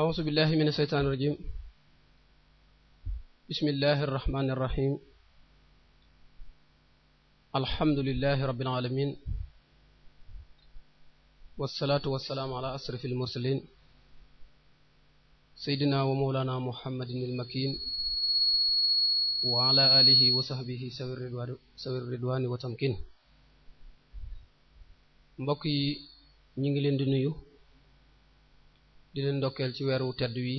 أعوذ بالله من الشيطان الرجيم بسم الله الرحمن الرحيم الحمد لله رب العالمين والصلاة والسلام على أشرف المرسلين سيدنا ومولانا محمد المكين وعلى آله وصحبه سوي الردوان وتمكين mbokk yi ñu ngi leen di nuyu di leen ndokkeel ci weer wu tedd wi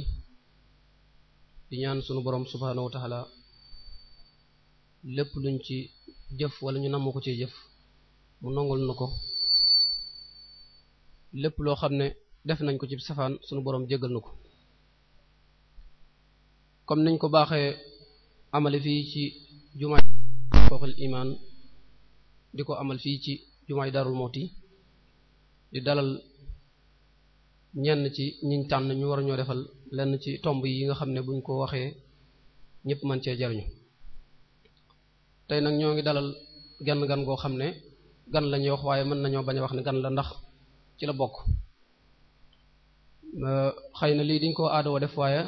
di ñaan sunu borom subhaanahu wa taala lépp luñ ci jëf wala ñu namoo ko cee jëf mu nongul nu ko lépp loo xam ne def nañ ko ci safaan sunu boroom jéggal nu ko comme niñ ko baaxee amale fii ci jumaay fooxil imaan di ko amal fii ci jumaay daarul mooti di dalal ñenn ci ñiñ tànn ñu war ñoo defal lenn ci tomb yi nga xam ne buñ ko waxee ñépp mën cee jariñu tey nag ñoo ngi dalal gan gan goo xam ne gan lañuy wax waaye mën nañoo bañ a wax ne gan la ndax ci la bokk euh, xëy na lii diñ ko aadoo def waaye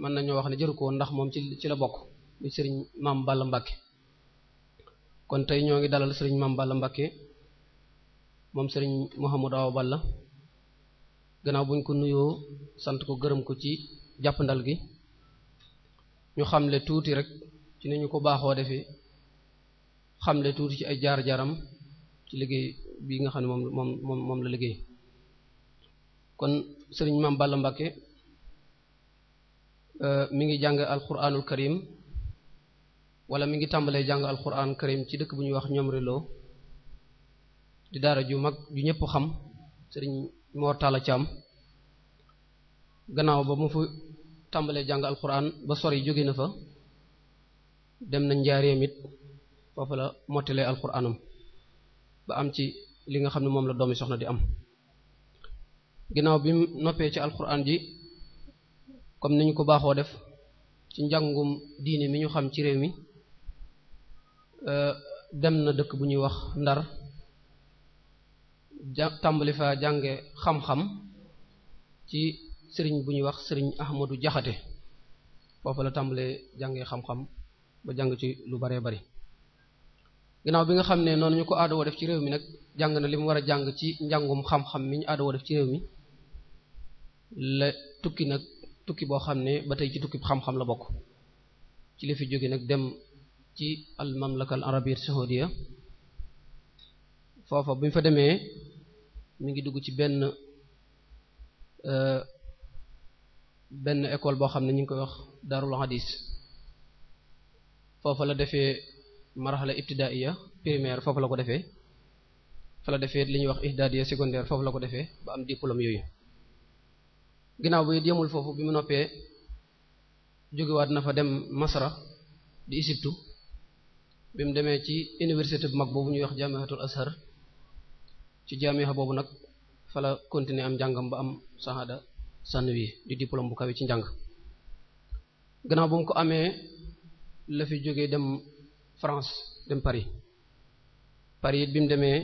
mën nañoo wax ne jëru ko ndax moom ci ci la bokk muy sëriñ maam Balla Mbacke kon tey ñoo ngi dalal sëriñ maam Balla Mbacke moom sëriñ Mouhamadou Awa Balla gannaaw buñ ko nuyoo sant ko gërëm ko ci jàpp ndal gi ñu xamle tuuti rek ci ni ñu ko baaxoo defee xamle tuuti ci ay jaar-jaaram ci liggéey bi nga xam ne moom moom moom la liggéey kon sëriñ maam Balla Mbàkke euh, mi ngi jàng alquranul karim wala mi ngi tàmbalee jàng alquran karim ci dëkk bu ñuy wax ñoom reloo di daara ju mag ju ñëpp xam sëriñ Mor Talla Thiam gannaaw ba mu fa tàmbalee jàng alxuraan ba sore jóge na fa dem na njaareem it foofu la mottalee alxuraanam ba am ci li nga xam ne moom la doomi soxna di am ginnaaw bi noppee ci alxuraan ji comme ni ñu ko baaxoo def ci njàngum diine mi ñu xam ci réew mi euh, dem na dëkk bu ñuy wax Ndar ja tàmbali fa jànge xam ci sëriñ bu ñuy wax sëriñ Ahmadou Jaxate foofu la tàmbalee jànge xam ba jàng ci lu baree bari ginnaaw bi nga xam ne noonu ko aadawoo def ci réew mi nag jàng na li mu war a jàng ci njàngum xam-xam mi ñu aadawoo def ci réew mi la tukki nag tukki boo xam ne ba tey ci tukki xam-xam la bokk ci li fi jóge nag dem ci al mamlaka al arabiyya saudiya foofa bu ñu fa demee mi ngi dugg ci benn euh, benn école boo xam ne ñu ngi koy wax darul hadis foofa la defee marxala ibtidaiya primaire foofu la ko defee fa la defee li ñuy wax ihdadiya secondaire foofu la ko defee ba am diplôme yooyu ginnaaw bi yemul foofu bi mu noppee jógewaat na fa dem masra di Isiptu bi mu demee ci université bu mag boobu ñuy wax jamiatul Azhar ci jaamiha boobu nag fala continuer am njàngam ba am saxaada sànn wi di diplôme bu kawe ci njàng gannaaw bu mu ko amee la fi jógee dem France dem Paris Paris it bi mu demee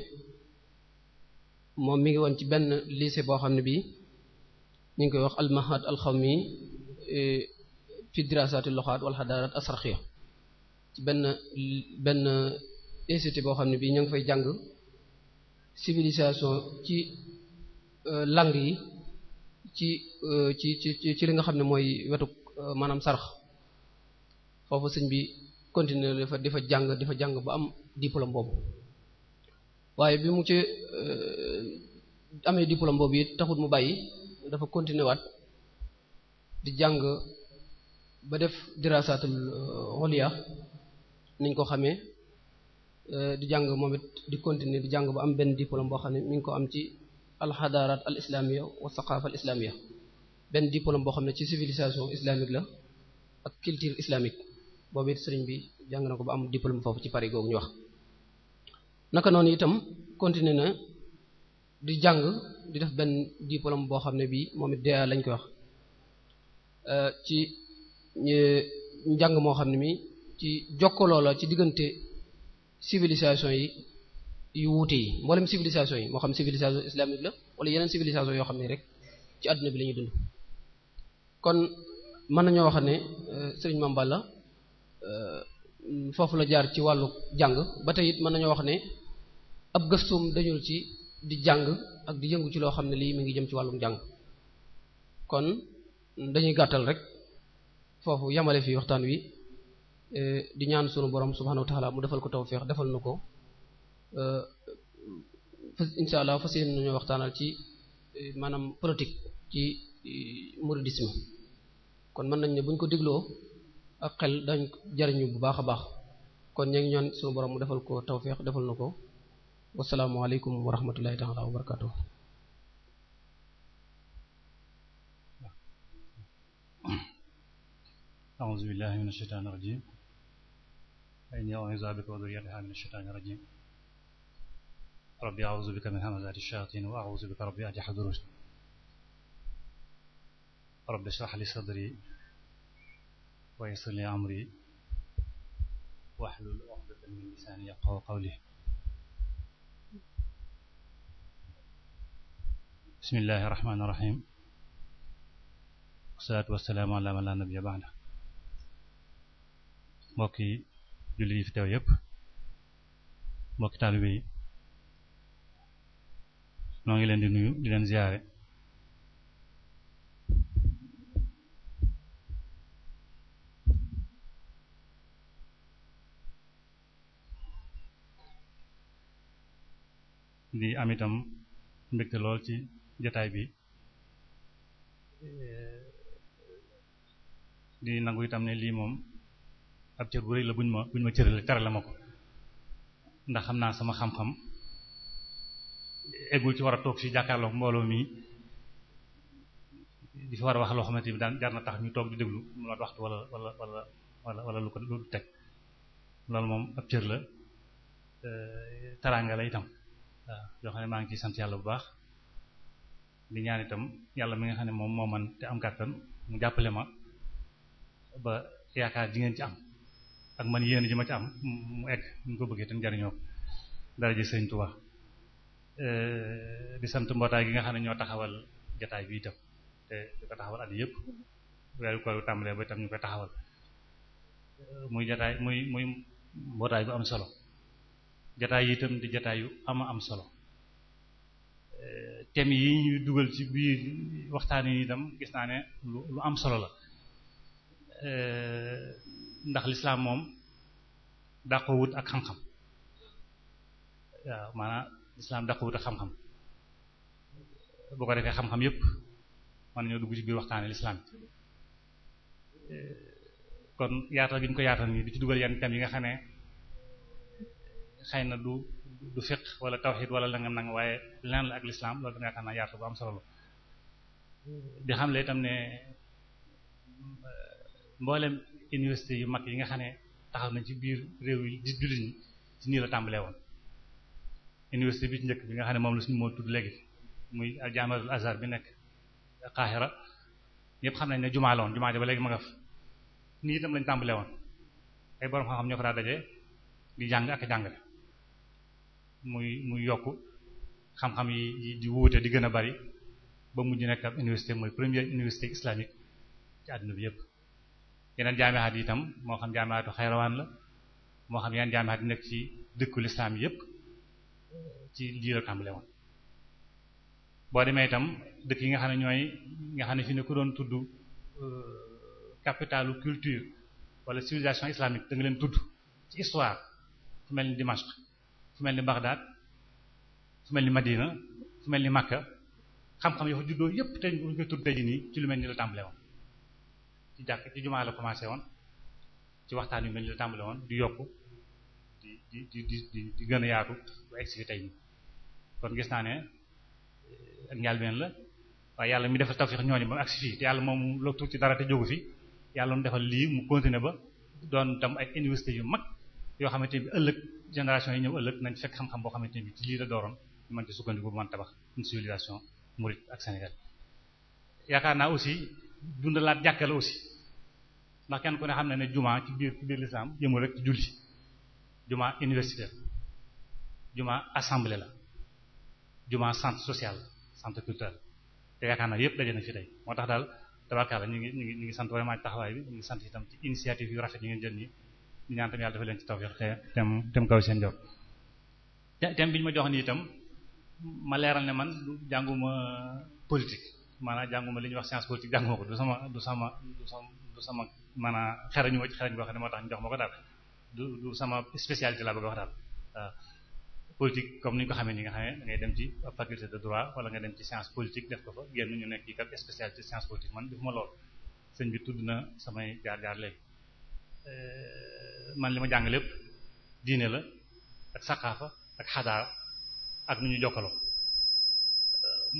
moom mi ngi woon ci benn lycée boo xam ne bii ñu ngi koy wax almahad alxawmi e, fi dirasaati loxaat wal xadarat asraxiya ci benn benn institut boo xam ne bii ñu ngi fay jàng civilisation ci euh, lang yi euh, ci ci ci ci li nga xam ne mooy wetu euh, maanaam sarx foofu sëñ bi continuer dafa dafa jàng dafa jàng ba am diplôme boobu waaye bi mu ci amee diplôme boobu it taxut mu bàyyi dafa continuer waat di jàng ba def dirasaatul xoliya niñ ko xamee Eh, di jàng moom it di continuer di jàng ba am benn diplôme boo xam ne mi ngi ko am ci alxadarat al islamiya wa saqafa al islamiya benn diplôme boo xam ne ci civilisation islamique la ak culture islamique boobu it sëriñ bi jàng na ko ba am diplôme foofu ci Paris googu ñu wax naka noonu itam continuer na di jàng di def benn diplôme boo xam ne bii moom it DEA lañ koy wax eh, ci eh, njàng moo xam ne mii ci jokkaloo la ci diggante civilisation yi yu wuute yi mboolem civilisation yi moo xam civilisation islamique la wala yeneen civilisation yoo xam ne rek ci àdduna bi la ñuy dund kon mën nañoo wax ne euh, sëriñ Mame Balla euh, foofu la jaar ci wàllu jàng ba tey mën nañoo wax ne ab gëstum dañul ci di jàng ak di yëngu ci loo xam ne lii mu ngi jëm ci wàllu jàng kon dañuy gàttal rek foofu yamale fi waxtaan wi Eh, di ñaan sunu borom subhanahu wa taala mu defal ko tawféex defal na ko eh, incha allah fas yéene nañoo waxtaanal ci eh, maanaam politique ci mouridisme kon man nañ ne buñ ko dégloo ak xel dañ jariñu bu baax a baax kon ñu ngi ñaan sunu borom mu defal ko tawféex defal na ko wasalaamualeykum wa rahmatullahi taala wa barakatuh أعوذ بالله من الشيطان فإني أعوذ بك وذرية بها من الشيطان الرجيم ربي أعوذ بك من همزات الشياطين وأعوذ بك ربي أن يحضرون رب اشرح لي صدري ويسر لي أمري واحلل عقدة من لساني يفقهوا قولي بسم الله الرحمن الرحيم والصلاة والسلام على من لا نبي بعده mbokk yi jullit yi fi teew yëpp mbokki taalibe yi noo ngi leen di nuyu di leen ziyaare di am itam mbégte lool ci jataay bi di nangu itam ne lii moom ab cër bu rëy la buñ ma buñ ma cërale terale ma ko ndax xam naa sama xam-xam eggul ci war a toog si jàkkaarlook mbooloo mi di fi war a wax loo xamante ni daan jar na tax ñu toog déglu mu la wala wala wala wala wala ko lu teg loolu moom ab cër la euh, taraanga la itam waaw yoo xam ne maa ngi ciy sant yàlla bu baax di ñaan itam yàlla mi nga xam ne moom moo man te am kàttan mu jàppale ma ba yaakaar ji ngeen ci am ak man yéen ji ma ci am mu egg ñu ko bëggee te njariñoo ko dara ji sëñ Tuubaa di sant mbootaay gi nga xam ne ñoo taxawal jataay bi itam te di ko taxawal taxawal muy jataay muy muy mbootaay am solo jataay yi itam di jataay yu ama am solo thèmes yi ñuy dugal ci biir waxtaan yi itam gis naa ne lu am solo la ndax lislaam moom dàqowut ak xam-xam waaw maanaam lislaam dàqowut ak xam-xam boo ko defee xam-xam yëpp mën nañoo dugg ci biir waxtaane lislaam kon yaatal gi ko yaatal nii di ci dugal yenn yi nga xam ne xëy na du du fiqh wala tawxid wala la nga waaye leneen la ak lislaam loolu da nga xam naa yaatal bu am solo di xam le itam ne mboolem université yu mag yi nga xam ne taxaw na ci biir réew yi di jullit ñi ci nii la tàmbalee woon université bi ci njëkk bi nga xam ne moom la suñu moo tudd léegi muy jaamiatul azhar bi nekk Qahira ñëpp xam nañ ne jumaa la jumaa ja ba léegi ma nga fa nii itam lañ tàmbalee woon ay borom xam-xam ñoo fa dajee di jàng ak jàngale muy muy yokk xam-xam yi di wuute di gën a bari ba mujj nekk ab université mooy première université islamique ci àdduna yëpp yeneen jaamihaat yi itam moo xam jaamihaatu xayrawaan la moo xam yeneen jaamihaat yi nekk ci dëkku lislaam yépp ci lii la tàmbale boo demee itam dëkk yi nga xam ne ñooy nga xam ne fi ne ku doon tudd euh, capitalu culture walla civilisation islamique da nga leen tudd ci histoire fu mel ni Dimashq fu mel ni Baghdad fu mel ni Madina fu mel ni Makka xam-xam yoo fa juddoo yépp te ñu koy tudd tey jii nii ci lu mel ni la tàmbale ci jàkk ci jumaa la commencé woon ci waxtaan yu mel ni la tàmbale woon di yokku di di di di di gën a yaatu ba egsi fi tey kon gis naa ne eh, ak njaal benn la waaye yàlla mi defal tawfiix ñooñu ba agsi fii te yàlla moom loo tuut ci dara te jógu fi yàlla mu defal lii mu continuer ba doon tam ay université yu mag yoo xamante bi ëllëg génération yi ñëw ëllëg nañ fekk xam-xam boo xamante bi ci lii la dooroon ñu mën ci sukkandiku bu mën tabax une civilisation dundalaat jàkka la aussi ndax kenn ku ne xam na ne juma ci biir ci biir lislaam jëmul rek ci julli juma université jumaa assemblée la juma centre social centre culturel te yaakaar naa yëpp daje na fi tey moo tax daal tabarkaala ñu ngi ñu ngi ñu ngi sant vraiment taxawaay bi ñu ngi sant itam ci initiative yu rafet ñu ngi jël nii ñu ñaan tam yàlla dafa leen ci tawfeex te tem tem kaw seen jot te tem bi ñu ma jox nii itam ma leeral ne man jànguma politique maanaam jànguma li ñuy wax science politique jànguma ko du sama du sama du sama man a maanaam xerañu ma ci xerañ boo xam moo tax ñu jox ma ko daal du du sama spécialité laa bëgg wax daal waaw euh, politique comme ni ñu ko xamee ni nga xamee da ngay dem ci faculté de droit wala nga dem ci science politique def ko fa génn ñu nekk ci kat spécialité science politique man defuma lool sëñ bi tudd na samay jaar-jaar léegi euh, man li ma jàng lépp diine la ak saqaafa ak xadaara ak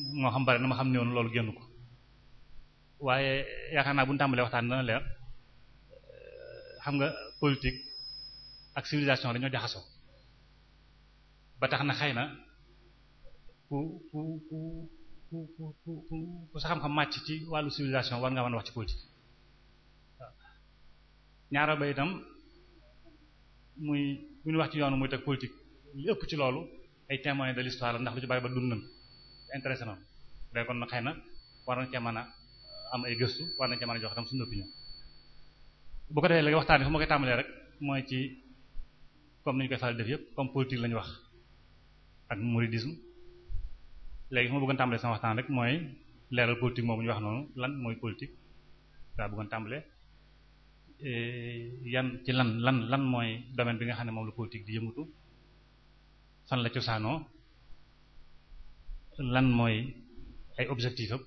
moo xam bare na ma xam ne woon loolu génn ko waaye yaakaar naa bu ñu waxtaan dana leer euh, xam nga politik ak civilisation dañoo jaxasoo ba tax na xëy na ku ku ku ku ku sa xam-xam màcc ci wàllu civilisation war ngaa mën wax ci politique waaw ñaara ba itam muy bu ñu wax ci yoonu muy teg politique li ëpp ci loolu ay témoins de l'histoire la ndax lu ci bari ba dund na intéressé na day kon na xëy na war nañ cee a am ay gëstu war nañ cee a jox tam suñu opinion bu ko defee léegi waxtaan bi fu ma koy tàmbalee rek mooy ci comme ni ñu koy faral def yëpp comme politique lañu wax ak mouridisme léegi fu ma bëggoon tàmbalee sama waxtaan rek mooy leeral politique moom ñu wax noonu lan mooy politique daa bëggoon tàmbalee eh, yan ci lan lan lan mooy domaine bi nga xam ne moom la politique di yëngatu fan la cosaanoo lan mooy ay objectif am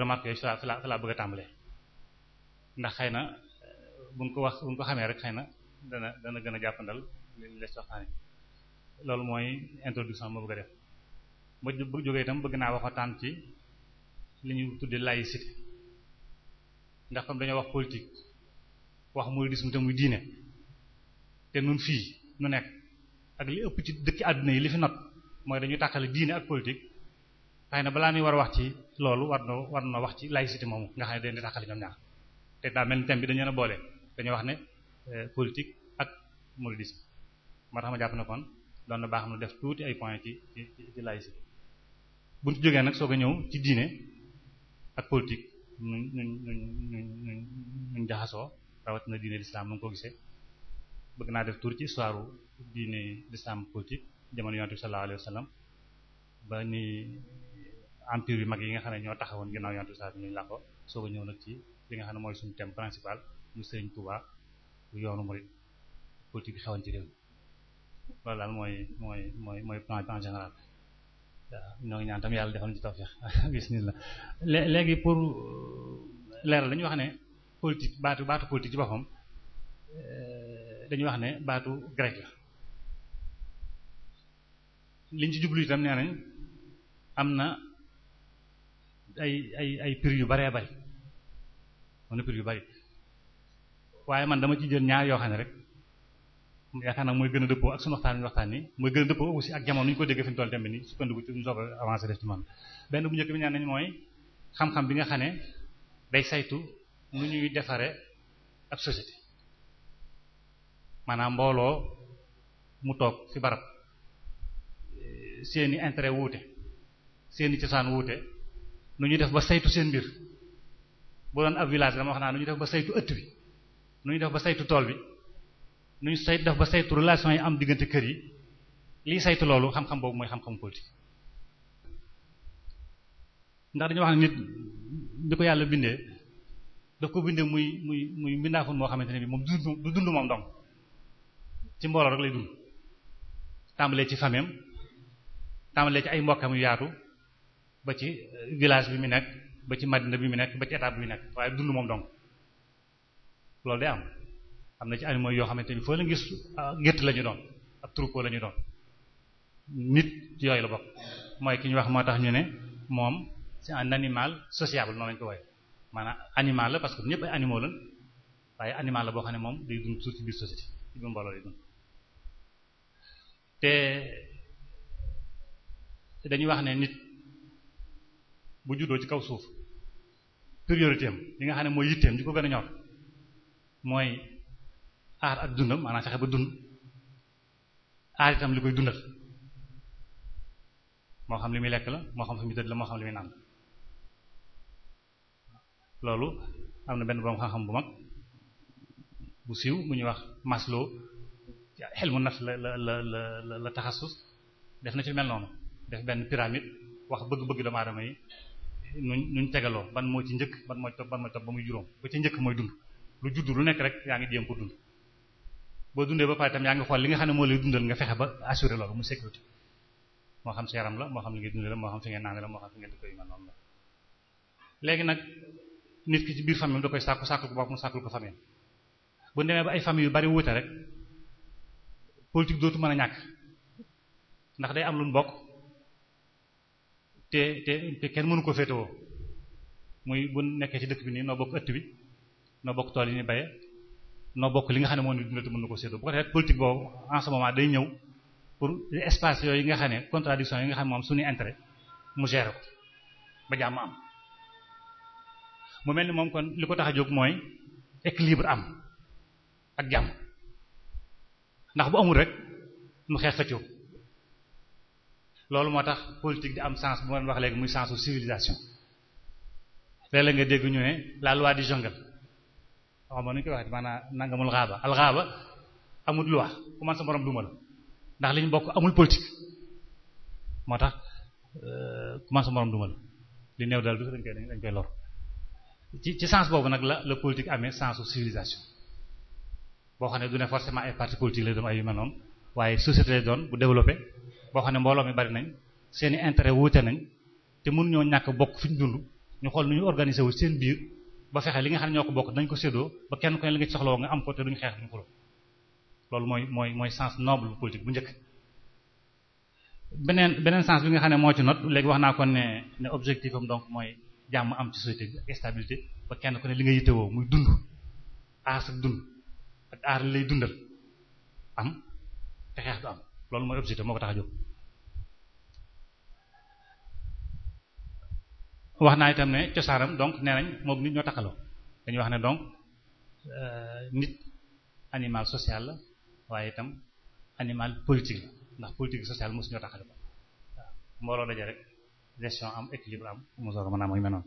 remarque yooyu fa la bëgg a tàmbalee ndax xëy na buñ ko wax buñ ko xamee rek xëy na dana dana gën a jàppandal li les waxtaane loolu mooy introduction ma bëgg a def ma jógee itam bëgg naa waxtaan ci li ñu tuddee laïcité ndax comme dañoo wax politique wax mu te muy diine te nun fii nu nekk ak li ëpp ci dëkki àdduna yi li fi not mooy dañu tàqale diine ak politique xëy na balaa muy war a wax ci loolu war na wax ci laïcité moomu nga xam ne dañuy tàqale ñoom ñaar te daa mel ni bi dañu leen a boole dañu wax ne euh, politik ak mouridisme moo tax ma jàpp ne kon doon na baax xam ne def tuuti ay points ci ci ci laïcité bu ñu jógee nag soog a ñëw ci diine ak politique nuñ nuñ nuñ nuñ nuñ jaxasoo rawatina diine l'islam nu nga gisee bëgg naa def tuuti ci histoire diine l'islam politique. jamono yonent bi sallallahu alayhi wa ba ni empire yu mag yi nga xam ne ñoo taxawoon ginnaaw yonent bi sallallahu alayhi wa sallam ñu ñëw nag ci li nga xam ne mooy suñu thème principal ñu Sëriñ Tuubaa bu yoonu murid politique bi xewoon ci réew mi loolu daal mooy mooy mooy mooy plan en général ñoo ngi yàlla defal ñu ci tawfiq bismillah léegi pour euh, leeral dañu wax ne politique baatu baatu politique ci boppam euh, dañu wax ne baatu grec la liñ ci jublu itam nee nañ am na ay ay ay prix yu baree bari am na prix yu bari waaye man dama ci jël ñaar yoo xam ne rek yaakaar naa mooy gën a dëppoo ak suñu waxtaan waxtaan ni mooy gën a dëppoo aussi ak jamono ni ñu ko déggee fi ñu toll dem ni sukkandiku ci ñu soog a avancé def ci man benn bu njëkk bi ñaan nañ mooy xam-xam bi nga xam ne day saytu nu ñuy defare ab société maanaam mbooloo mu toog ci barab seeni intérêt wuute seeni cosaan wuute nu ñu def ba saytu seen mbir bu doon ab village dama wax naa nu ñu def ba saytu ëtt bi nu ñu def ba saytu tool bi nu ñu saytu def ba saytu relation yi am diggante kër yi liy saytu loolu xam-xam boobu mooy xam-xam politique ndax dañu wax ne nit bi ko yàlla bindee daf ko bindee muy muy muy mbindaafun moo xamante ne bi moom du dund moom dong ci mbooloo rek lay dund tàmbalee ci fameem tàmbalee ci ay mbokkam yu yaatu ba ci euh, village bi mu nekk ba ci madina bi mu nekk ba ci état bi mu nekk waaye dund moom donc loolu day am am na ci animaux yoo xamante ni foo la gis ah, gétt la ñu doon ab troupeau la ñu doon nit yooyu la bokk mooy ki ñu wax moo tax ñu ne moom c'est un animal sociable noonu lañu ko wooye maanaam animal la parce que ñëpp ay animaux lañ waaye animal la boo xam ne moom day dund suuf ci biir société te dañuy wax ne nit bu juddoo ci kaw suuf priorité li nga xam ne mooy yitteem di ko gën a ñor mooy aar ak dundam maanaam fexe ba dund aar itam li koy dundal moo xam li muy lekk la moo xam fi muy tëdd la moo xam li muy naan loolu am na benn borom xam-xam bu mag bu siiw bu ñuy wax Maslow xel mu naf la la la la la taxasus def na ci mel noonu def benn pyramide wax bëgg-bëgg doomu aadama yi nuñ nuñ tegaloo ban moo ci njëkk ban moo ci topp ban moo ba muy juróom ba ci njëkk mooy dund lu judd lu nekk rek yaa ngi jéem ko dund boo dundee ba pare tam yaa ngi xool li nga xam ne moo lay dundal nga fexe ba assurer loolu mu sécurité moo xam sa yaram la moo xam li ngay dundee moo xam fi ngeen naane la moo xam fi ngeen di la léegi nag nit ki ci biir famille da koy sàkku sàkkul ko bopp mu sàkkul ko famille bu demee ay famille yu bari wuute rek politique dootu mën a am lu te te kenn mënu ko féetewoo muy bu nekkee ci dëkk bi nii noo bokk ëtt bi noo bokk tool yi ñuy baye noo bokk li nga xam ne moom ñu dundal te mënu ko séddoo bu ko defee politique boobu en ce day ñëw pour espace yooyu nga xam ne contradiction yi nga xam ne moom suñu intérêt mu gérer ko ba jàmm am mu mel ni moom kon li ko tax a jóg mooy équilibre am ak jàmm ndax bu amul rek mu xeex xëccoo loolu moo tax politique di am sens bu ma wax léegi muy sens su civilisation léeg-léeg nga dégg ñu ne la loi du jungle waaw man nu amul loi ku man sa morom duma li ñu bokk amul politique moo tax euh, ku man sa morom duma daal du dañ koy dañ koy ci ci sens boobu nag la la politique amee sens su civilisation boo ne du ne forcément ay parti politique la doon ay yu mel noonu waaye société lay bu développé. boo xam ne mbooloo mi bari nañ seen i intérêt nañ te mënuñoo ñàkk bokk fi ñu dund ñu xool nu ñu organiser wu seen biir ba fexe li nga xam ne ñoo ko bokk dañ ko séddoo ba kenn ko ne li nga ci soxlawoo nga am ko te duñu xeex loolu mooy mooy mooy sens noble bu politique bu njëkk beneen beneen sens bi nga xam ne moo ci not léegi wax naa kon ne ne objectif am donc mooy jàmm am ci société ba kenn ku ne li nga yittewoo muy dund aar sa dund ak aar li lay dundal am te xeex du am loolu mooy objectif moo ko tax a jóg wax naa itam ne cosaanam donc nee nañ moom nit ñoo takkaloo dañuy wax ne donc euh, nit animal social la waaye itam animal politique la ndax politique sociale mosu ñoo taxale ko waaw mbooloo daje rek gestion am équilibre am mu soog a mën a mooy menoon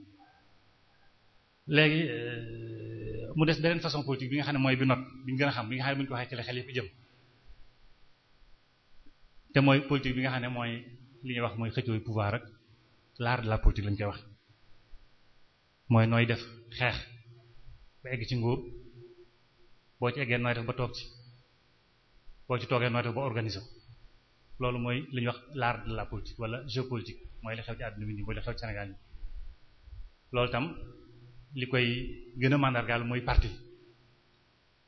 léegi euh, mu des beneen façon politique bi nga xam ne mooy bi not bi ñu xam bi nga xam ne bu ñu ko waxee ci la xel yëpp jëm te mooy politique bi nga xam ne mooy li ñuy wax mooy xëccooy pouvoir ak l'art de la politique lañ koy wax mooy nooy def xeex ba egg ci nguur boo ci eggee nooy def ba toog ci boo ci toogee nooy def ba organiser loolu mooy li wax laar de la politique wala jeu politique mooy li xew ci àdduna bi nii mooy li xew ci Sénégal nii loolu tam li koy gën a màndargaal mooy parti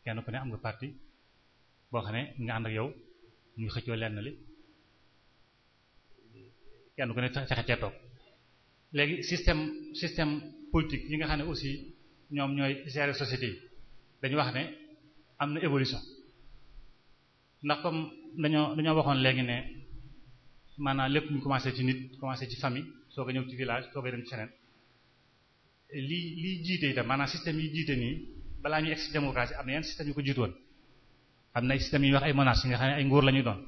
kenn ku ne am nga parti boo xam ne nga ànd ak yow ñu xëccoo lenn li kenn ku ne fexe cee toog léegi système système politique yi nga xam ne aussi ñoom ñooy gérer société yi dañu wax ne am na évolution ndax comme dañoo dañoo waxoon léegi ne maanaam lépp ñu commencé ci nit commencé ci famille soo ko ñëw ci village soo ko dem ci feneen lii lii jiite itam maanaam système yi jiite nii balaa ñuy egg si am na yenn système yu ko jiitoon am na ay systèmes yi wax ay menaces yi nga xam ne ay nguur lañuy doon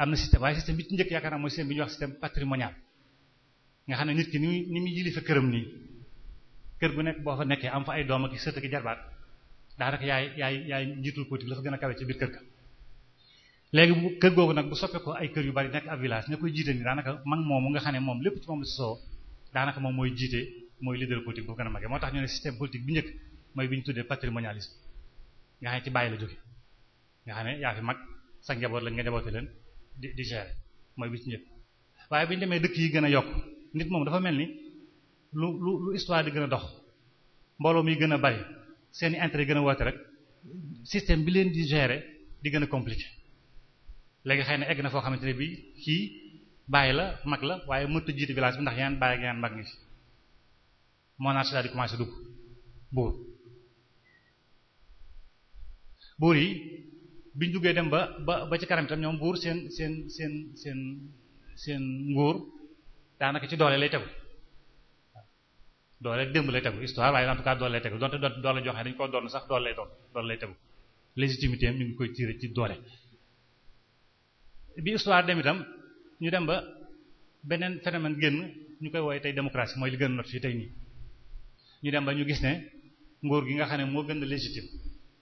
am na système waaye système bi ci njëkk yaakaar naa mooy système bi ñuy wax système patrimonial nga xam kër gu nekk boo fa nekkee am fa ay doom ak i sët ak jarbaat daanaka yaay yaay yaay njiitul politique la fa gën a kawe ci biir kër ga léegi kër googu nag bu soppee ko ay kër yu bari nekk ab village ne koy jiite ni daanaka mag moomu nga xam ne moom lépp ci moom la si soo moom mooy jiite mooy leader politique bu gën a magee moo tax ñu ne système politique bi njëkk mooy bi ñu tuddee patrimonialisme nga xam ne ci bàyyi la jóge nga xam ne yaa fi sa njaboot la nga njaboote leen di di gérer mooy bi ci bi demee dëkk yi gën a yokk nit moom dafa mel ni lu lu lu histoire di gën a dox mbooloo mi gën a bari seen i intérêt gën a woote rek système bi leen di gérer di gën a compliqué léegi xëy na egg na foo xamante ne bii kii bàyyi la mag la waaye mënut a jiite village bi ndax yeneen bàyyi ak yeneen mag ngi fi monarchie daal di commencé dugg buur buur yi biñ duggee dem ba ba ba ci kanam itam ñoom buur seen seen seen seen seen nguur daanaka ci doole lay tegu doole démb lay tegu histoire waaye en tout cas doole lay tegu donte doole doole joxe dañu koo doon sax doole lay doon doole lay tegu légitimité ñu ngi koy tiré ci doole. bi histoire dem itam ñu dem ba beneen phénomène génn ñu koy woowee tey démocratie mooy li gën a not fii tey nii ñu dem ba ñu gis ne ngóor gi nga xam ne moo gën a légitime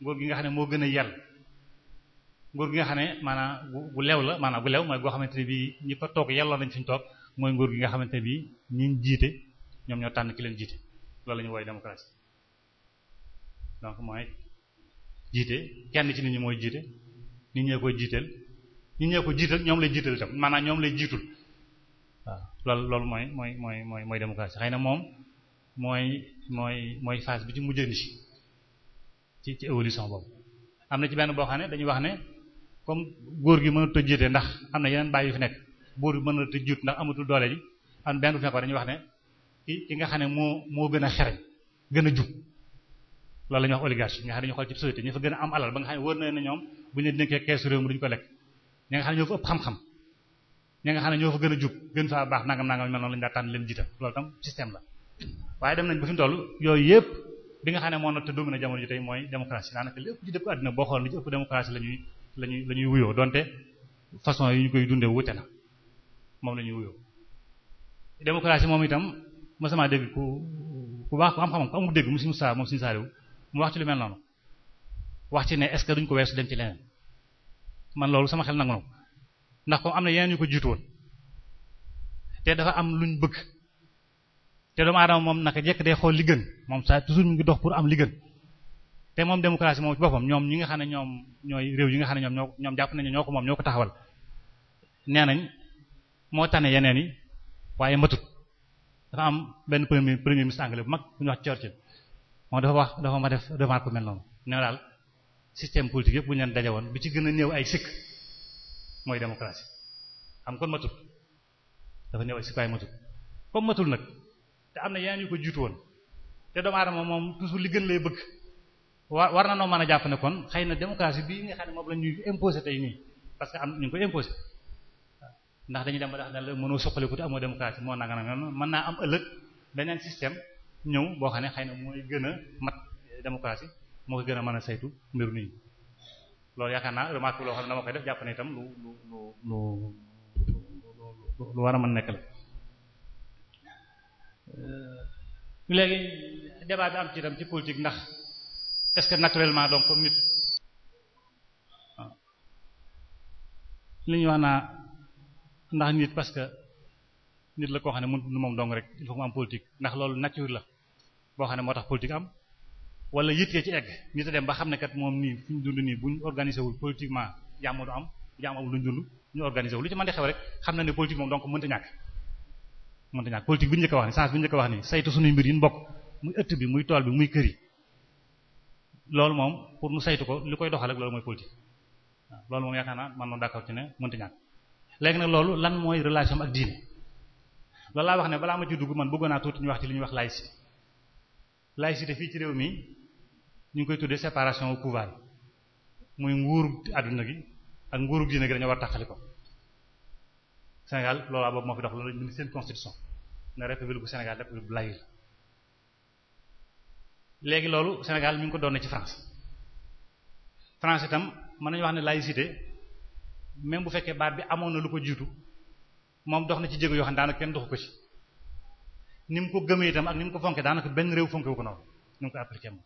nguur gi nga xam ne moo gën a yàlla ngóor gi nga xam ne maanaam gu lew la maanaam gu lew mooy goo xamante ne bii ñi fa toog yàlla nañ fi ñu toog mooy nguur gi nga xamante ne bii ñi jiite. ñoom ñoo tànn ki leen jiite loolu lañu ñu wooy démocratie donc mooy jiite kenn ci nit ñi mooy jiite nit ñee koy jiiteel nit ñee ko jiital ñoom lay jiital itam maanaam ñoom lay jiitul waaw lool loolu mooy mooy mooy mooy mooy démocratie na moom mooy mooy mooy phase bi ci mujjandi ci ci évolution boobu am na ci benn boo xam ne dañuy wax ne comme góor gi mënut a jiite ndax am na yeneen bàyyi yu fi nekk góor gi mënut a jiit ndax amatul doole ji am benn bu fekkoon dañuy wax ne ki ki nga xam ne moo moo gën a xereñ gën a jub loolu la ñuy wax oligarchie nga xam ne ñu xool ci société ñu fa gën a am alal ba nga xam ne wër na ñoom bu ñu dénkee keesu réew mi duñu ko lekk ñi nga xam ne ñoo fa ëpp xam-xam ñi nga xam ne ñoo fa gën a jub gën faa baax nangam nangam mel noonu lañu daa tànn leen jiita loolu tam système la waaye dem nañ ba fi toll yooyu yëpp bi nga xam ne moo na te domine jamono ji tey mooy démocratie daanaka lépp ci dëkk boo xool li ci ëpp démocratie lañuy lañuy la ñuy wuyoo donte façon yi ñu koy dundee wute na moom la ñuy wuyoo démocratie moom itam mosuma dégg ku ku baax ku am xam-xam ku amul dégg mu si Moussa moom suñu saaliwu mu wax ci lu mel noonu wax ci ne est-ce que duñ ko weesu dem ci leneen man loolu sama xel nangu na ko ndax comme am na yeneen ñu ko jiitu te dafa am luñ bëgg te doomu aadama moom naka day xool li gën moom saa toujours mu ngi dox pour am li gën te moom démocratie ñoom ñi nga xam ne ñoom ñooy réew yi nga xam ne ñoom ñoo ñoom jàpp nañu ñoo ko moom ñoo ko taxawal nee nañ moo tane yeneen yi waaye matut dafa am benn premier premier ministre anglais bu mag bu ñuy wax Churchill moom dafa wax dafa ma def remarque bu mel noonu ne daal système politique yëpp bu ñu leen woon bu ci gën a néew ay sikk mooy démocratie xam kon matul dafa néew ay sikk waaye matul comme matul nag te am na yaa yu ko jiitu woon te doomu aadama moom toujours li gën lay bëgg wa war na noo mën a jàpp ne kon xëy na démocratie bii nga xam ne moom la ñuy imposé tey nii parce am ñu ko imposé ndax dañu dem a tax daal la mënoo suqaliku te démocratie moo nanga nanga mën naa am ëllëg beneen système ñëw boo xam ne xay na mooy gën a mat démocratie moo ko gën a mën a saytu mbiru nit loolu yaakaar naa remarque loo xam ne dama koy def jàpp ne itam lu lu lu lu lu war a mën nekk la euh, léegi débat bi am ci itam ci politique ndax est-ce naturellement donc comme nit li ñu wax naa ndax nit parce que nit la koo xam ne mënut nu moom dong rek il faut mu am politique ndax loolu nature la boo xam ne moo tax politique am wala yittee ci egg nit a dem ba xam ne kat moom nii fu ñu dund nii buñ ñu organisé wul politiquement jàmm am jàmm amul lu ñu dund ñu lu ci mën di xew rek xam na ne politique moom donc mënta ñàkk mënta ñàkk politique bi ñu njëkk a wax ni sens bi njëkk wax ni saytu suñuy mbir yi mbokk muy ëtt bi muy tool bi muy kër yi loolu moom pour nu saytu ko li koy doxal ak loolu mooy politique loolu moom yaakaar naa man noonu d'accord ci léegi nag loolu lan mooy relation ak diine loolu laa wax ne balaa ma ci dugg man bëggoon naa tuuti ñu wax ci li ñu wax laïcité laïcité fii ci réew mi ñu ngi koy tuddee séparation au pouvoir muy nguuru àdduna gi ak nguur diine gi dañoo war a taxali ko Sénégal loolaa boobu moo fi dox loolu seen constitution na république bu Sénégal république bu laïque léegi loolu Sénégal ñu ngi ko doon ci France France itam mën nañu wax ne laïcité. même bu fekkee baat bi amoon na lu ko jiitu moom dox na ci jéego yoo xam daanaka kenn doxu ko ci ni mu ko gëmee itam ak ni ko fonkee daanaka benn réew fonke ko noonu ni mu ko appliqué moom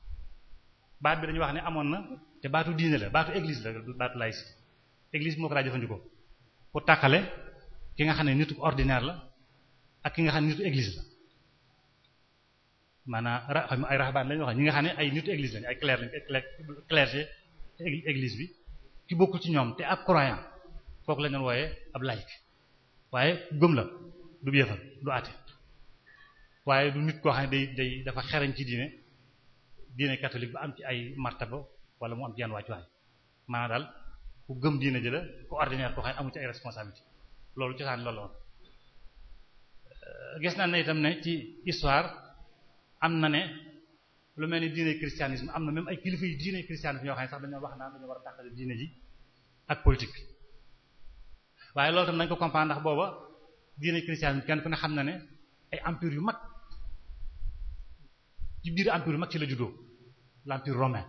baat bi dañuy wax ne amoon na te baatu diine la baatu église la baatu laïcité église moo ko daa jëfandikoo pour tàqale ki nga xam ne nitu ordinaire la ak ki nga xam ne nitu église la maanaam ay raxabaan lañu wax ñi nga xam ne ay nitu église lañu ay clerc clerc clergé bi ki bokkul ci ñoom te ab croyant kooku lañ doon wooyee ab laïc waaye gëm la du yëfal du àtte waaye du nit koo xam ne day dafa xerañ ci diine diine catholique ba am ci ay martaba wala mu am ci yan wàccuwaay maanaam daal ku gëm diine ji la ku ordinaire koo xam ne amu ci ay responsabilité loolu cosaan loolu woon gis naa ne itam ne ci histoire am na ne lu mel ni diine christianisme am na même ay kilifa yu diine christianisme sax dañoo wax naan dañoo war a tàqale diine ji ak politique waaye loolu tam nañ ko comprendre ndax booba diine christianisme kenn ku ne xam na ne ay empire yu mag ci biir empire yu mag ci la juddoo l'empire romain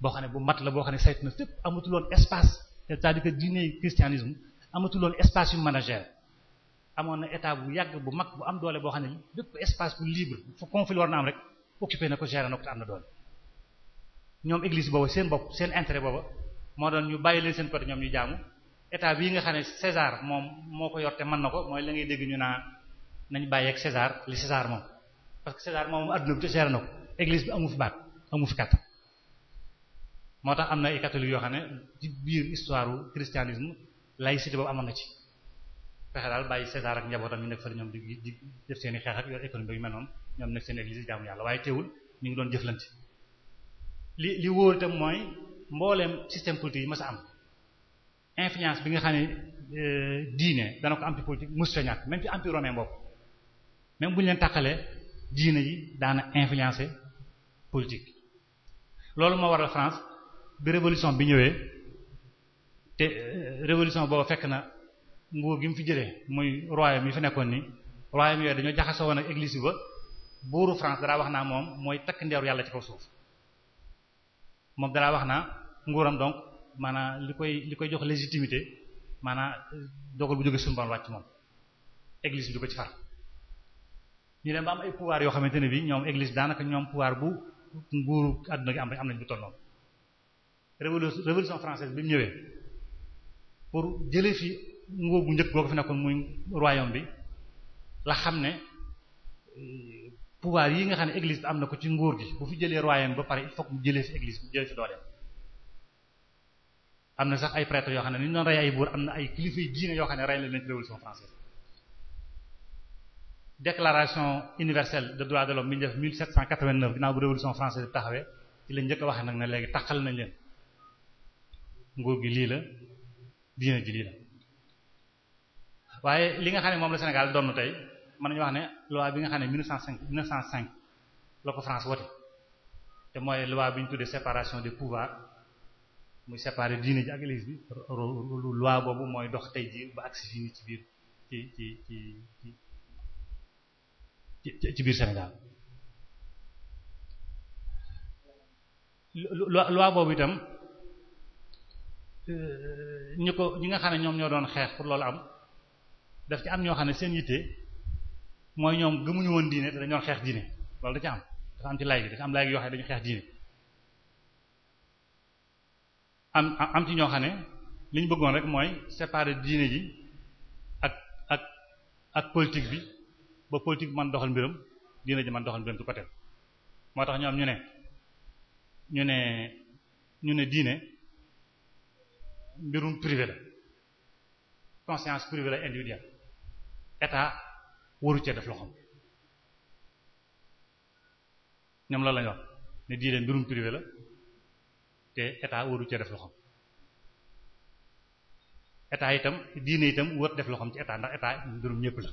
boo xam ne bu mat la boo xam ne saytu na fépp amatuloon espace c'est-à-dire que diine christianisme amatuloon espace yu manager amoon na état bu yàgg bu mag bu am doole boo xam ne bépp espace bu libre fu conflit war na am rek occupé na ko géré na ko te am na doole ñoom église boobu seen bopp seen intérêt boobu moo doon ñu bàyyi leen seen côté ñoom ñu jaamu état bii nga xam ne César moom moo ko yor te man na ko mooy la ngay dégg ñu naa nañ bàyyi ak César li César moom parce que César moom adduna bi te seer na ko église bi amu fi amu fi moo tax am na ay catholique yoo xam ne ci biir histoire u christianisme laïcité boobu na ci fexe daal bàyyi César ak njabootam ñu nekk fële ñoom di di def yor économie yu mel noonu ñoom nekk seen église jaamu yàlla waaye teewul ñu ngi doon jëflante li li wóor itam mooy mbooleem système politique yi mas a am influence bi nga xam ne euh, diine dana ko am ci politique mës fa ñàkk même ci empire romain boobu même bu ñu leen tàqalee diine yi daana influencer politique loolu moo waral France bi révolution bi ñëwee te euh, révolution boobu fekk na nguur gi mu fi jëlee muy royaume yi fi nekkoon nii royaume yooyu dañoo jaxasoo woon ak église ba buuru France daraa wax naa moom mooy takk ndeeru yàlla ci kaw suuf moom daraa wax naa nguuram donc maanaam li koy li koy jox légitimité maanaam euh, dogal bu jógee suñu borom wàcc moom église bi du ko ci far ñu dem ba am ay pouvoir yoo xamante ne bi ñoom église daanaka ñoom pouvoir bu nguuru àdduna gi am am nañ bu toll noonu révolution révolution bi mu ñëwee pour jëlee fi nguur bu njëkk boo ko fi bi la xam ne euh, pouvoir yi nga xam ne église am na ko ci nguur gi bu fi jëlee royaume ba pare il faut jëlee fi église jëlee fi dooleem am na sax ay prêtre yoo xam ne ni ñu doon rey ay buur am na ay kilifa yu diine yoo xam ne rey la leen ci révolution française déclaration universelle des droits de l'homme bi ñu def 1789 ginnaaw bu révolution française bi taxawee ci la njëkk a waxee nag ne léegi taxal nañ leen nguur gi lii la diine ji lii la waaye li nga xam ne moom la Sénégal doon tey mën nañu wax ne loi bi nga xam ne 1905 1905 la ko France wote te mooy loi bi ñu tuddee des pouvoirs muy séparer diine ji ak église bi loi boobu mooy dox tey ji ba agsi fii ci biir ci ci ci ci biir Sénégal loi boobu itam euh, ñi ko ñi nga xam ne ñoom ñoo doon xeex pour loolu am daf ci am ñoo xam ne seen yitte mooy ñoom gëmuñu woon diine te dañu doon xeex diine loolu da ci am dafa am ci laaj xeex diine am am ci ñoo xam ne li ñu bëggoon rek mooy séparer diine ji ak ak ak politique bi ba politique bi mën doxal mbiram diine ji mën doxal mbiram ci côté moo tax ñoom ñu ne ñu ne ñu ne diine mbirum privé la conscience privée la individuelle état waru cee def loxo ñoom loolu la ñu wax ne diine mbirum privé la. te état waru ca def loxoom état itam diine itam war def loxoom ci état ndax état mbirum ñëpp la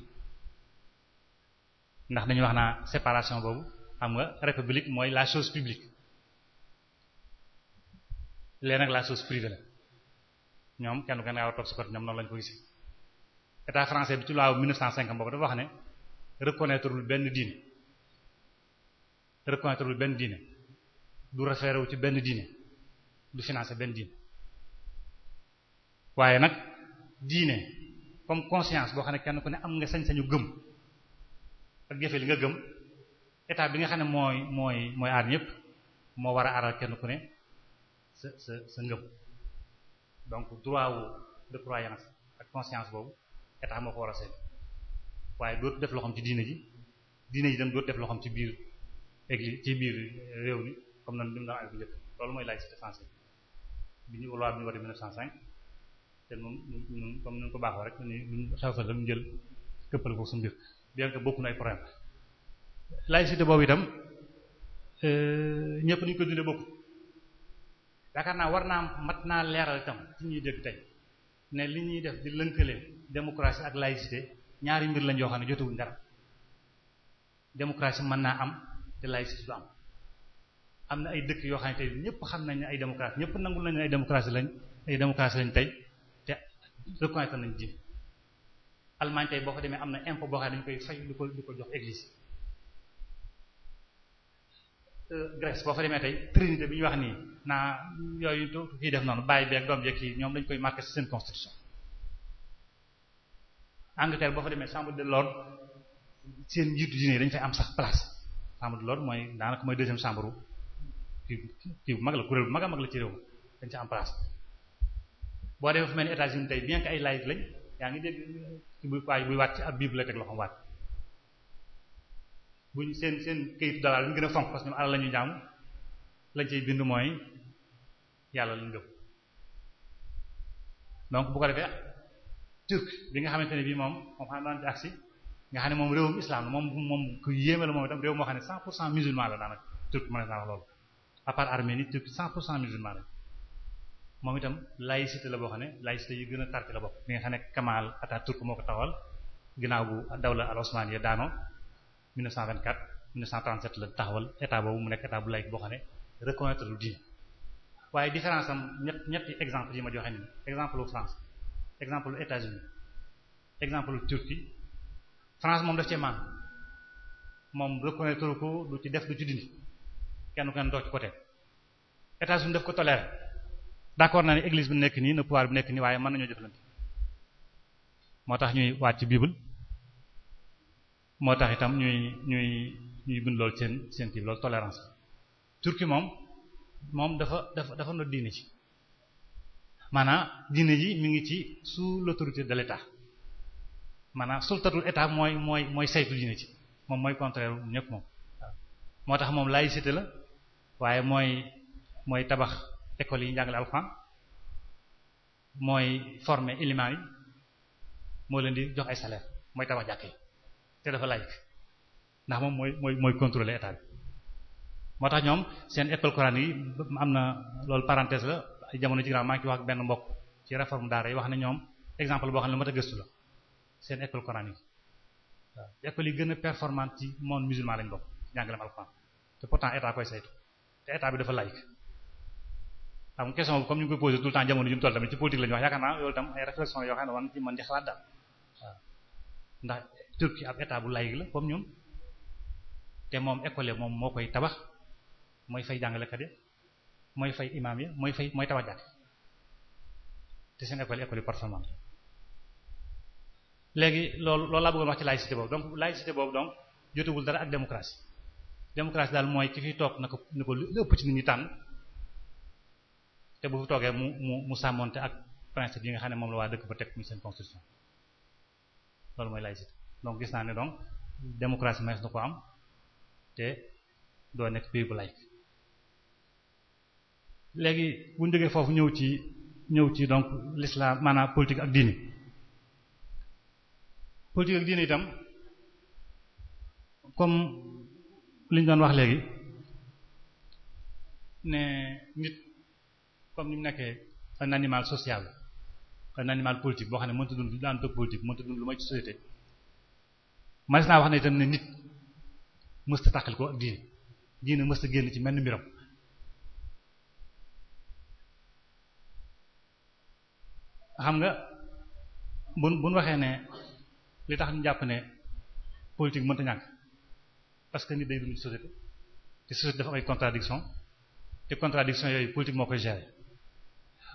ndax dañu wax naa séparation boobu xam nga république mooy la chose publique lee nag la chose privée la ñoom kenn gën a war a toog si côté ñoom noonu lañu ko gisee état français bi ci loi 1905 boobu dafa wax ne reconnaîtrewul benn diine reconnaîtrewul benn diine du référé wu ci benn diine du financer benn diine waaye nag diine comme conscience boo xam ne kenn ku ne am nga sañ-sañu gëm ak jëfe li nga gëm état bi nga xam ne mooy mooy mooy aar ñëpp moo war a aaral kenn ku ne sa sa ngëm donc droit wu de croyance ak conscience boobu état moo ko war a seen waaye dootu def loo xam ci diine ji diine ji dem dootu def loo xam ci biir église ci biir réew mi comme nan li mu daan am bu loolu mooy laïcité française bi ñu loi bi ñu wote 1905 te moom ñun comme ni ñu ko baaxoo rek ni ñu xew-xew la ñu jël këppal ko suñu biir bien que bokk na ay problème laïcité boobu itam euh, ñëpp ni ñu ko dundee bokk yaakaar naa war naa mat naa leeral itam ci ñuy dégg tey ne li ñuy def di lënkale démocratie ak laïcité ñaari mbir lañ yoo xam ne jotewuñ dara démocratie mën naa am te laïcité du am. am na ay dëkk yoo xam ne ñëpp xam nañ ne ay démocratie ñëpp nangul nañ ne ay démocratie lañ ay démocratie lañ tey te reconnaître nañ diine Allemagne tey boo fa demee am na impôt boo xam ne dañ koy fay du ko du ko jox église euh, Grèce boo fa demee tey trinité bi ñu wax nii naa yooyu kii def noonu bàyyi beeg doom yeeg yi ñoom dañ koy marqué ci seen constitution Angleterre boo fa demee chambre de lord seen njiitu diine dañ fay am sax place chambre de lord mooy daanaka mooy deuxième chambre kii kii bu mag la kuréel mag a mag la ci réew dañ ca am place boo demee fu mel ni États-Unis tey bien que ay la teg loxoom waat buñ seen seen kayitu dalal lañ a fonk parce la ñuy jaamu lañ cay bind mooy yàlla lañ ko defee turc bi nga xamante bii moom moom xam daan ci ku yéeme la moom itam réew moo xam ne cent pour cent musulman la daanaka turc mën na wax loolu à part Arménie Turquie 100 pour cent musulman moom itam laïcité la boo xam ne laïcité yi gën a tarti la bokk bi nga xam ne Kamal Atatürk moo ko taxawal ginnaaw bu dawla al osmaniya daanoo la taxawal état boobu mu nekk état bu laïc boo xam ne reconnaître lu diine waaye différence am ñett ñetti exemple yi ma joxe nii exemple lu France exemple lu États-Unis exemple lu Turquie France moom daf cee maan moom reconnaître ko du ci def du ci dindi kenn kenn doo ci côté États-Unis daf ko toléré d'accord na ne église bu nekk nii na pouvoir bi nekk nii waaye mën nañoo jëflante moo tax ñuy waat ci bible moo tax itam ñuy ñuy ñuy bind seen seen kii moom moom dafa dafa maanaam diine ji mi ngi ci sous l'autorité de l'État maanaam sultatul état mooy mooy mooy saytu diine ci moom mooy contraire ñëpp moom moo tax moom laïcité la waaye mooy mooy tabax école yi njàngale alxuraan mooy former ilimaan yi moo leen di jox ay salaire mooy tabax jàkk yi te dafa laïc ndax moom mooy mooy mooy contrôler état bi moo tax ñoom seen école coranique yi am na loolu parenthèse la ay jamono ci maa ngi wax ak benn mbokk ci réforme daara yi wax ne ñoom exemple boo xam ne mat a gëstu la seen école coranique yi école yi gën a performante ci monde musulman lañ bokk njàngaleem alxuraan te pourtant te état bi dafa laïc am question bi comme ñu ngi koy posé tout jamono ju mu toll tamit ci politique la ñu wax yaakaar naa loolu tam ay réflexion yoo xam ne war na ci mën di xalaat daal ndax Turquie ab état bu laïc la comme ñun te moom école moom moo koy tabax mooy fay jàngalekat ya mooy fay imaam ya mooy fay mooy tabax jàkk te seen école école yu performante léegi loolu loolu laa bëggoon wax ci laïcité boobu donc laïcité boobu donc jotagul dara ak démocratie daal mooy ki fi toog na ko na ko lu ëpp ci nit ñi tànn te bu fi toogee mu mu mu sàmmonte ak principe yi nga xam ne moom la waa dëkk ba teg muy seen constitution loolu mooy laïcité donc gis naa ne donc démocratie mees na ko am te doo nekk pays bu laïque léegi bu ñu jógee foofu ñëw ci ñëw ci donc l'islam maanaa politique ak diini politique ak diini itam comme li ñu doon wax léegi ne nit comme ni mu nekkee un animal social un animal politique boo xam ne mënta dund lu daan toog politique mënta dund lu may ci société manes wax ne itam ne nit mësta tàqal ko ak diine diine mësta génn ci menn mbiram xam nga bu bu waxee ne li tax ñu jàpp ne politique mënta ñàkk parce que nit day dund ci société te société dafa am contradiction te contradiction yooyu politique moo koy gérer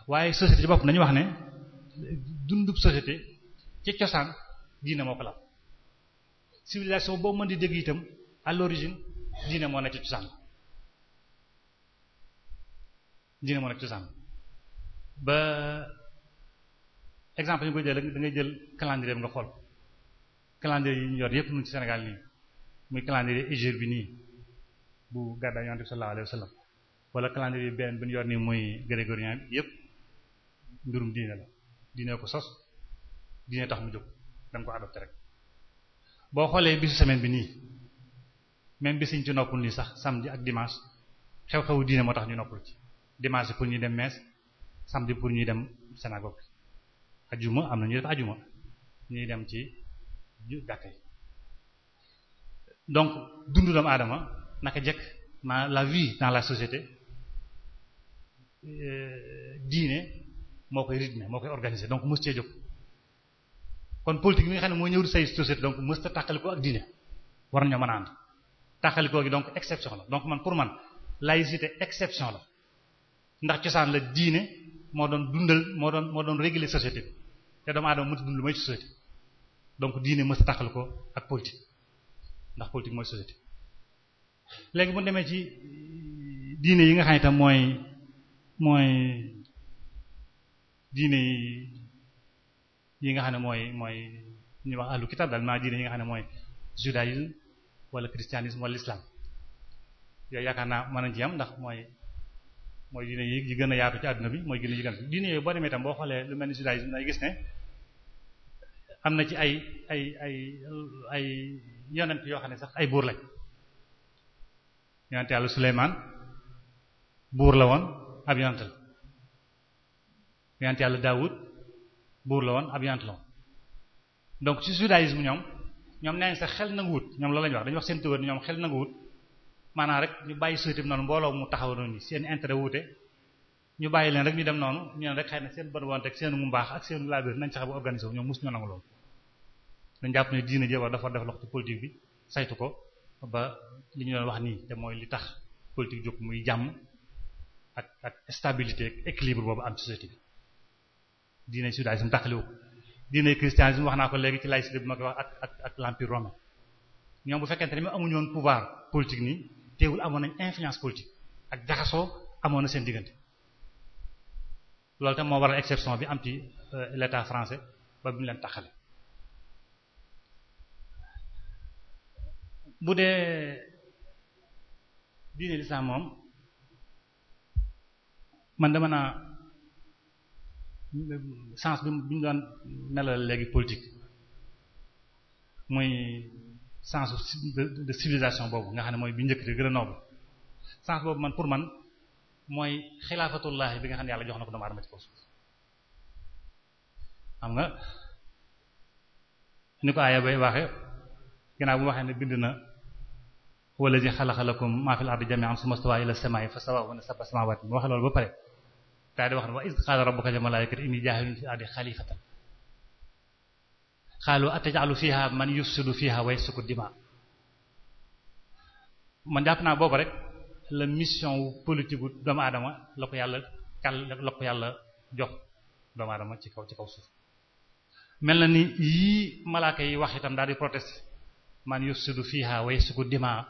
waaye société ci bopp nañu wax ne dundub société ci cosaan diine moo ko lal civilisation boo mën di dégg itam à l'origine diine moo nekk ci cosaan diine moo nekk cosaan ba exemple ñu koy jël da ngay jël calendrier bi nga xool calendrier yi ñu yor yépp ñu ci Sénégal nii muy calendrier hégire bi nii bu gàddaa yonent bi sallallahu alayhi wa sallam wala calendrier beneen bi ñu yor nii muy grégorien bi yëpp mbirum diine la diine ko sos diine tax mu jóg dañ ko adopté rek boo xoolee bisu semaine bi nii même bisiñ ci noppul nii sax samedi ak dimanche xew-xewu diine moo tax ñu noppul ci dimanche pour ñuy dem messe samedi pour ñuy dem synagogue bi ajuma am na ñuy def ajuma ñuy dem ci jàkka donc dund doomu aadama naka jekk ma la vie dans la société euh, diine moo koy rythmer moo koy organiser donc mës cee jóg kon politique bi nga xam ne moo ñëw di say société donc mës ta tàqalikoo ak diine war nañoo mën a ànd tàqalikoo gi donc exception la donc man pour man laïcité exception la ndax cosaan la diine moo doon dundal moo doon moo doon réguler société bi te doomu aadama mënta dund lu may société donc diine mës ta tàqalikoo ak politique ndax politique mooy société léegi bu demee ci diine yi nga xam ne tam mooy mooy diine yi nga xam ne mooy mooy ñu wax ahlu kitaab dal maa diine yi nga xam ne mooy judaïsme wala christianisme wala islam yooyu yaakaar naa mën nañ ci am ndax mooy mooy diine yi yi gën a yaatu ci àdduna bi mooy gën a yi gën diine yooyu boo xoolee lu mel ni judaïsme gis ne am na ci ay ay ay ay yonent yoo xam ne sax ay buur lañ yonent yàlla Suleymaan buur la woon ab yonent la yonent yàlla Daawud buur la woon ab yonent la woon donc ci judaïsme ñoom ñoom nee nañ sax xel nanguwut ñoom loolu lañu wax dañu wax seen tëwër ñoom xel nanguwut maanaam rek ñu bàyyi suytib noonu mbooloo mu taxaw noonu seen intérêt wute ñu bàyyi leen rek ñu dem noonu ñu ne rek xëy na seen bët wante ak seen mu mbaax ak seen laabir nañ sax bu organisé dañ jàpp ne diine ji war dafa def loxo ci bi saytu ko ba li ñu doon wax nii te mooy li tax politique jóg muy jàmm ak ak stabilité ak équilibre boobu am société bi diine judaïsme taxaliwu diine christianisme wax naa ko léegi ci laïcité bi ma koy wax ak ak ak l'empire romain ñoom bu fekkente ne mi amuñu woon pouvoir politique nii amoon nañ influence politique ak jaxasoo amoon na seen diggante loolu tam moo waral exception bi am ci euh, l'état français ba bi mu leen taxale bu dee diine lislaam moom man dama naa sens bi bi ñu doon melal léegi politique muy sens de civilisation boobu nga xam ne mooy bi njëkk di gën a noobu sens boobu man pour man mooy xilaafatullaahi bi nga xam ne yàlla jox na ko doomu aadama ci nga ni ko aaya bay waxe ginnaaw bu ma waxee ne bind na wala ji xalaxalakum maa fil ardi jami'an summa stawaa ila samaa'i fasawwahunna sab'a samaawaati mu wax loolu ba pare daal di wax ne wa iz qaala rabbuka lil malaa'ikati inni jaa'ilun fil ardi xalifatan qaalu ataj'alu fiihaa man yufsidu fiihaa wa yasfiku dimaa man jàpp naa boobu rek la mission wu politique gu doomu aadama la ko yàlla kàll la ko yàlla jox doomu aadama ci kaw ci kaw suuf mel na ni yii malaaka yi wax itam daal di protester man yufsidu fiha wa yasfiku dimaa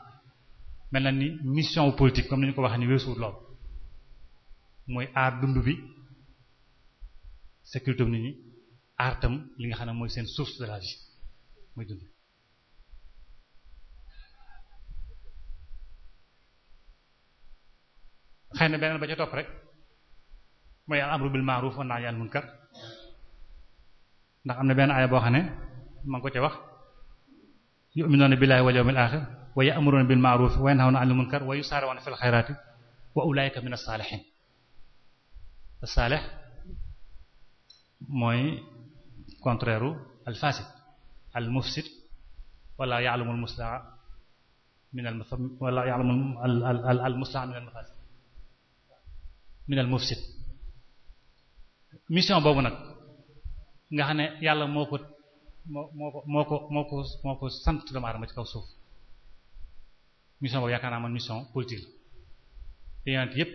mel na ni mission politique comme ni ñu ko waxee ni weesuwut lool mooy aar dund bi sécurité nit ñi aar tam li nga xam ne mooy seen source de la vie mooy dund xëy na beneen ba ca topp rek mooy al ndax am na benn aaya boo xam ne ma ngi ko ca wax yu'minuuna billaahi wal yawmil aaxir wa ya'muruuna bil ma'ruufi wa yanhawna 'anil munkar wa yusaari'uuna fil xayraati wa ulaa'ika mina saalihiin saalih mooy contraire al fasid al mufsid wala ya'lamu al muslaha min al wala ya'lamu al al muslaha min al mafasid min al mufsid mission boobu nag nga xam ne yàlla moo ko moo moo ko moo ko moo ko moo ko sant doomu aadama ci kaw suuf mission boobu yaakaar naa man mission politique la yonent yépp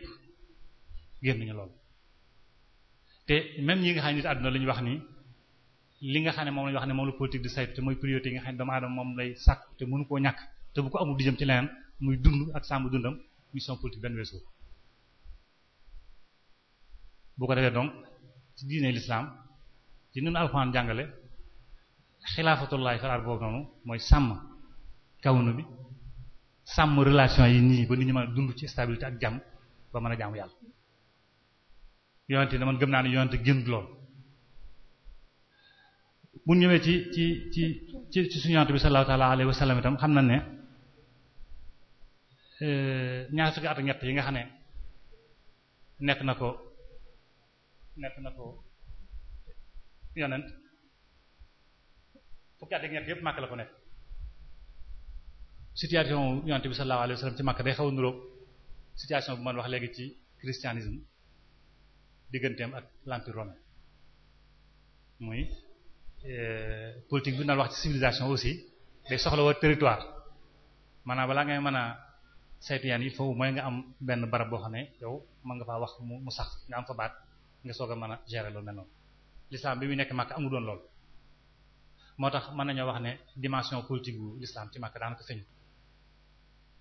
génn nañu loolu te même ñi nga xam ne nit àdduna la ñu wax ni li nga xam ne moom la wax ne moom la politique di saytu te mooy priorité yi nga xam ne doomu aadama moom lay sàkk te mënu koo ñàkk te bu ko amul di jëm ci leneen muy dund ak sàmm dundam mission politique benn weesu bu ko defee donc ci diine l'islam ci ñun alxuraan jàngale xilaafatullahi fil ard boobu noonu mooy sàmm kawnu bi sàmm relation yi nii ba nit ñi mën a dund ci stabilité ak jàmm ba mën a jaamu yàlla yonente dama gëm naa ne yonente gën lool bu ñëwee ci ci ci ci ci suñu yonente bi sallallahu taala alayhi wa itam xam na ne euh, ñaar fukki at ak ñett yi nga xam ne nekk na ko nekk na ko yonent fukki at ak ñett yëpp màkk la ko nekk situation yonte bi sallallahu alayhi wasallam ci màkk day xaw a niróo situation bu man wax léegi ci christianisme digganteem ak l'empire romain muy euh, politique bi ñu wax ci civilisation aussi day soxla woo territoire maanaam balaa ngay mën a saytu yaan il faut mooy nga am benn barab boo xam ne yow mën nga faa wax mu sax nga am fa baat nga soog a mën a gérer loolu mel noonu l'islam bi muy nekk màkk amu doon lool moo tax mën nañoo wax ne dimension politique bu l'islam ci Makka daanaka feeñu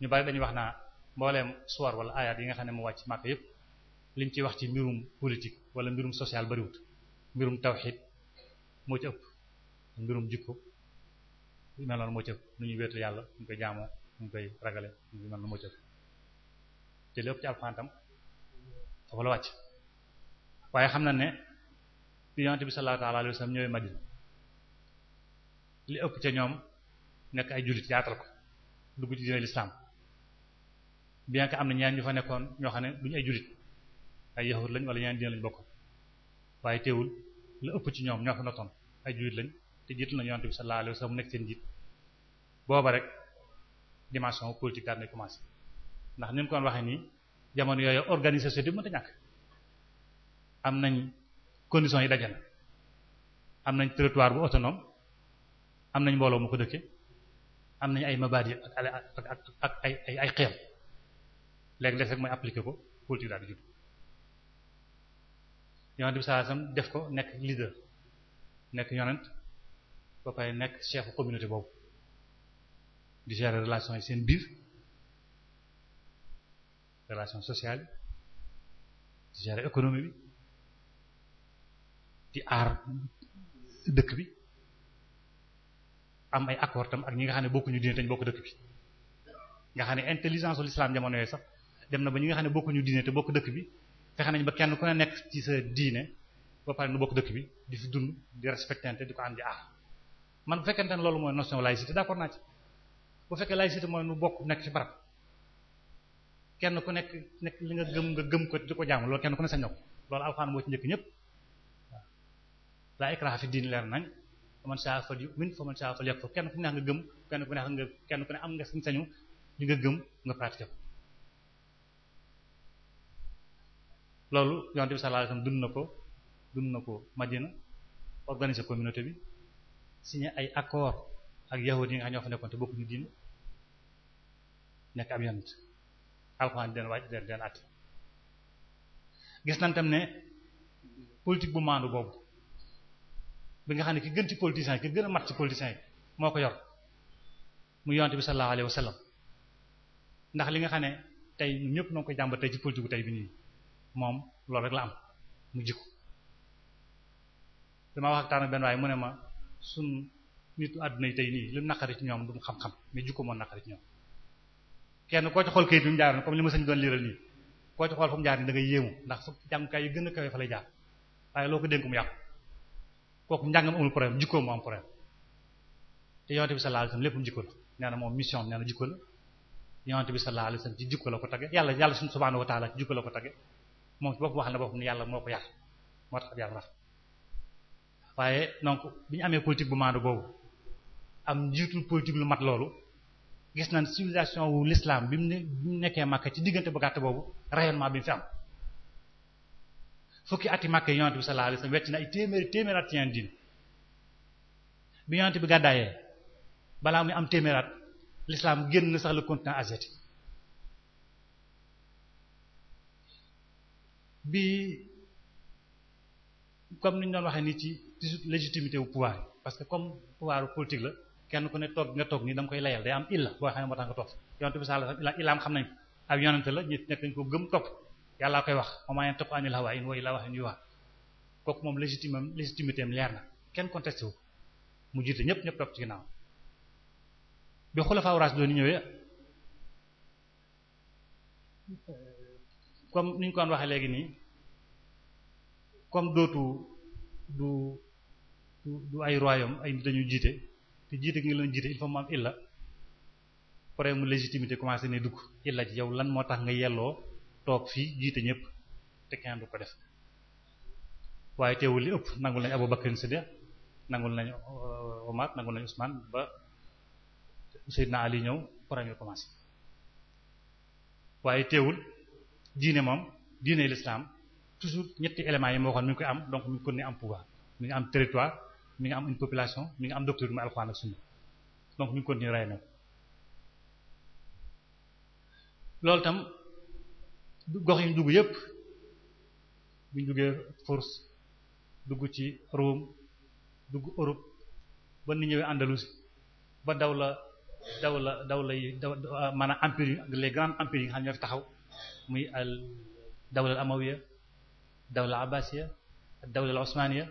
ñu bari dañuy wax naa mbooleem suwar wala ayat yi nga xam ne mu wàcc ci yépp yëpp liñ ciy wax ci mbirum politique wala mbirum social bariwut mbirum tawxid moo ci ëpp mbirum jikko yu mel moo ci ëpp nu ñuy wéetal yàlla ñu koy jaamoo ñu koy ragale yu mel noonu moo ci ëpp te lépp ci alxuraan tam foofu la wàcc waaye xam na ne yonent bi sallallahu alayhi Madina li ëpp ca ñoom nekk ay jullit yaatal ko dugg ci diine lislaam bien que am nañ ñeneen ñu fa nekkoon ñoo xam ne duñ ay jullit ay yahud lañ wala ñeneen diine lañ bokk waaye teewul lu ëpp ci ñoom ñoo fa notoon ay jullit lañ te jiitu na yonent bi sa alayhi wasallam mu nekk seen jiit booba rek dimension politique daal nay commencé ndax ni mu ko waxee nii jamono yooyu organisation bi mënta ñàkk am nañ conditions yi daje na am nañ territoire bu autonome am nañ mbooloo mu ko dëkke am nañ ay mabaadi ak ak ak ay ay ay xeem léegi des mooy appliquer ko politique daal di judd yonent bi saa sam def ko nekk leader nekk yonent ba pare nekk chef communauté boobu di gérer relation yi seen biir relation sociale di gérer économie bi di aar dëkk bi am ay accord tam ak ñi nga xam ne bokkuñu diine te ñu bokk dëkk bi nga xam ne intelligence ul islam jamono yooyu sax dem na ba ñi nga xam ne bokkuñu diine te bokk dëkk bi fexe nañ ba kenn ku ne nekk ci sa diine ba nu bokk dëkk bi di fi dund di respectante di ko am di man fekkente ne loolu mooy notion laïcité d'accord naa ci bu fekkee laïcité mooy nu bokk nekk ci barab kenn ku nekk nekk li nga gëm nga gëm ko di ko jaamu loolu kenn ku ne sa ñokk loolu alxuraan moo ci njëkk ñëpp waaw laa ikraha fi diin leer nañ fa man saa fal yu'min fa man saa fal yakfur kenn ku neex nga gëm kenn ku neex nga kenn ku ne am nga sañ-sañu li nga gëm nga pratiqué ko loolu yonent bi sallallahu alayhi wasallam dund na ko dund na ko Madina organiser communauté bi signé ay accord ak yahudi yi nga xam ñoo fa nekkoon te bokkuñu diine nekk ab yonent alxuraan den wàcc den den at gis nañ tam ne politique bu maandu boobu bi nga xam ne ki gën ci politiciens yi ki gën a mat ci politiciens yi moo ko yor mu yonte bi sallallahu alayhi wa ndax li nga xam ne tey ñëpp noo ko jàmbat tey ci politique tey bi nii moom loolu rek la am mu jikko damaa wax ak taana benn waaye mu ne ma suñ nit àdduna yi tey nii li mu naqari ci ñoom du mu xam-xam mais jikko moo naqari ci ñoom kenn koo ci xool kayit bi mu jaaroon comme li ma sañ doon liiral nii koo ci xool fu mu jaar nii da ndax fu jàngukaay yi gën a kawe fa loo ko kooku njàngam amul problème jikkoom moo am problème te yonent bi sallallahu alayhi wasallam lépp jikko la nee na moom mission nee na jikko la yonent bi sallallahu alayhi wasallam ci jikko la ko tagge yàlla yàlla subhaanahu wa ta'ala ci jikko la ko tagge moom ci bopp wax na boppam ne yàlla moo ko yar moo tax yàlla rafet waaye donc bi ñu amee politique bu maandu boobu am njiitu politique lu mat loolu gis nañ civilisation wu l'islam bi mu ne bi mu nekkee Makka ci diggante bu gàtt boobu fukki ati Makka yonent bi sallallahu laa wasallam wecc na ay téeméeri téeméeri at ci yeneen diine bi yonent bi gàddaayee balaa muy am téeméeri at l'islam génn sax le continent asiatique bi comme ni ñu doon waxee nii ci ci légitimité wu pouvoir yi parce que comme pouvoir politique la kenn ku ne toog nga toog nii da koy layal day am illa boo xam ne moo tax nga toog yonent bi sallallahu alayhi wasallam illaam xam nañ ko ak yonent la nekk dañ ko gëm topp yàllaa koy wax wama yantiqu anil hawaa in huwa illaa wahyun wax kooku moom légitime am légitimité am leer na kenn contesté wu mu jiite ñëpp ñëpp topp ci ginnaaw bi xulafaa raasidiin ñëwee comme ni kon waxee léegi nii comme dootu du du ay royaume ay nit dañuy jiite te jiite gi nga leen jiite il faut mu am illa problème mu légitimité commencé ne dugg illa ci yow lan moo tax nga yelloo toog fii jiite ñëpp te kenn du ko def waaye teewul li ëpp nangul nañ Abu Bakr Siddiq nangul nañ euh, Omar nangul nañ Ousmane ba Seydina Ali ñëw premier commencé waaye teewul diine moom diine l'islam toujours ñetti éléments yi moo xam mi ngi koy am donc mi ngi ko ne am pouvoir mi ngi am territoire mi ngi am une population mi ngi am doctrine mu alxuraan ak sunna donc mi ngi continuer ray na loolu tam gox yi ñu dugg yépp bu ñu duggee Furs dugg ci Rome dugg Europe ba ni ñëwee Andalousie ba daw la daw la daw lay maanaam empire yi les grands empires yi nga xam ne taxaw muy al dawla al amawiya dawla al abbasiya dawla al osmaniya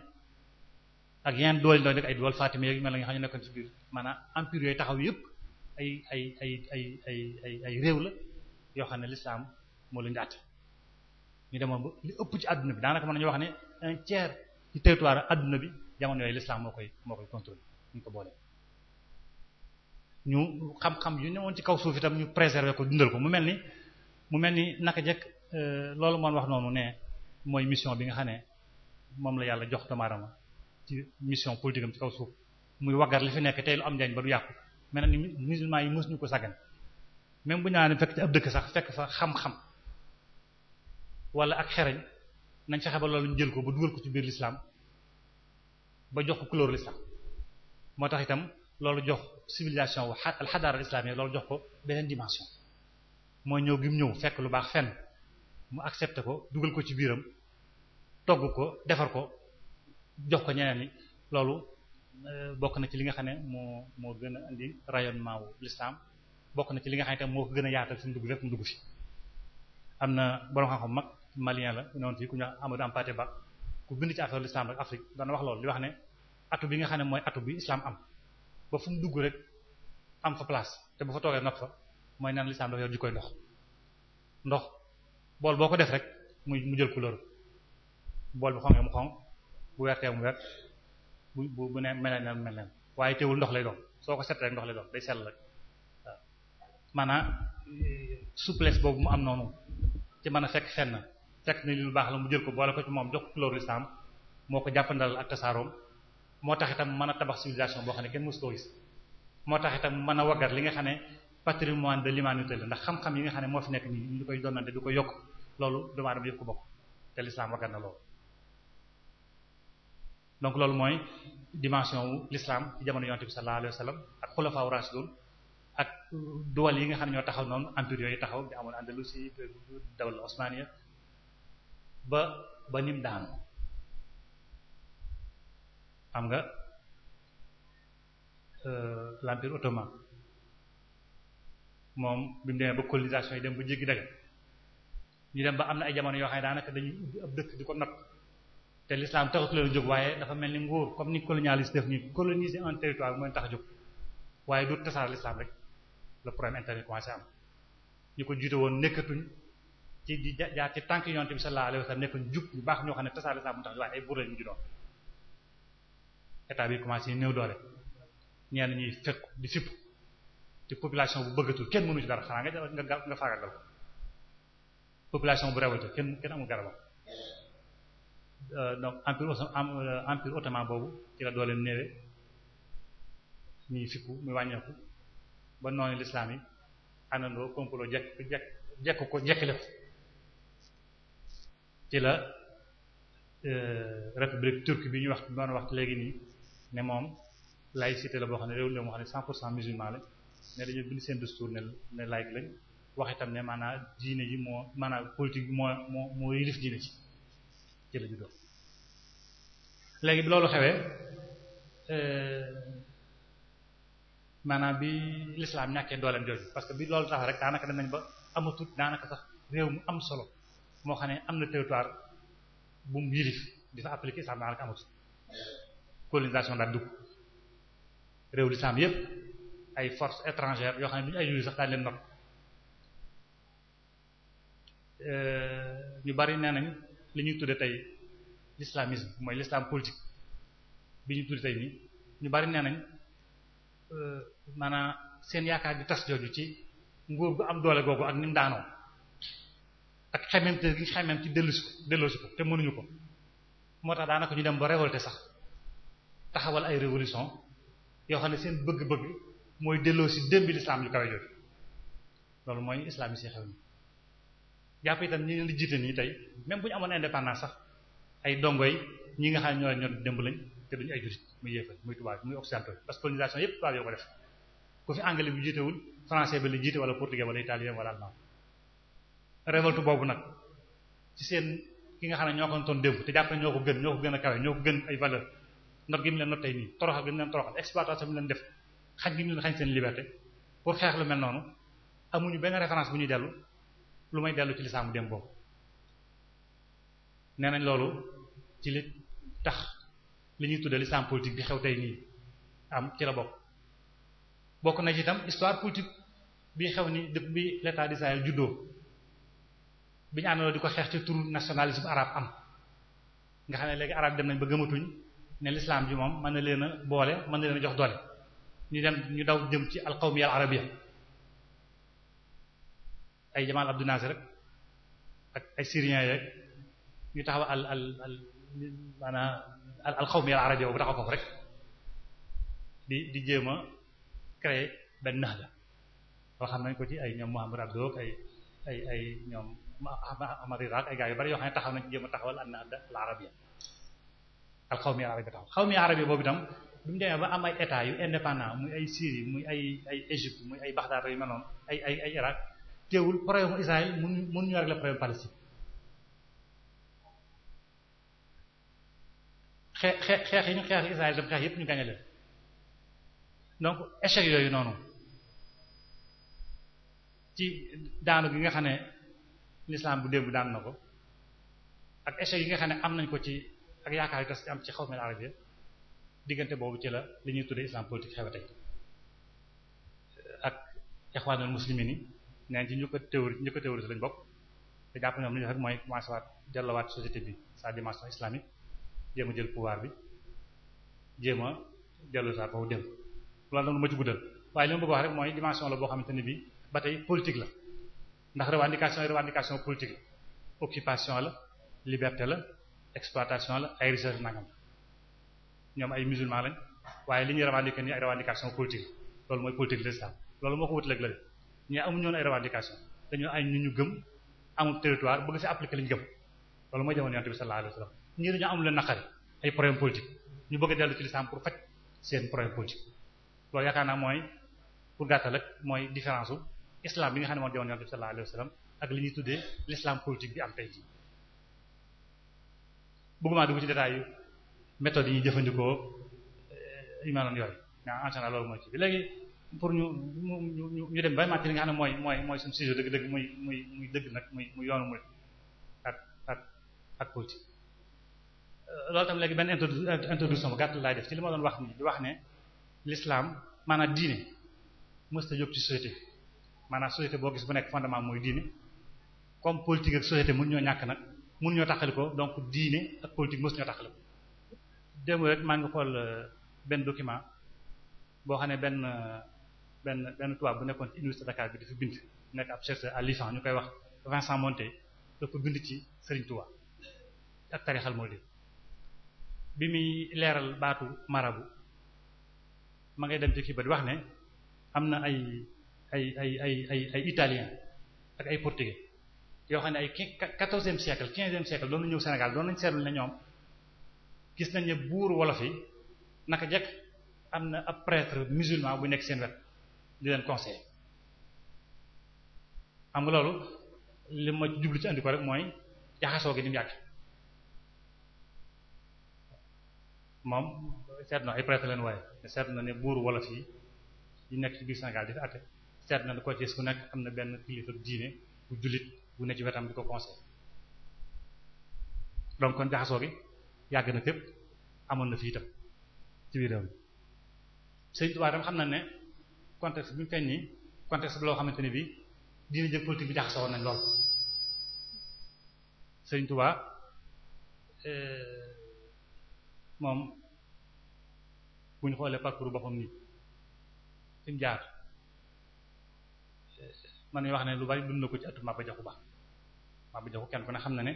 ak yeneen dool yi doon rek ay dool Fatimiyya yu mel nga xam ne nekkoon ci biir maanaam empire yooyu taxaw yépp ay ay ay ay ay ay réew la yoo xam ne l'islam moo leen di àtte ñu demoon ba li ëpp ci àdduna bi daanaka mën nañu wax ne un tiers ci territoire àdduna bi jamono yooyu l'islam moo koy moo koy contrôler ñu ko boolee ñu xam-xam yu newoon ci kaw suuf itam ñu préserver ko dundal ko mu mel ni mu mel ni naka jekk euh, loolu moon wax noonu ne mooy mission bi nga xam ne moom la yàlla jox damaarama ci mission politique am ci kaw suuf muy waggar li fi nekk tey lu am njariñ ba du yàqu mel musulman yi mësuñu ko sàggan même bu wala ak xereñ nañ fexe ba loolu ñu jël ko ba dugal ko ci biir lislaam ba jox ko couleur lislaam moo tax itam loolu jox civilisation al xadaara islamique loolu jox ko beneen dimension mooy ñëw gi ñëw fekk lu baax fenn mu accepté ko dugal ko ci biiram togg ko defar ko jox ko ñeneen ñi loolu euh, bokk na ci li nga xam ne moo moo gën a indi rayonnement wu l'islam bokk na ci li nga xam ne moo ko gën a yaatal fi mu dugg rek mu dugg fi am na borom xam-xam mag malien la noonu fii ku ñu Amadou Hampâté Bâ ku bind ci affaire l'islam rek Afrique dana wax loolu li wax ne atu bi nga xam ne mooy atu bi islam am ba fu mu dugg rek am fa place te bu fa toogee nopp fa mooy naan l'islam dafa yor jikkoy ndox ndox bool boo ko def rek muy mu jël couleur bool bi xonqee mu xonq bu wertee mu wert bu bu bu ne mel ne mel ne waaye teewul ndox lay doon soo ko set rek ndox lay doon day sell rek waaw maanaam souplesse boobu mu am noonu ci mën a fekk fenn fekk na li lu baax la mu jël ko boole ko ci moom jox ko couleur l'islam moo ko jàppandalal ak tasaaroom moo tax itam mën a tabax civilisation boo xam ne kenn mësu koo gis moo tax itam mën a waggar li nga xam ne patrimoine de l'humanité la ndax xam yi nga xam ne moo fi nekk nii ñu koy donnante du ko yokk loolu doomu aadama yëpp ko bokk te l'islam waggar na loolu donc loolu mooy dimension wu l'islam ci jamono yonte bi sallallahu alayhi wasallam ak xulafa wu rasidun ak duwal yi nga xam ne ñoo taxaw noonu empire yooyu taxaw bi amoon ba ba nim daanu xam nga euh, l'empire ottoman moom bi mu demee ba colonisation yi dem ba jéggi daga ñu dem ba am na ay jamono yoo xam ne daanaka dañuy ubbi ab dëkk di ko natt te l'islam taxatu leen jóg waaye dafa mel ni nguur comme ni colonialiste def ni coloniser un territoire mooy tax jóg waaye du tasaar l'islam rek le problème interne commencé am ñu ko jiite woon nekkatuñ ci di jaar ci tànk yonent bi sallallahu alayhi wasallam nekk njub baax ñoo xam ne tasaare saa bu tax waaye ay buur lañu juddoo état bi commencé néew doole ñenn ñuy fekk population bu bëggatul kenn mënu ci dara xanaa nga nga ko population bu révolté kenn kenn amul garabam euh, donc empire euh, empire boobu ci la dooleem néewee ñuy fikku muy wàññeeku ba noonu l'islam yi àndandoo complot jekk jekk jekk ko jekkile ko ci la euh, république turque bi ñu wax man wax léegi nii ne moom laïcité la boo xam ne réew la moo xam ne 100 pour cent musulman la ne dañu bind seen discours ne ne laïc lañ wax itam ne maanaam diine ji moo maanaam politique bi moo moo moo yilif diine ci la ñu doon léegi bi loolu xewee euh, maanaam bi l'islam ñàkkee dooleem jooju parce que bi loolu tax rek daanaka dem nañ ba amatut daanaka sax réew mu am solo moo xam ne am na territoire bu mu yilif di fa appliquer islam daanaka amatul colonisation daal dugg réew lislaam yépp ay forces étrangères yoo xam ne du ñu ay jullit sax daañu leen not euh, ñu bari nee nañ li ñuy tudde tey l'islamisme mooy l'islam politique bi ñu tudde tey nii ñu bari nee nañ euh, maanaam seen yaakaar di tas jooju ci nguur gu am doole googu ak nim mu daanoo ak xemem te gi xemem ci dellusi ko delloosi ko te mënuñu ko moo tax daanaka ñu dem ba révolté sax taxawal ay révolution yoo xam ne seen bëgg-bëgg mooy delloosi démb lislaam lu kawe jooju loolu mooy islam yi si xew ni jàpp itam ñi leen tey même bu ñu amoon indépendance sax ay dongo yi ñi nga xam ne ñoo leen ñoo démb lañ te duñu ay jurit muy yéefal muy tubaab muy occidentaux parce que colonisation yépp tubaab yoo ko def ku fi anglais bi jiitewul français bi la jiite wala portugais wala italien wala allemand révolte boobu nag ci seen ki nga xam ne ñoo ko doon démb te jàpp ne ñoo ko gën ñoo ko gën a kawe ñoo ko gën ay valeur not gi mu leen not tey nii toroxal gi mu leen toroxal exploitation bi mu leen def xañ gi mu leen xañ seen liberté pour xeex lu mel noonu amuñu benn référence bu ñuy dellu lu may dellu ci lisaamu démb boobu nee nañ loolu ci li tax li ñuy tuddee lislaam politique bi xew tey nii am ci la bokk bokk na ci itam histoire politique bi xew ni depuis bi ñu àndandoo di ko xeex ci turu nationalisme arabe am nga xam ne léegi arabe dem nañ ba gëmatuñ ne l'islam bi moom mën na leen boole mën na leen jox doole ñu dem ñu daw jëm ci alqawmiya al arabiyya ay Jamal Abdou Nasser rek ak ay syriens yeeg ñu taxaw al al al maanaam al alqawmiya al arabiyya rek di di jéem a créer benn nax la nañ ko ci ay ñoom Mouhamed Abdou ay ay ay ñoom. Ahmad Rizaq ay gars yu bari yoo xam ne taxaw nañ ci jéem a taxawal an adda al arabia al xawmi arabia taxaw xawmi arabia boobu itam bu ñu demee ba am ay état yu indépendant muy ay Syrie muy ay ay Égypte muy ay Bagdad yu mel noonu ay ay ay Irak teewul problème mu Israël mënuñu mënuñu régler problème Palestine xee xee xeex yi ñu xeex Israël dem xeex yépp ñu gagné donc échec yooyu noonu ci daanu gi nga xam ne. lislaam bu démb daan na ko ak échec yi nga xam ne am nañ ko ci ak yaakaar yi tas ci am ci xaw mel arabia diggante boobu ci la li ñuy tuddee islam politique xew tey ak ixwaanul muslimin yi neen ci ñu ko théorie ñu ko théorie lañ bokk te jàpp ñoom li ñu def rek mooy commencé waat delluwaat société bi sa dimension islamique jéem jël pouvoir bi jéem a dellu saa foofu dem loolu nag ma ci guddal waaye li ma bëgg wax rek mooy dimension la boo xamante ne bi ba ndax revendication yi revendication politique la occupation la liberté la exploitation la ay recherche nangam ñoom ay musulman lañ waaye li ñuy revendication politique loolu mooy politique de l'islam loolu moo ko wutaleeg la de ñii amuñu ñu ñu gëm amul territoire bëgg ci appliquer li ñu gëm loolu mooy jamono yonent bi sallallahu alayhi wasallam ñii dañoo amul leen naqari ay problème politique ñu bëgg a dellu ci l'islam pour faj seen problème politique loolu yaakaar naa mooy pour gàttal rek mooy différence islam bi nga xam ne moo doon yonent bi sallallahu alayhi wa li ñuy tuddee l'islam politique bi am tey jii bëgguma ci détails yu méthodes yi ñuy jëfandikoo euh, yu mel loolu mooy ci bi léegi pour ñu ñu ñu dem bay màcc li nga nag muy muy yoonu muy ak ak ak politique euh, loolu tam laay def ci li ma doon wax ni di wax ne l'islam maanaam diine mësta jóg ci société maanaam société boo gis bu nekk fondement mooy diine comme politique ak société mun ñoo ñàkk nag mun ñoo taxali ko donc diine ak politique mos ñoo taxali ko démb rek maa ngi xool euh, benn document boo xam ne benn euh, benn benn bu nekkoon ci université Dakar bi dafa bind nekk ab chercheur à licence ñu koy wax Vincent Monté dafa bind ci Serigne Touba ak tarixal moo di bi muy leeral baatu marabu ma ngay dem ci ba di wax ne am na ay ay ay ay ay ay italien ak ay portugais yoo xam ne ay quatorzième siècle quinzième siècle doon nañu ñëw Sénégal doon nañ seetlu ne ñoom gis nañ ne buur wolof yi naka jekk am na ab prêtre musulman bu nekk seen wet di leen conseiller xam nga loolu li ma jublu ci andi ko rek mooy jaxasoo gi ni mu yàgg moom seet na ay prêtre leen waaye seet na ne buur wolof yi yi nekk ci biir Sénégal di àtte seet na ko ci ku nekk am na benn kilifa diine bu jullit bu ne ci wetam di ko conseil donc jaxasoo gi yàgg na fépp amoon na fii tam ci biir réew mi Sëriñ Tuubaa xam na ne contexte bi mu feeñ nii contexte bi loo xamante ne bii diine jëkk politique bi jaxasoo woon nañ lool Sëriñ Tuubaa euh, moom bu ñu xoolee parcours boppam nii fi jaar man mi wax ne lu bari dund na ko ci atu Maba Jaxu Ba Maba Jaxu kenn ku ne xam na ne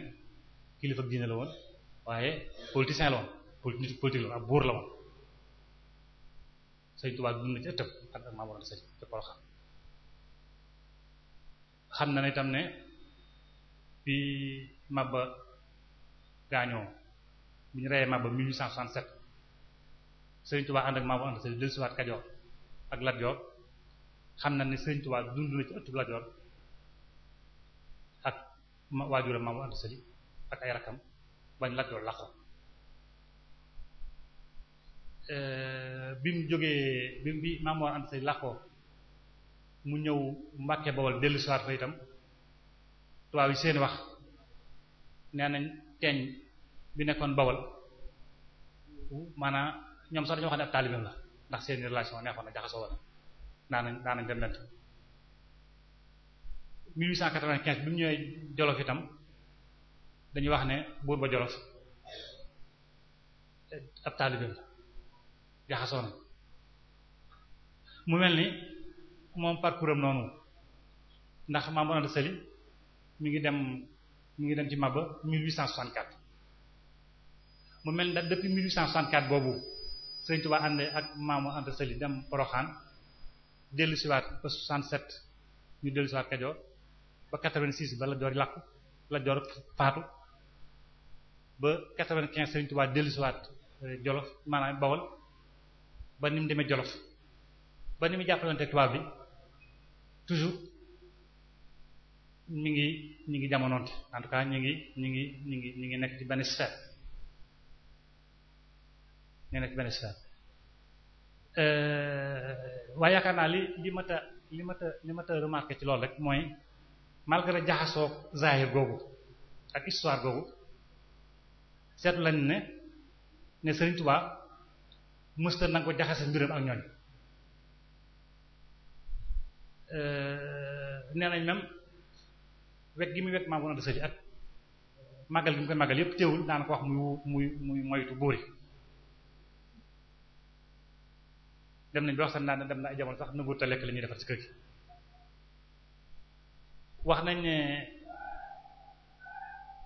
kilifa diine la woon waaye politicien la woon nit politique la woon buur la woon Sëriñ Tuubaa dund na ci ëttam ak ak Mame Mor Anta Saly ci ànd ak Mame Kajoor ak Lat Joor xam na ne Sëriñ Tuubaa dund na ci ëttub Lat Joor ak waajuram Maam Anta Sali ak ay rakam bañ Lat Joor euh, bi mu jógee bi bi Maam Anta Sali laqoo mu ñëw Mbàkke Bawol dellu si fa itam tubaab yi seen wax nee nañ teeñ bi nekkoon Bawol maanaam ñoom sax dañoo xam ne ab taalibeem la ndax seen relation neexoon a jaxasoo woon daana daana gëndante 1895 bi mu ñëwee Jolof itam dañuy wax ne buur ba Jolof ab taalibe la jaxasoo na mu mel ni moom parcours am noonu ndax Maam Mor Anta Sali ngi dem mu ngi dem ci Maba 1864 mu mel ni depuis 1864 boobu Sëriñ Tuubaa ànd ak Maam Mor Anta dem Poroxaan dellu siwaat ba 67 ñu dellu siwaat Kajoor ba 86 ba la joor làkku la joor faatu ba 95 Sëriñ Tuubaa dellu siwaat eh, Jolof maanaam Bawol ba ni mu demee Jolof ba ni mu jàppalante tubaab bi toujours ñu ngi ñu ngi jamonoonte en ñu ngi ñu ngi ñu ngi ñu ngi nekk ci benn sphère ñu ngi nekk ci benn sphère Euh, waa yaakaar naa li li mat a li mat a li mat a ci loolu rek mooy malgré jaxasoo zahir googu ak histoire googu seetu lañ ne ne Serigne Touba mësta na ko jaxase mbiram ak ñooñ euh, nee nañ même wet gi muy wet maa mën a dësëri ak màggal gi mu koy màggal yëpp teewul daana ko wax muy muy moytu buur dem nañ bi wax sax naan dem na ay jamono sax nanguut a lekk la ñuy defar ci kër gi wax nañ ne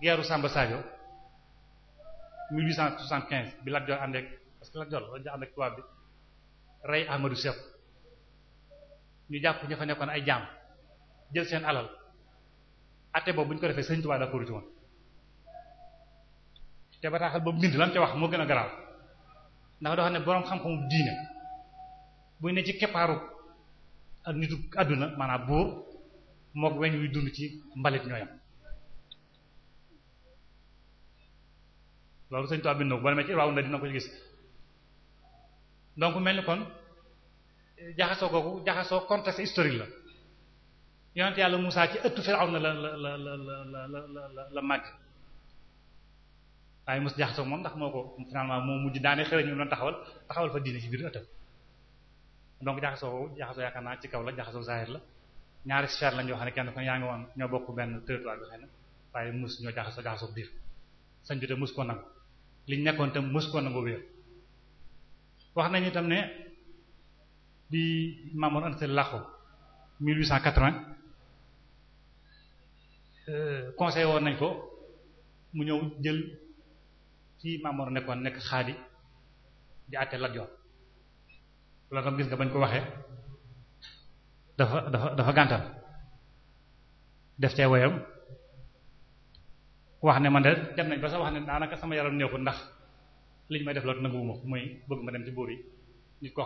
geeru Samba Sadio 1875 bi Lat bi ànd ak parce que Lat Joor dañu ànd ak tubaab bi rey Ahmadou Seck ñu jàpp ñu fa nekkoon ay jaam jël seen alal atte boobu bu ñu ko defee sëñ Tuubaa d'accord ci woon te bataaxal boobu bind lan ca wax moo gën a garaaw ndax doo xam ne boroom xam-xamu diine buy ne ci keppaaru ak nitu àdduna maanaam buur moog weñ wuy dund ci mbalit ñooyam loolu sëñ Tuubaa bind na ko boo ci irwaawu na dina ko gis donc mel ni kon jaxasoo googu jaxasoo contexte historique la yonent yàlla Muusaa ci ëtt Firawna la la la la la la la waaye mos jaxasoo moom ndax moo ko finalement moo mujj daane xëy na ñu doon taxawal taxawal fa diine ci biir ëttam donc jaxasoo jaxasoo yaakaar naa ci kaw la jaxasoo zahir la ñaari sphère lañ yoo xam ne kenn ko yaa ngi woon ñoo bokk benn territoire bi xëy na waaye mus ñoo jaxasoo jaxasoo biir sañ bi te mus ko nangu liñ nekkoon tam mus ko nangu wéer wax nañu itam ne di Mamour Anta Sall laxu 1880 conseil woon nañ ko mu ñëw jël ci Mamour nekkoon nekk xaadi di àtte Lat Joor loolu tam gis nga bañ ko waxee dafa dafa dafa gàntal def cee woyam wax ne man de dem nañ ba sax wax ne daanaka sama yaram neexul ndax liñ may def loolu nanguwuma ko ma dem ci koo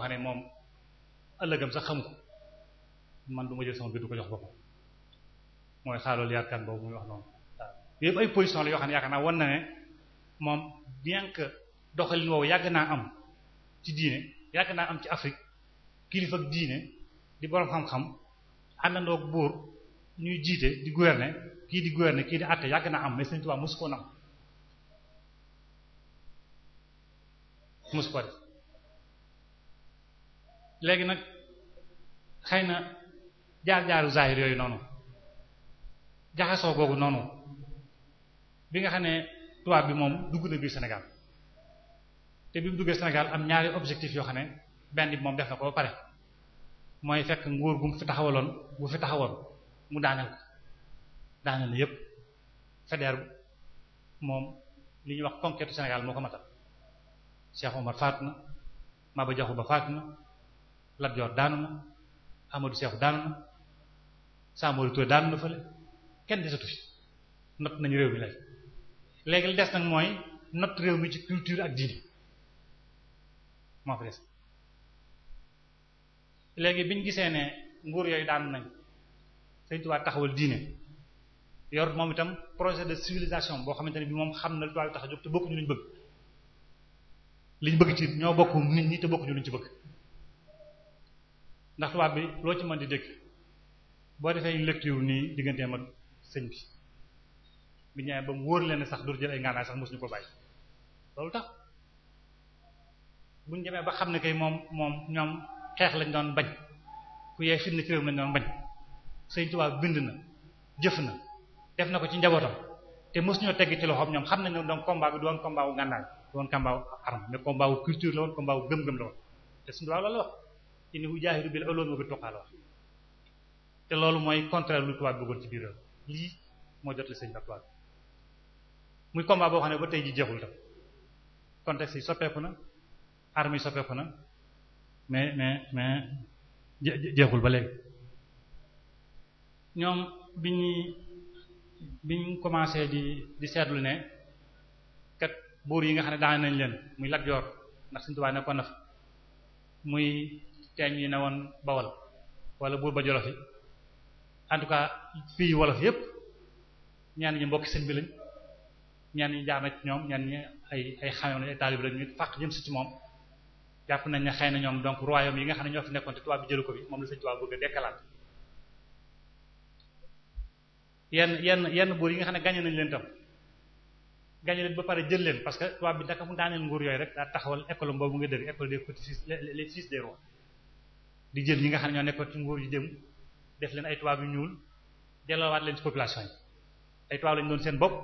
xam ne moom ëllëgam sax xam ko man du ma jël sama biir du ko jox boppam mooy xaalool la yoo xam ne yaakaar naa na moom bien que doxalin woowu yàgg naa am ci diine yàgg naa am ci Afrique kilifa ak diine di borom xam-xam àndandoo ak buur ñuy jiite di gouverner kii di gouverner kii di àtte yàgg naa am mais Sëriñ Tuubaa mosu koo nam mosu ko léegi nag xëy na jaar-jaaru zahir yooyu noonu jaxasoo googu noonu bi nga xam ne tubaab bi moom dugg na biir Sénégal te bi mu duggee Sénégal am ñaari objectif yoo xam ne benn bi moom def na ko ba pare mooy fekk nguur gu mu fi taxawaloon bu fi taxawoon mu daaneel ko daaneel na yépp fédère moom li ñuy wax conquête Sénégal moo ko matal Cheikh Omar faatu na Maba joxu Ba faatu na Lat Dior daanu na Amadou Cheikh daanu na Samori Touré daanu na fële kenn desatu fi not nañu réew mi lay léegi li des nag mooy not réew mi ci culture ak diine moo fi des bi ñu gisee ne nguur yooyu daan nañ Sëriñ Tuubaa taxawal diine yor moom itam projet de civilisation boo xamante ne bi moom xam na lu tubaab yi tax a jóg te bokkuñu luñ bëgg liñ bëgg ci ñoo bokku nit ñi te bokkuñu luñ ci bëgg ndax tubaab bi loo ci mën di dégg boo defee une lecture nii digganteem ak sëñ bi bi ñëwee ba mu wóor leen sax du jël ay ngaanaay ko bàyyi loolu tax. bu ñu ba xam ne kay moom moom ñoom xeex lañ doon bañ ku yee fitna ci réew lañ doon bañ Sëriñ Tuubaa bind na jëf na def na ko ci njabootam te mos tegg ci loxoom ñoom xam nañ donc combat bi du woon combat wu gànnaay du woon combat culture la woon combat wu gëm-gëm la woon te bi tuqaa la loolu mooy contraire lu Tuubaa bëggoon ci biir lii moo jot li sëñ Tuubaa muy combat boo xam ne ba tey ji jeexul tam contexte yi soppeeku na armes yi soppeeku na mais mais mais jeexul ba léegi ñoom bi ñuy bi ñu commencé di di seetlu ne kat buur yi nga xam ne daan nañ leen muy Lat Joor ndax Sëriñ Tuubaa nekkoon na muy teeñ yi ne woon Bawol wala buur ba Jolof yi en tout cas fii wolof yépp ñaan ñi mbokki sëñ bi lañ ñaan ñi jaar na ci ñoom ñaan ñi ay ay xamee ay taalib lañ ñu fàq jëm si ci moom jàpp nañ ne xëy na ñoom donc royaume yi nga xam ne ñoo fi nekkoon te tubaab bi jëlu ko fi moom la sëñ tubaab bëgg a dekkalaat yenn yenn yenn buur yi nga xam ne gàñe nañ leen tam gàñe leen ba pare jël leen parce que tubaab bi daka mu daaneel nguur yooyu rek daa taxawal école boobu nga dëgg école des petits les fils des rois di jël ñi nga xam ne ñoo nekkoon ci nguur yu jëm def leen ay tubaab yu ñuul delloowaat leen ci population yi ay tubaab lañ doon seen bopp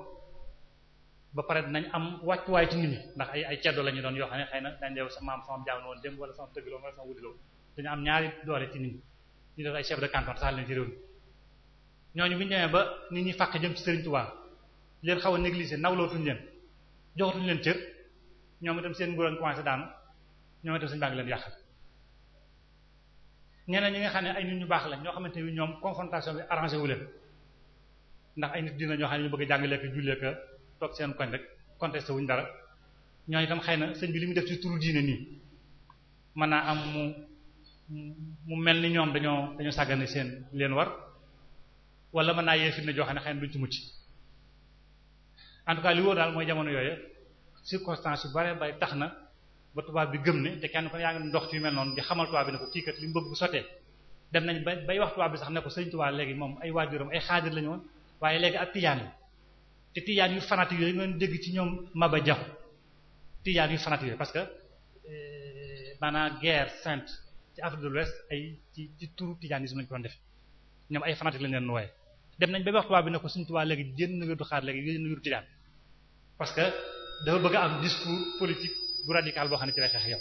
ba pare dinañ am wàccuwaay ci nit ñi ndax ay ay ceddo la ñu doon yoo xam ne xëy na dañ deew sa maam sama jaam woon dem wala sama tëggloo wala sama wutiloo ay chef de canton sax leen ci réew mi ñooñu ñu demee ba nit ñi fàq jëm ci Serigne Touba leen xaw a négligé nawlootuñ leen joxatuñ leen cër ñoom itam seen nguur a commencé daanu ñoom itam suñu baa ngi ñeneen ñi nga xam ne ay nit ñu baax lañ ñoo xamante ni ñoom confrontation bi arrangé wu leen ndax ay nit dina ñoo xam ne ñu bëgg a jàngale ko jullee toog seen koñ rek contesté wuñ dara ñoo ñooñu tam xay na sëñ bi li mu def ci turu diine nii mën naa am mu mu mel ni ñoom dañoo dañoo sàggane seen leen war walla man naa yee fitna joo xam ne xëy na duñ ci mucci en tout cas li wóor daal mooy jamono yooyu circonstances yu bare bay tax na ba tubaab bi gëm ne te kenn ko yaa ngi ndox ci mel noonu di xamal tubaab bi ne ko kii kat mu bëgg bu sotee dem nañ ba bay wax tubaab bi sax ne ko sëñ tubaab léegi moom ay waajuram ay xaadir lañu waaye léegi ab tijaan te tijaan yu fanatique yooyu ngeen dégg ci ñoom Maba Jaxu tijaan yu fanatique yooyu parce que euh, maanaam guerre sainte ci Afrique de l'Ouest ay ci ci turu tijanisme lañ ko doon def ñoom ay fanatique lañ leen nooyee dem nañ ba wax tubaab bi ne ko suñu tubaab léegi jënd na yurdu xaar léegi jënd na yurdu tijaan parce que dafa bëgg a am discours politique bu radical boo xam ne ci lay xeex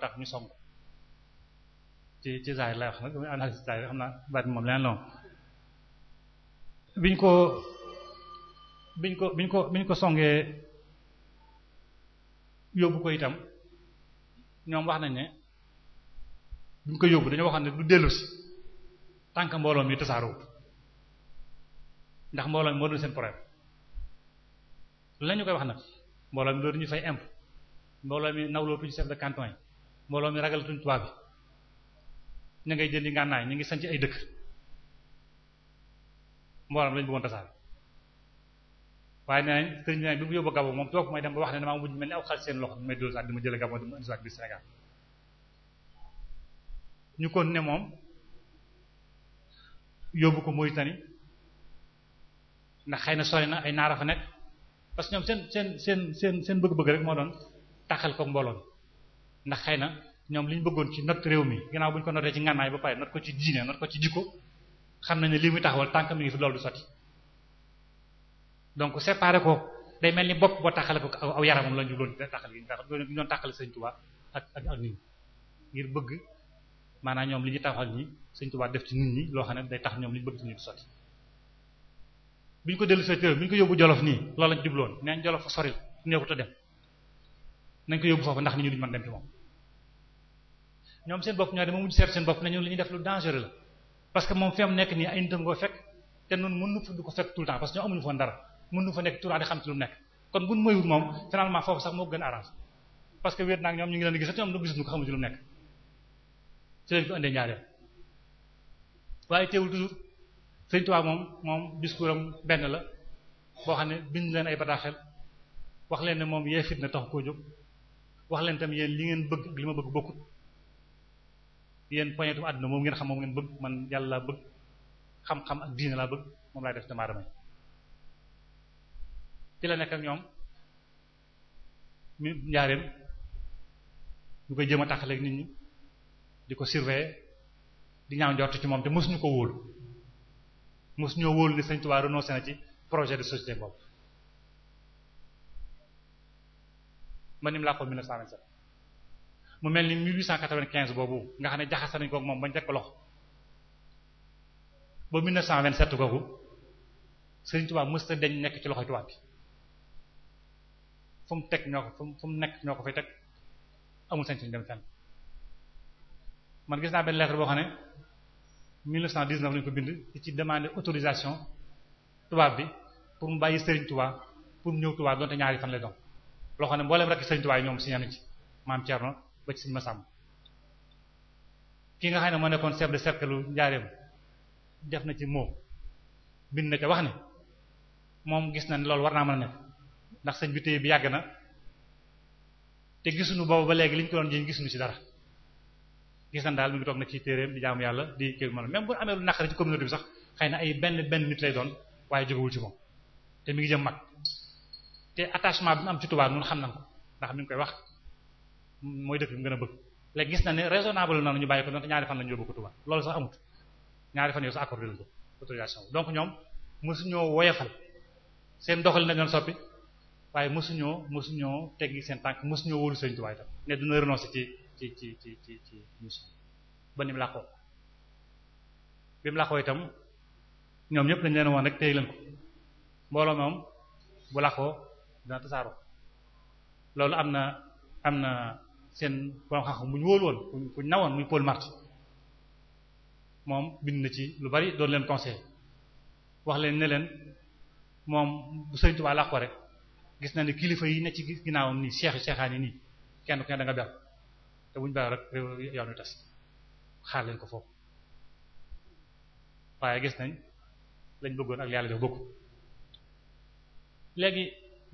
tax ñu song ci ci zaahir lay xam naa baat moom leneen la biñ ko biñ ko biñ ko biñ ko songee yóbbu ko itam ñoom wax nañ ne biñ ko yóbbu dañoo waxoon ne du dellu si tànk mbooloo mi tasaaroo ndax mbooloo mi moo doon seen problème la koy wax nag mbooloo mi loolu ñu fay imp mbooloo mi nawlootuñu set de canton yi mbooloo mi ragalatuñu tubaab bi ñu ngay jëndi ngànnaay ñu ngi sanc ay dëkk mbooram lañu bëggoon tasaare waaye nee nañ sëriñ bi nag bu mu yóbbu Gabon moom toog may dem ba wax ne damaa mujj mel ni aw xal seen loxo ñu may dóor sax di ma jëlee Gabon di ma indi sax bi Sénégal ñu kon ne moom yóbbu ko Mauritanie ndax xëy na sori na ay naara fa que seen seen seen seen seen bëgg-bëgg rek moo doon taxal ko mbooloon ndax xëy na ñoom li ñu bëggoon ci not réew mi ginnaaw bu ñu ko notee ci ngànnaay ba pare not ko ci diine not ko ci jikko xam nañ ne lii muy taxawal tànk mi ngi fi loolu du sotti donc séparé ko day mel ni bopp boo taxale ko aw yaramam la ñu doon taxale ndax ñu doon taxale Sëriñ Tuubaa ak ak ak nit ngir bëgg maanaam ñoom li ñu taxawal ñi Sëriñ Tuubaa def ci nit ñi loo xam ne day tax ñoom li ñu bëgg ci bi ñu dellu sa bi ñu ko yóbbu Jolof nii loolu lañ jubloon neen Jolof fa sori neexut a dem nañ ko yóbbu foofu ndax nit ñu duñ mën dem ci moom ñoom seen bopp ñoo dem ba mujj seet seen bopp ne li ñu def lu dangereux la parce que moom fi am nekk nii ay nitam ngoo fekk te noonu mën nu fa du ko fekk tout le temps parce que ñoo amuñu fa dara mën nu fa nekk tout temps di xam ci lu nekk kon buñ moywul moom finalement foofu sax moo gën arrange parce que wéet naag ñoom ñu ngi leen di gis ñoom lu gis ñu ko xamu lu nekk ci lañ ko indee ñaareel waaye teewul toujours Sëriñ Tuubaa moom moom discours am benn la boo xam ne bind leen ay bataaxel wax leen ne moom yee fitna taxu koo wax leen tam yéen li ngeen bëgg li ma bëgg bokkut yéen poñetum àdduna moom ngeen xam moom ngeen bëgg man yàlla laa bëgg xam-xam ak diine laa bëgg moom laay def damaa damay ci la nekk ñoom mi njaareem ñu koy jëm a taxaleeg nit ñi di ko surveiller di ñaaw njort ci moom te mësuñu ko wóolu mësu ñoo wóolu ni Sëriñ Tuubaa renoncé ci projet de société boobu man ni mu laa ko 1927 mu mel ni 1895 boobu nga xam ne jaxase nañ ko moom bañ teg ko loxo ba 1927 googu Serigne Touba mësta deñ nekk ci loxoy tubaab bi fu mu teg ñoo ko fu mu nekk ñoo ko fa teg amul sañ-sañ dem fenn man gis naa benn lettre boo xam ne 1919 lañu ko bind di ci demande autorisation tubaab bi pour mu bàyyi Serigne Touba pour mu ñëw Touba donte ñaari fan lay doon loo xam ne mboolem rek Serigne Touba ñoom signé nañu ci maam ba ci suñu masam ki nga xam ne moo nekkoon chef de cercle njaareem def na ci moom bind na ca wax ne moom gis na lool war naa mën a nekk ndax sëñ bi téye bi yàgg na te gisuñu boobu ba léegi li ñu ko doon jéem gisuñu ci dara gis nañ daal mi ngi toog na ci téeréem di jaamu yàlla di kii man même bu amee lu naqari ci communauté bi sax xëy na ay benn benn nit lay doon waaye jógewul ci moom te mi ngi jëm mag te attachement bi mu am ci Tuubaa ñun xam nañ ndax mi koy wax mooy dëkk bi mu gën a bëgg léegi gis na ne raisonnable na ñu bàyyi ko donc ñaari fan la ñu yóbbu ko Touba loolu sax amut ñaari fan yow sa accordé lañ ko donc ñoom mësuñoo woyafal seen doxalin dañ doon soppi waaye mësuñoo mësuñoo teggi seen tànk mësuñoo wóolu Sëriñ Touba itam ne dina renoncer ci ci ci ci ci ci mission ba ni mu làqoo bi mu làqoo itam ñoom ñëpp dañ leen woon rek téye leen ko mbooloo moom bu làqoo dina tasaaroo loolu am na am na seen borom xam-xam ñu wóolu woon ku ñu nawoon muy Paul Marty moom bind na ci lu bari doon leen conseil wax leen ne leen moom bu Sëriñ Tuubaa làqoo rek gis na ni kilifa yi ne ci ginnaawam nii seexu seexaan yi nii kenn kenn ne da nga ber te bu ñu baax rek yoon wi tas xaar leen ko foofu waaye gis nañ lañ bëggoon ak yàlla def bokk léegi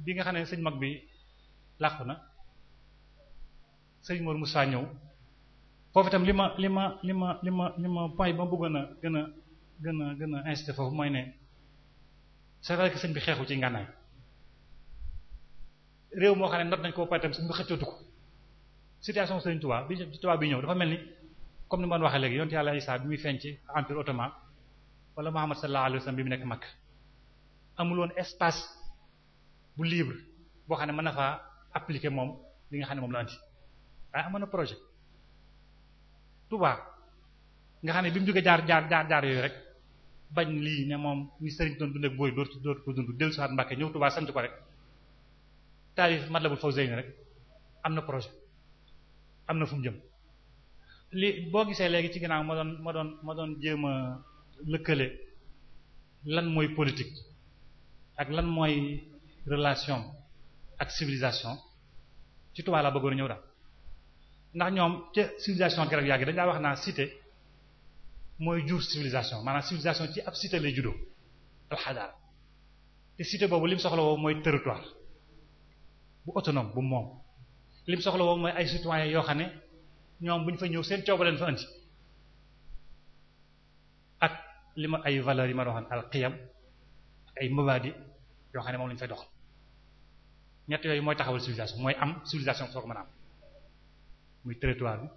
bi nga xam ne sëñ mag bi làqu na sëñ mu saa ñëw foofu itam li ma li ma li ma li ma li ma point ba ma bëggoon a gën a gën a gën a incité foofu mooy ne c'est vrai sëñ bi xeexu ci ngànnaay réew moo xam ne not nañ koo pare tam sëñ bi xëccootu ko situation sëñ Touba bi Touba bi ñëw dafa mel ni comme ni ma waxee léegi yonent yàlla Isaa bi muy feeñ ci empire ottoman wala Muhammad sallallahu alayhi wasallam bi mu nekk Makka amul woon espace bu libre boo xam ne mën na faa appliquer moom li nga xam ne moom la andi waaye ah, amoon na projet Touba nga xam ne bi mu jógee jaar jaar jaar jaar yooyu rek bañ lii ne moom ni sëriñ doon dund booy dootu dootu ko dund dellu saat Mbàkke ñëw Touba sant ko rek taalif Matlabul Fawzayni rek am na projet am na fum jëm li boo gisee léegi ci ginnaaw ma doon ma doon ma doon jéem a lëkkale lan mooy politique ak lan mooy relation ak civilisation ci Touba laa bëggoon ñëw daal ndax ñoom ca civilisation grec yàgg dañ daa wax naa cité mooy jur civilisation maanaam civilisation ci ak cité lay juddoo alxadaara te cité boobu lim soxla woo mooy territoire bu otonom bu moom lim soxla woo mooy ay citoyens yoo xam ne ñoom buñ fa ñëw seen cooba leen fa andi ak li ma ay valeurs yi ma doon waxoon alqiyam ay mabadi yoo xam ne moom lañ fay dox ñett yooyu mooy taxawal civilisation mooy am civilisation soo ko mën a am muy territoire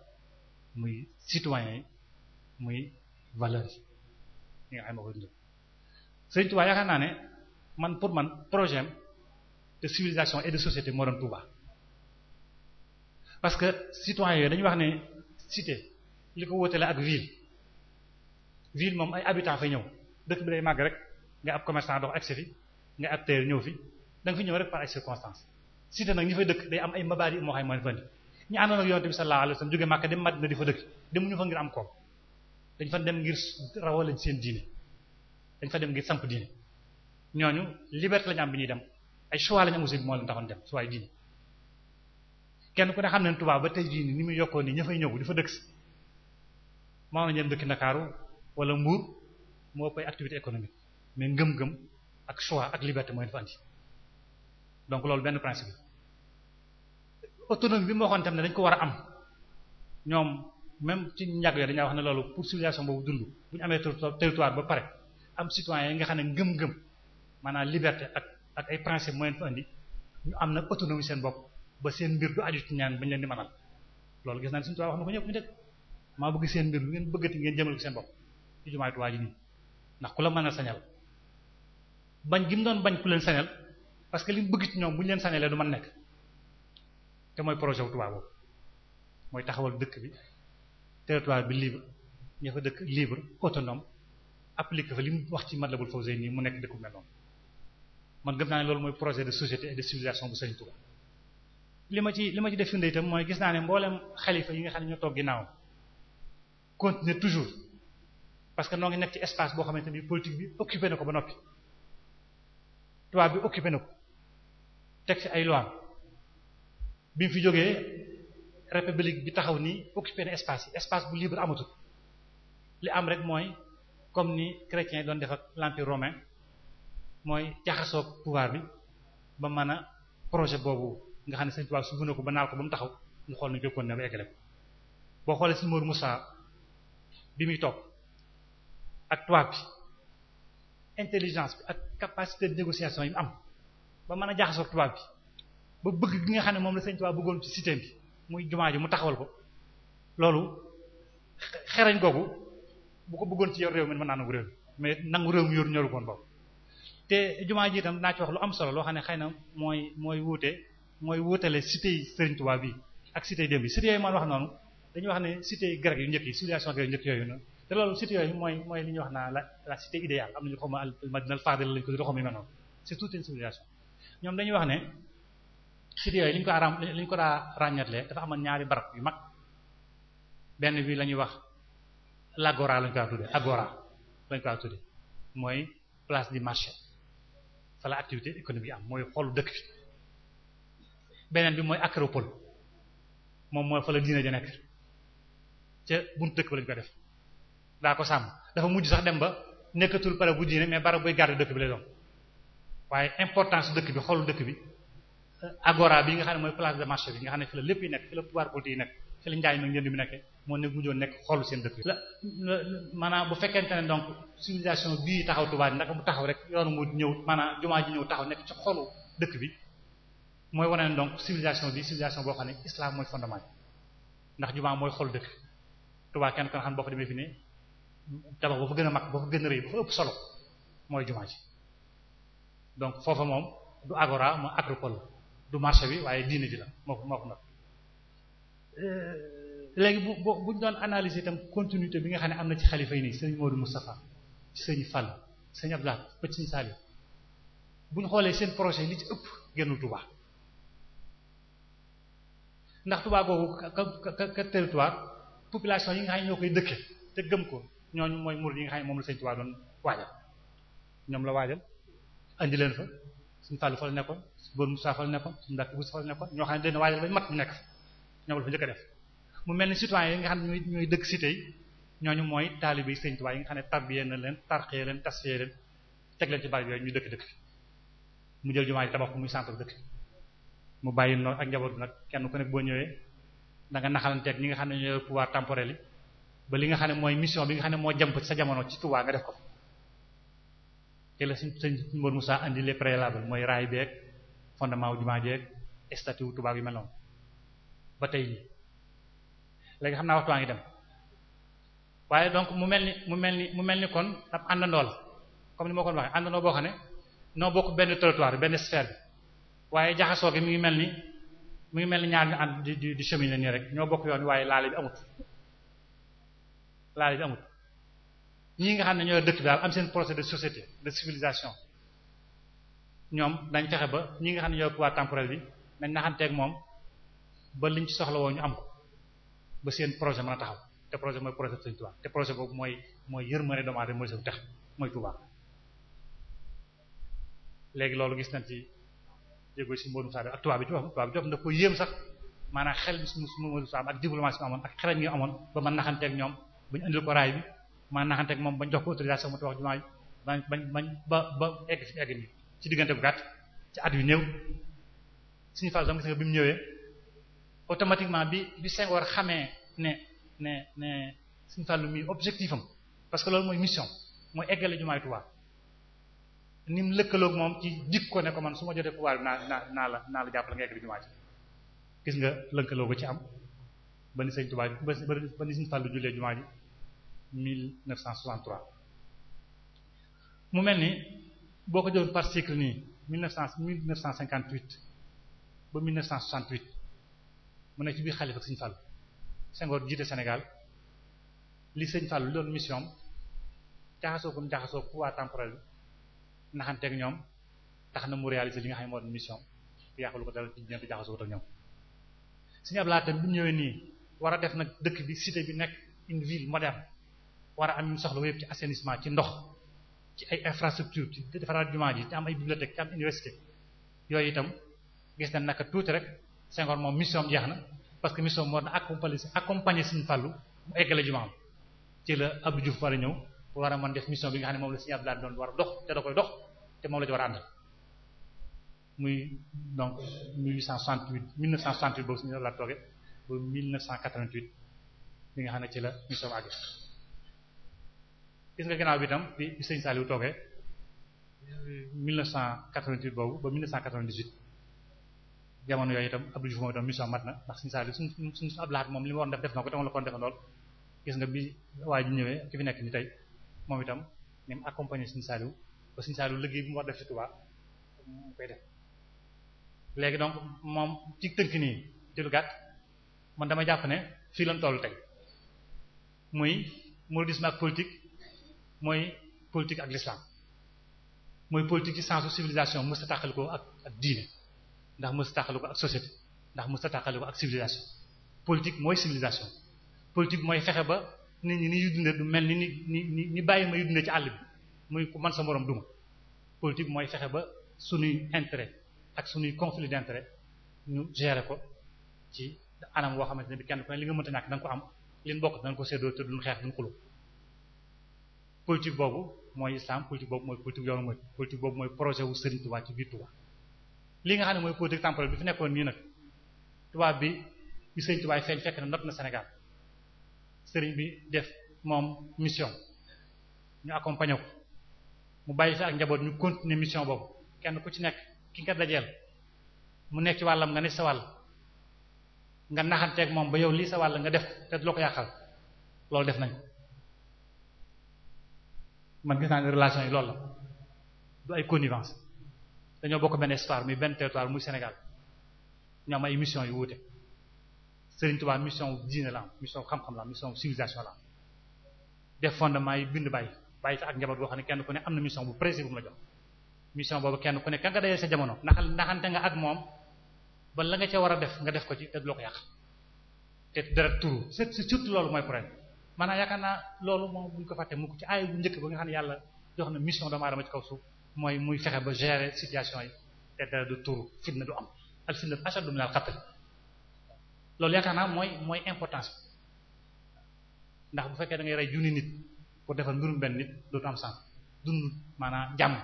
muy citoyen yi muy valeur yi li nga xam ne naa ne man pour man projet de civilisation et de société moo doon Touba parce que citoyen yooyu dañuy wax ne cité li ko wóote ak ville ville moom ay habitants fa ñëw dëkk bi day màgg rek nga ab commerçant dox accès fi nga ab terre ñëw fi da nga fi ñëw rek par ay circonstances cité nag ñi fay dëkk day am ay mabaadi moo xam ne moo ñu àndoon ak yonent bi sallallahu alayhi wasallam jóge Makka dem Madina di fa dëkk demuñu fa ngir am koom dañ fa dem ngir rawalañ seen diine dañ fa dem ngir samp diine ñooñu liberté lañu am bi ñuy dem ay choix lañu am aussi moo leen taxoon dem choix diine kenn ku ne xam ne tubaab ba tey jii ni ni muy yokkoo nii ña fay ñëw di fa dëkk si moo na ñeen dëkki Ndakaaru wala Mbuur moo ëpp ay activité économique mais ngëm-ngëm ak choix ak liberté mooy dafa andi loolu benn principe autonomie bi mu waxoon tam ne dañ ko war a am ñoom même ci njàgg yo dañaa wax ne loolu pour civilisation boobu dund bu ñu amee territoire ba pare am citoyen yi nga xam ne ngëm-ngëm maanaam liberté ak ak ay principe mooy fa indi ñu am nag autonomie seen bopp ba seen mbir du aju ci ñaan bañ leen di manal loolu gis naa ne suñu tubaab wax na ko ñëpp ñu dégg maa bëgg seen mbir bu ngeen bëggati ngeen jëmal ko seen bopp ci jumaay tubaab ji nii ndax ku la mën a sañal bañ gi mu doon bañ ku leen sañal parce que li mu bëgg ci ñoom bu ñu leen sañalee du mën nekk te mooy projet wu Touba mooy taxawal dëkk bi territoire bi libre ñu fa dëkk libre autonome appliqué fa li mu wax ci Matlabul Fawzayni mu nekk dëkku mel noonu man gëm naa ne loolu mooy projet de société et de civilisation bu Serigne Touba. li ma ci li ma ci def firnde itam mooy gis naa ne mboolem xalifa yi nga xam ne ñoo toog ginnaaw continuer toujours parce que noo ngi nekk ci espace boo xamante ni politique bi occupé na ko ba noppi Touba bi occupé na ko teg ci ay lois. bi mu fi jógee république bi taxaw ni occupé na espace espace bu libre amatul li am rek mooy comme ni chrétiens yi doon def ak l'empire romain mooy jaxasoog pouvoir bi ba man a projet boobu nga xam ne Sëriñ Tuubaa subu na ko ba naal ko ba mu taxaw ñu xool nu ñu koy ne ba eggale ko boo xoolee si Mor Moussa bi muy toog ak tubaab bi intelligence bi ak capacité de négociation yi mu am ba mën a jaxasoog tubaab bi ba bëgg gi nga xam ne moom la Sëriñ Tuubaa bëggoon ci cité bi muy jumaa ji mu taxawal ko loolu xereñ googu bu ko bëggoon ci yor réew mi ma naa nangu réew mais nangu réew mi yor ñoru koon boobu te jumaa ji itam naa ci wax lu am solo loo xam ne xëy na mooy mooy wuute mooy wuutale cité yi Sëriñ bi ak cité yi démb yi cité wax noonu dañuy wax ne cité grec yu njëkk yi civilisation grec yu mooy mooy li ñuy wax naa la la cité idéale am nañu ma ko di xaw ma noonu c'est toute une civilisation ñoom dañuy wax ne site yooyu li ñu ko daa ràññatlee dafa amoon ñaari barab yu mag benn bi la ñuy wax l'agora la ñu ko tuddee agora la mooy place du marché fa la activité économique am mooy xolu dëkk bi beneen bi mooy acropole moom mooy fa la diine ja nekk ca buntu dëkk ba la ñu ko def daa ko sàmm dafa mujj sax dem ba nekkatul pare bu diine mais barab buy garder dëkk bi lay doon waaye importance dëkk bi xolu dëkk bi agora bi nga xam ne mooy place de marché bi nga xam ne fi la lépp yi nekk fi la pouvoir politique yi nekk fi la njaay mag njënd bi nekke moo ne mujjoon nekk xoolu seen dëkk maanaam bu fekkente ne donc civilisation bii taxaw Touba ji ndax taxaw rek yoonu mu ñëw maanaam ji ñëw taxaw nekk ci xolu dëkk bi mooy wane ne donc civilisation bi civilisation boo xam ne islam mooy fondement bi ndax jumaa mooy xolu dëkk tubaa kenn ko xam boo ko demee fi ne tabax boo fa gën a mag boo fa gën a rëy boo fa ëpp solo mooy jumaa ji donc foofa moom du agora mooy agropole du marché bi waaye diine ji la moo ko moo ko nag euh, léegi bu buñ doon analyser itam continuité bi nga xam ne am na ci xalifa yi nii sëñ Modou Moustapha ci sëñ Fall sëñ Abdou Lahad bu ñu xoolee seen projet li ci ëpp génnul Touba ndax Touba googu ka ka territoire population yi nga xam ne koy dëkke te gëm ko ñooñu mooy murid yi nga xam ne moom la sëñ Touba doon waajal ñoom la waajal andi leen fa suñu Fallou fa la nekkoon suñu Bourou Moussa fa la nekkoon suñu Mbacke Boussa fa la nekkoon ñoo xam ne dañu waajal ba mat bu nekk ñoo la fa njëkk def mu mel ni citoyen yi nga xam ne ñooy dëkk cité ñoo ñooñu mooy taalibe yi Sëriñ Tuubaa yi nga xam ne tarbiyee na leen tarxee leen tasfiyee leen teg leen ci barab yooyu ñu dëkk mu jël jumaa ji tabax ko muy centre dëkk mu bàyyi noonu ak njaboot bi nag kenn ku nekk boo ñëwee da nga naxalanteeg ñi nga xam ne ñooy pouvoir temporel yi ba li nga xam ne mooy mission bi nga xam ne moo jëm sa jamono ci Tuubaa nga def ko te la suñ sëñ Mor Moussa andi les préalables mooy raay beeg fondement wu jumaa jeeg statut wu tubaab yu mel noonu ba tey jii léegi xam naa waxtu waa ngi dem waaye donc mu mel ni mu mel ni mu mel ni kon ab àndandoo la comme ni ma ko waxee àndandoo boo xam ne noo bokk benn territoire benn sphère bi waaye jaxasoo gi mi ngi mel ni mu ngi mel ni ñaar ñu ànd di di cheminer nii rek ñoo bokk yoon waaye laale bi amut laale bi amut. ñii nga xam ne ñoo dëkk daal am seen projet de société de civilisation ñoom dañ fexe ba ñi nga xam ne ñoo pouvoir temporel bi nañ naxanteeg moom ba liñ ci soxla woo ñu am ko ba seen projet man a taxaw te projet mooy projet Sëriñ Tuubaa te projet boobu mooy mooy yërmande doomu aadama mooy sa tax mooy Tuubaa loolu gis nañ ci si Mbodou Moussa ak Tuubaa bi ci boppam Tuubaa bi ci boppam daf ko yéem sax maanaa xel bi suñu suñu Mbodou Moussa ak diplomatie bi amoon ak xelam ñu amoon ba mën naxanteeg ñoom ba ñu andil ko raay bi maa naxanteeg moom ba jox ko autorisation mu tabax jumaa yi ba ba egg si egg nii ci diggante bu gàtt ci at yu néew suñu phase am gis nga bi mu ñëwee automatiquement bi bi Senghor xamee ne ne ne suñu fàllu mi objectif am parce que loolu mooy mission mooy eggale jumaay Tuubaa ni mu lëkkaloog moom ci jikko ne ko man su ma jotee pouvoir naa la naa la nga lëkkaloo ko ci am ba ni sëñ Tuubaa ba ni suñu fàllu jullee jumaa ji 1963 mu mel ni boo ko jëloon par cycle nii 1900 1958 ba 1968 mu nekk ci biir xalifa ak Sëñ Fallu Senghor jiite Sénégal li Sëñ Fallu li doon mission jaxasoo ko jaxasoo pouvoir naxanteeg ñoom tax na mu réaliser li nga xam ne moo doon mission yàqulu ko dara ci ñeent jaxasoo ko ak ñoom Sëñ Abdou Lahad tam bi ñëwee nii war a def nag dëkk bi cité bi nekk une ville moderne war a am ñu soxla yëpp ci assainissement ci ndox ci ay infrastructure ci defaraat jumaa ji ci am ay bibliothèque ci am université yooyu itam gis nañ naka tuuti rek Senghor moom mission jeex na parce que mission war na accompagner accompagner Serigne Fallou mu eggale jumaam ci la Abdou Diouf war a ñëw war a mën def mission bi nga xam ne moom la Serigne Abdoulaye doon war a dox te da koy dox te moom cent ci war a àndal muy donc 1868 1968 boobu Serigne Abdoulaye toogee ba 1988 bi nga xam ne ci la mission àgg gis nga gannaaw bi itam bi bi sëñ Saliou toogee 1988 boobu ba 1998 jamono yooyu boobu Abdou Diouf moom itam mission mat na ndax sëñ Saliou suñ suñ suñ Abdou Lahad moom li mu waroon def def na ko te moom la ko defe lool gis nga bi waa ji ñëwee ki fi nekk moom itam ni mu accompagné sëñ Saliou ba sëñ Saliou liggéey bi mu war def ci Touba léegi donc moom ci tënk nii ci gàtt man dama jàpp ne fii lañ toll tey muy mouridisme ak politique mooy politique ak l'islam mooy politique ci sensu civilisation mës a tàqali ak ak diine ndax mës a tàqali ak société ndax mës a tàqali ak civilisation politique mooy civilisation politique mooy fexe ba nit ni yu dundee du mel ni ni ni ni bàyyi ma yu dundee ci àll bi muy ku man sa moroom duma politique mooy fexe ba sunuy intérêt ak sunuy conflit d'intérêt ñu gérer ko ci anam woo xamante ne bi kenn ku ne li nga mënta ñàkk da ko am li ñu bokk dinañ ko séddoo te duñ xeex duñ xuloo politique boobu mooy islam politique boobu mooy politique yoonu mooy politique boobu mooy projet wu Serigne Touba ci biir Touba lii nga xam ne mooy politique temporelle bi fi nekkoon nii nag tubaab bi bi Serigne Touba feeñ fekk na not na Sénégal Serigne bi def moom mission ñu accompagner ko mu bàyyi fi ak njaboot ñu continuer mission boobu kenn ku ci nekk ki nga dajeel mu nekk ci wàllam nga ne sa wàll nga naxanteeg moom ba yow lii sa wàll nga def te loo ko yàqal loolu def nañ man gis naa ne relation yi loolu la du ay connivence dañoo bokk benn histoire muy benn territoire muy Sénégal ñoom am ay mission yu wuute Serigne Touba mission diine la am mission xam-xam la am mission civilisation la am def fondement yi bind bàyyi bàyyi sa ak njaboot boo xam ne kenn ku ne am na mission bu précis bu mu la jox mission boobu kenn ku ne ka nga dee sa jamono ndaxal ndaxante nga ak moom ba la nga ca war a def nga def ko ci te du la ko yàq te dara loolu mooy maanaam yaakaar naa loolu moom buñ ko fàtte mukk ci aay bu njëkk ba nga xam ne yàlla jox na mission doomu aadama ci kaw suuf mooy muy fexe ba gérer situation yi te dara du turu fitna du am al fitna ashaddu min al qatl loolu yaakaar naa mooy mooy importance ndax bu fekkee da ngay rey junni nit pour defal mbirum benn nit dootu am sens dund maanaam jàmm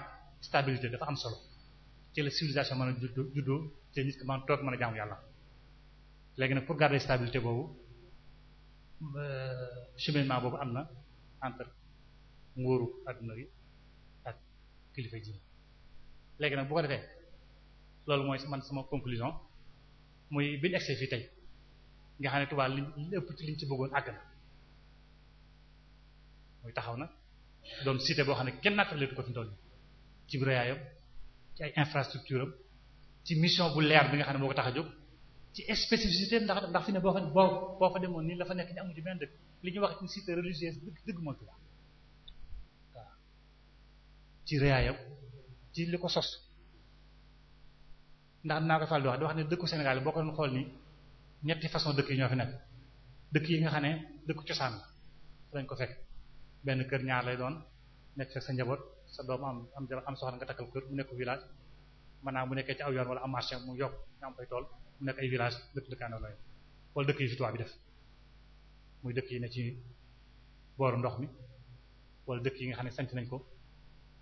stabilité dafa am solo ci la civilisation mën a juddoo juddoo te nit ki mën toog mën a nag pour boobu Euh, cheminement boobu am na entre nguuru adduna bi ak kilifa ji léegi nag bu ko defee loolu mooy man sama conclusion muy biñu egsi fii tey nga xam ne Tuubaa li ëpp ci liñ ci bëggoon àgg na taxaw na doon cité boo xam ne kenn naatale du ko fi toll ci réyaayam ci ay infrastructure am ci mission bu leer bi nga xam ne moo ko tax a jóg ci spécificité ndax ndax fi ne boo fa boo boo fa demoon nii la fa nekk ñu amu ci benn dëkk li ñuy wax ci cité religieuse dëgg dëgg mooy ci li ko sos ndax naa ko faral di wax di wax ne dëkku Sénégal boo ko doon xool nii ñetti façon dëkk yi ñoo fi nekk dëkk yi nga xam ne dëkku cosaan la dañ ko fekk benn kër ñaar lay doon nekk fekk sa njaboot sa doom am am jabar am soxna nga takkal kër mu nekk village man naa bu nekkee ci aw yoon wala am marché mu yokk ñu am ay tool mu nekk ay village dëkk dëkkaandoo la wala dëkk yi fi tubaab bi def muy dëkk ci booru ndox mi wala dëkk yi nga xam ne sant nañ ko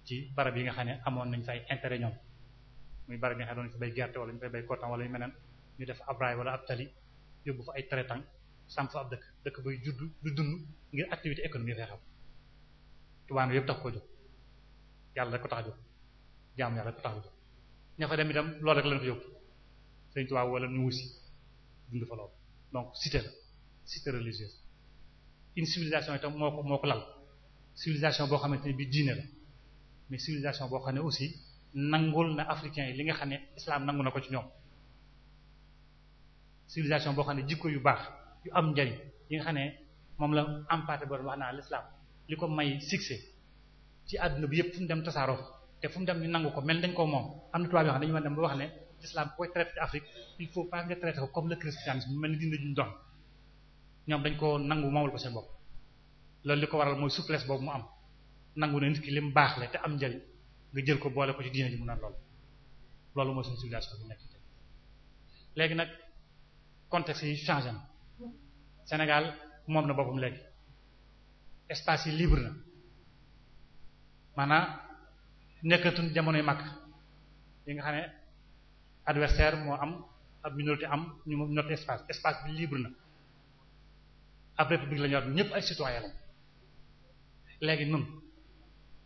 ci barab yi nga xam ne amoon nañ ay intérêt ñoom muy barab yi nga xam ne doon ñu bay gerte wala ñu fay bay coton wala ñu meneen ñu def ab raay wala ab tali yóbbu fa ay traitant sàmm fa ab dëkk dëkk bay judd du ngir activité économique fay xam tubaab tax ko jóg yàlla rek ko tax a jóg jaamu yàlla rek ko tax ña fa dem itam loolu rek lañ ko yóbbu Sëriñ Tuubaa wala nu wusi dund fa loolu donc cité la cité religieuse une civilisation itam moo ko moo ko lal civilisation boo xamante ne bi diine la mais civilisation boo xam ne aussi nangul na africain yi li nga xam ne islam nangu na ko ci ñoom civilisation boo xam ne jikko yu baax yu am njariñ yi nga xam ne moom la empaté ba wax naa l'islam li ko may succès ci àdduna bi yëpp fu mu dem tasaaroo te fu mu dem ñu nangu ko mel ni dañ ko moom am na tubaab yoo xam dañu mën dem ba wax ne l'islam koy traité Afrique il faut pas nga traité ko comme le christianisme mu mel ni dina juñ doon ñoom dañ ko nangu moomul ko seen bopp loolu li ko waral mooy souplesse boobu mu am nangu ne nit ki lim baax la te am jël ko boole ko ci diine ji mu loolu loolu mooy léegi nag contexte yi changé Sénégal moom na boppam léegi espace yi libre na maanaam nekkatuñ jamonoy mag li nga xam ne adversaire moo am ab minorité am ñu not espace espace bi libre na ab république la ñu war ñëpp ay citoyen lañ léegi nun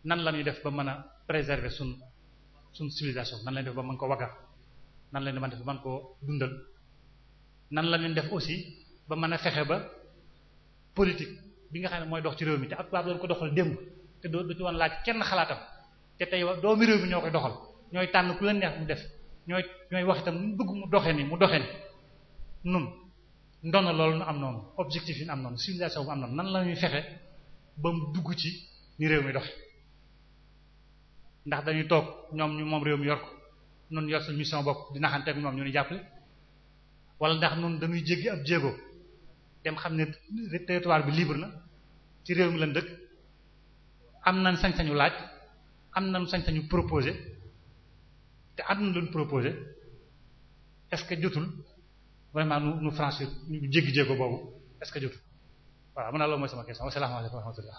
nan la ñuy def ba mën a préserver suñ suñ civilisation nan lañu def ba mën ko waggar nan lañu mën def ba mën koo dundal nan la ñuy def aussi ba mën a fexe ba politique bi nga xam ne mooy dox ci réew mi te ab tubaab doon ko doxal démb te doo du ci woon laaj kenn xalaatam te tey doomi réew mi ñoo koy doxal ñooy tànn ku leen neex mu def ñooy ñooy wax itam nu bëgg mu doxe ni mu doxe ni nun ndona loolu nu am noonu objectif yi nu am noonu civilisation bu am noonu nan la ñuy fexe ba dugg ci réew mi doxe ndax dañuy toog ñoom ñu moom réew mi yor ko nun yor bopp di naxanteeg ñoom ñu jàppale wala ndax nun dañuy jéggi ab jéego dem xam ne territoire bi libre na ci réew mi lan dëkk am nañ sañ-sañu laaj am na sañ-sañu proposé te am na luñ est-ce que jotul vraiment nu nu franchir ñu jéggi jéego boobu est-ce que jotul voilà mën naa loolu mooy sama question asalaamaaleykum wa rahmatullah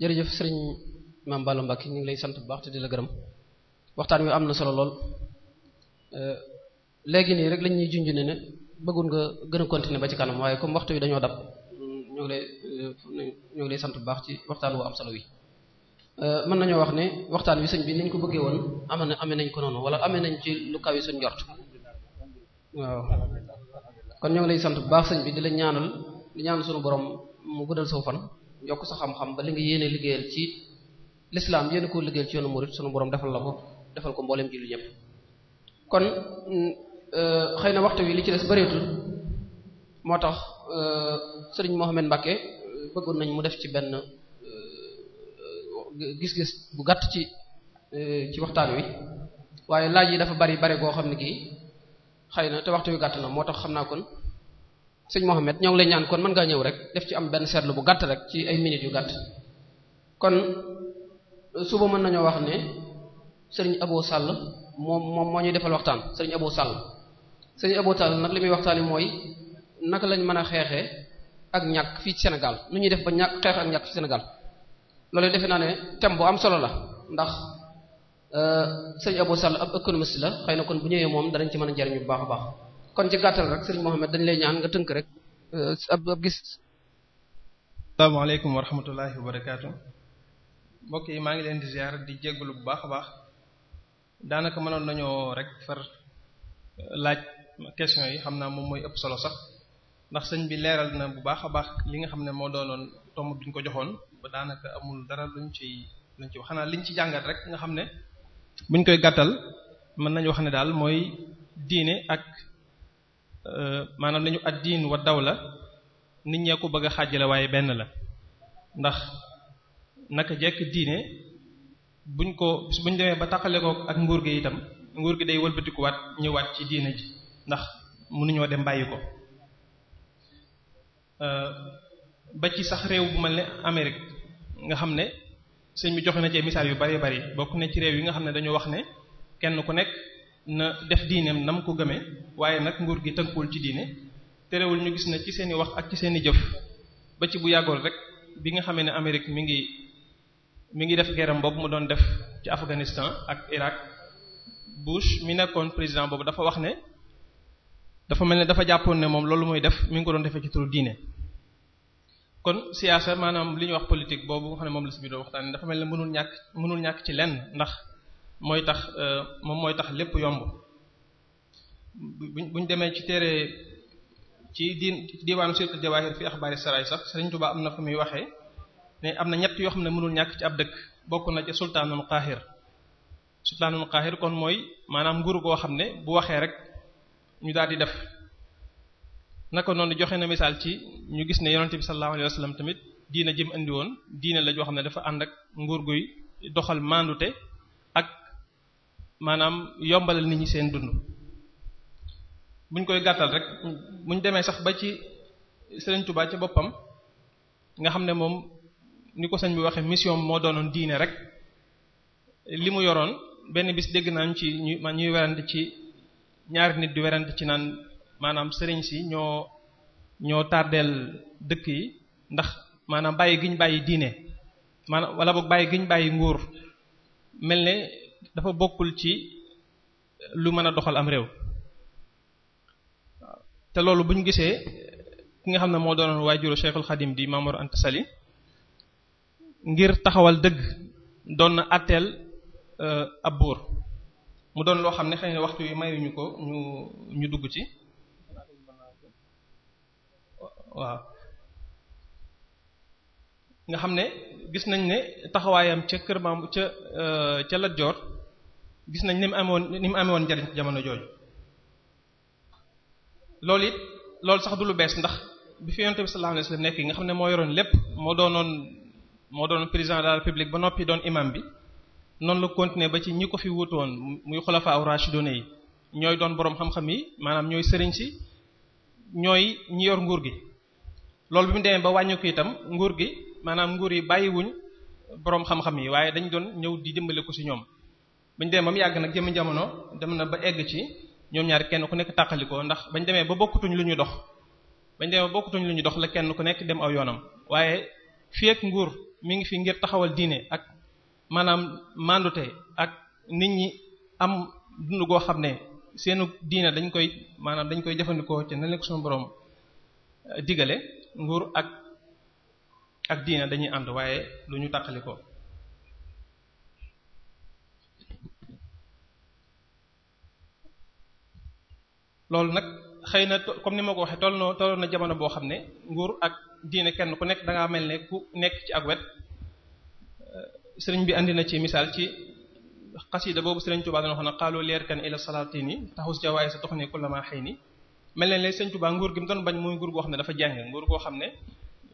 jërëjëf sëriñ lay sant bu baax te di la gërëm waxtaan wi am na solo lool euh, léegi nii rek lañuy ñuy junj ne ne nga gën a continuer ba ci kanam waaye comme waxtu wi dañoo dab ñoo ngi lay sant bu baax ci waxtaan woo am solo wi. Euh, mën nañoo wax ne waxtaan wi sëñ bi niñ ko bëggee woon am na amee nañ ko noonu wala amee nañ ci lu kaw yi suñ njort waaw kon ñoo ngi lay sant bu baax sëñ bi di la ñaanal di ñaan suñu borom mu guddal saw fan yokk sa xam-xam ba li nga yéene liggéeyal ci l'islam yéene ko liggéeyal ci yoonu murid suñu borom defal la ko defal ko mboolem ji lu Euh, xëy na waxtu wi li ci des bëreetul moo tax euh, sëriñ Mohamed Mbacke euh, bëggoon nañ mu def ci benn gis-gis bu gàtt ci ci waxtaan wi waaye laaj yi dafa bari bare goo xam ne kii xëy na te waxtu wi gàtt na moo tax xam naa kon sëñ Mohamed ñoo ngi lay ñaan kon mën ngaa ñëw rek def ci am benn seetlu bu gàtt rek ci ay minutes yu gàtt kon suba mën nañoo wax ne sëriñ Abo sàll moom moom moo ñuy defal waxtaan sëriñ Abo sàll sëñ Abou Tall nag li muy waxtaani mooy naka lañ mën a xeexee ak ñàkk fii ci Sénégal nu ñuy def ba ñàkk xeex ak ñàkk ci Sénégal loolu defe naa ne thème bu am solo la ndax euh, sëñ Abou Sall ab économiste la xëy na kon bu ñëwee moom danañ ci mën a jariñu bu baax baax kon ci gàttal rek sëñ Mohamed dañ lay ñaan nga tënk rek euh, ab ab gis asalaamaaleykum wa rahmatullahi wa barakaatu mbokk yi maa ngi leen di ziar di jéggalu bu baax a baax daanaka mënoon nañoo rek far euh, question yi xam naa moom mooy ëpp solo sax ndax sëñ bi leeral na bu baax a baax li nga xam ne moo doonoon tomb bi ñu ko joxoon ba daanaka amul dara luñ ci luñ ci wax xanaa liñ ci jàngat rek nga xam ne buñ koy gàttal mën nañu wax ne daal mooy diine ak euh, maanaam nañu ad diin wa daw la nit ñee ko bëgg a xaajale waaye benn la ndax naka jekk diine buñ ko buñ demee ba takkale ko ak nguur gi itam nguur gi day wëlbatikuwaat ñëwaat ci diine ji ndax mënuñoo dem bàyyi ko euh, ba ci sax réew bu mel ne amerique nga xam ne sëñ bi joxe na ci misaal yu bari bari bokk na ci réew yi nga xam ne dañoo wax ne kenn ku nekk na def diineem nam ko gëmee waaye nag nguur gi tënkuwul ci diine terewul ñu gis na ci seeni wax ak ci seeni jëf ba ci bu yàggoon rek bi nga xamee ne amerique mi ngi mi ngi def guerre boobu mu doon def ci Afghanistan ak Irak Bush mi nekkoon président boobu dafa wax ne dafa mel ne dafa jàppoon ne moom loolu muy def mi ngi ko doon defee ci turu diine kon siyaasa maanaam li ñuy wax politique boobu nga xam ne moom la si biir waxtaan dafa mel ne mënul ñàkk mënul ñàkk ci lenn ndax mooy tax euh, moom mooy tax lépp yomb buñ demee ci téere ci diin diwaanu sirtu jawaahir fi axbaari saraay sax Sëriñ tubaa am na fu muy waxee ne am na ñett yoo xam ne mënul ñàkk ci ab dëkk bokk na ci sultaanul qaahir sultaanul qaahir kon mooy maanaam nguur goo xam ne bu waxee rek ñu daal di def naka noonu joxe na misaal ci ñu gis ne yonente bi sallallahu alayhi wasallam tamit diina jëm indi woon diina la joo xam ne dafa ànd ak nguur guy doxal maandute ak maanaam yombalal nit ñi seen dund buñ koy gàttal rek buñ demee sax ba ci Sëriñ Tuubaa ci boppam nga xam ne moom ni ko sëñ bi waxee mission moo doonoon diine rek li mu yoroon benn bis dégg naa ñu ci ñuy werante ci ñaari nit di werante ci naan maanaam sëriñ si ñoo ñoo tardeel dëkk yi ndax maanaam bàyyi giñ bàyyi diine maanaam wala boog bàyyi giñ bàyyi nguur mel ne dafa bokkul ci lu mën a doxal am réew te loolu bu ñu gisee ki nga xam ne moo doonoon waajuru Cheikhul Khadim di Mamour Anta Sali ngir taxawal dëgg doon na àtteel euh, ab buur mu doon loo xam ne xëy na waxtu yi mayuñu ko ñu ñu dugg ci waaw nga xam ne gis nañ ne taxawaayam ca kër maam ca euh, ca Lat Joor gis nañ ni mu amoon ni mu amewoon njariñ ci jamono jooju loolu it loolu sax du lu bees ndax bi fi yonent bi sallallahu alayhi wasallam nekk yi nga xam ne moo yoroon lépp moo doonoon moo doon président de la ba noppi doon imam bi noonu la continuer ba ci ñi ko fi wutoon muy xulafa aw rashidun yi ñooy doon boroom xam-xam yi maanaam ñooy sëriñ si ñooy ñi yor nguur gi loolu bi mu demee ba wàññi ko itam nguur gi maanaam nguur yi bàyyiwuñ boroom xam-xam yi waaye dañ doon ñëw di dimbale ko ci ñoom bañ demee ba mu yàgg nag jëmi jamono dem na ba egg ci ñoom ñaar kenn ku nekk tàqalikoo ndax bañ demee ba bokkutuñ lu ñu dox bañ demee ba bokkutuñ lu ñu dox la kenn ku nekk dem a yoonam waaye fii ak nguur ak maanaam mandute ak nit ñi am dund goo xam ne seenu diina dañ koy maanaam dañ koy jëfandikoo ci na leen ko suñu borom euh, digale nguur ak ak diina dañuy ànd waaye lu ñu tàqalikoo loolu nag xëy na comme ni ma ko waxee toll na toll na jamono boo xam ne nguur ak diine kenn ku nekk dangaa mel ne ku nekk ci ak wet sëriñ bi indi na ci misaal ci xasida boobu sëriñ Tuubaa dana wax na xaalu leer kan ila salaatin yi taxus jawaay sa tox ni ku la ni mel ne lay sëriñ Tuubaa nguur gi mu doon bañ mooy nguur goo xam ne dafa jàng nguur koo xam ne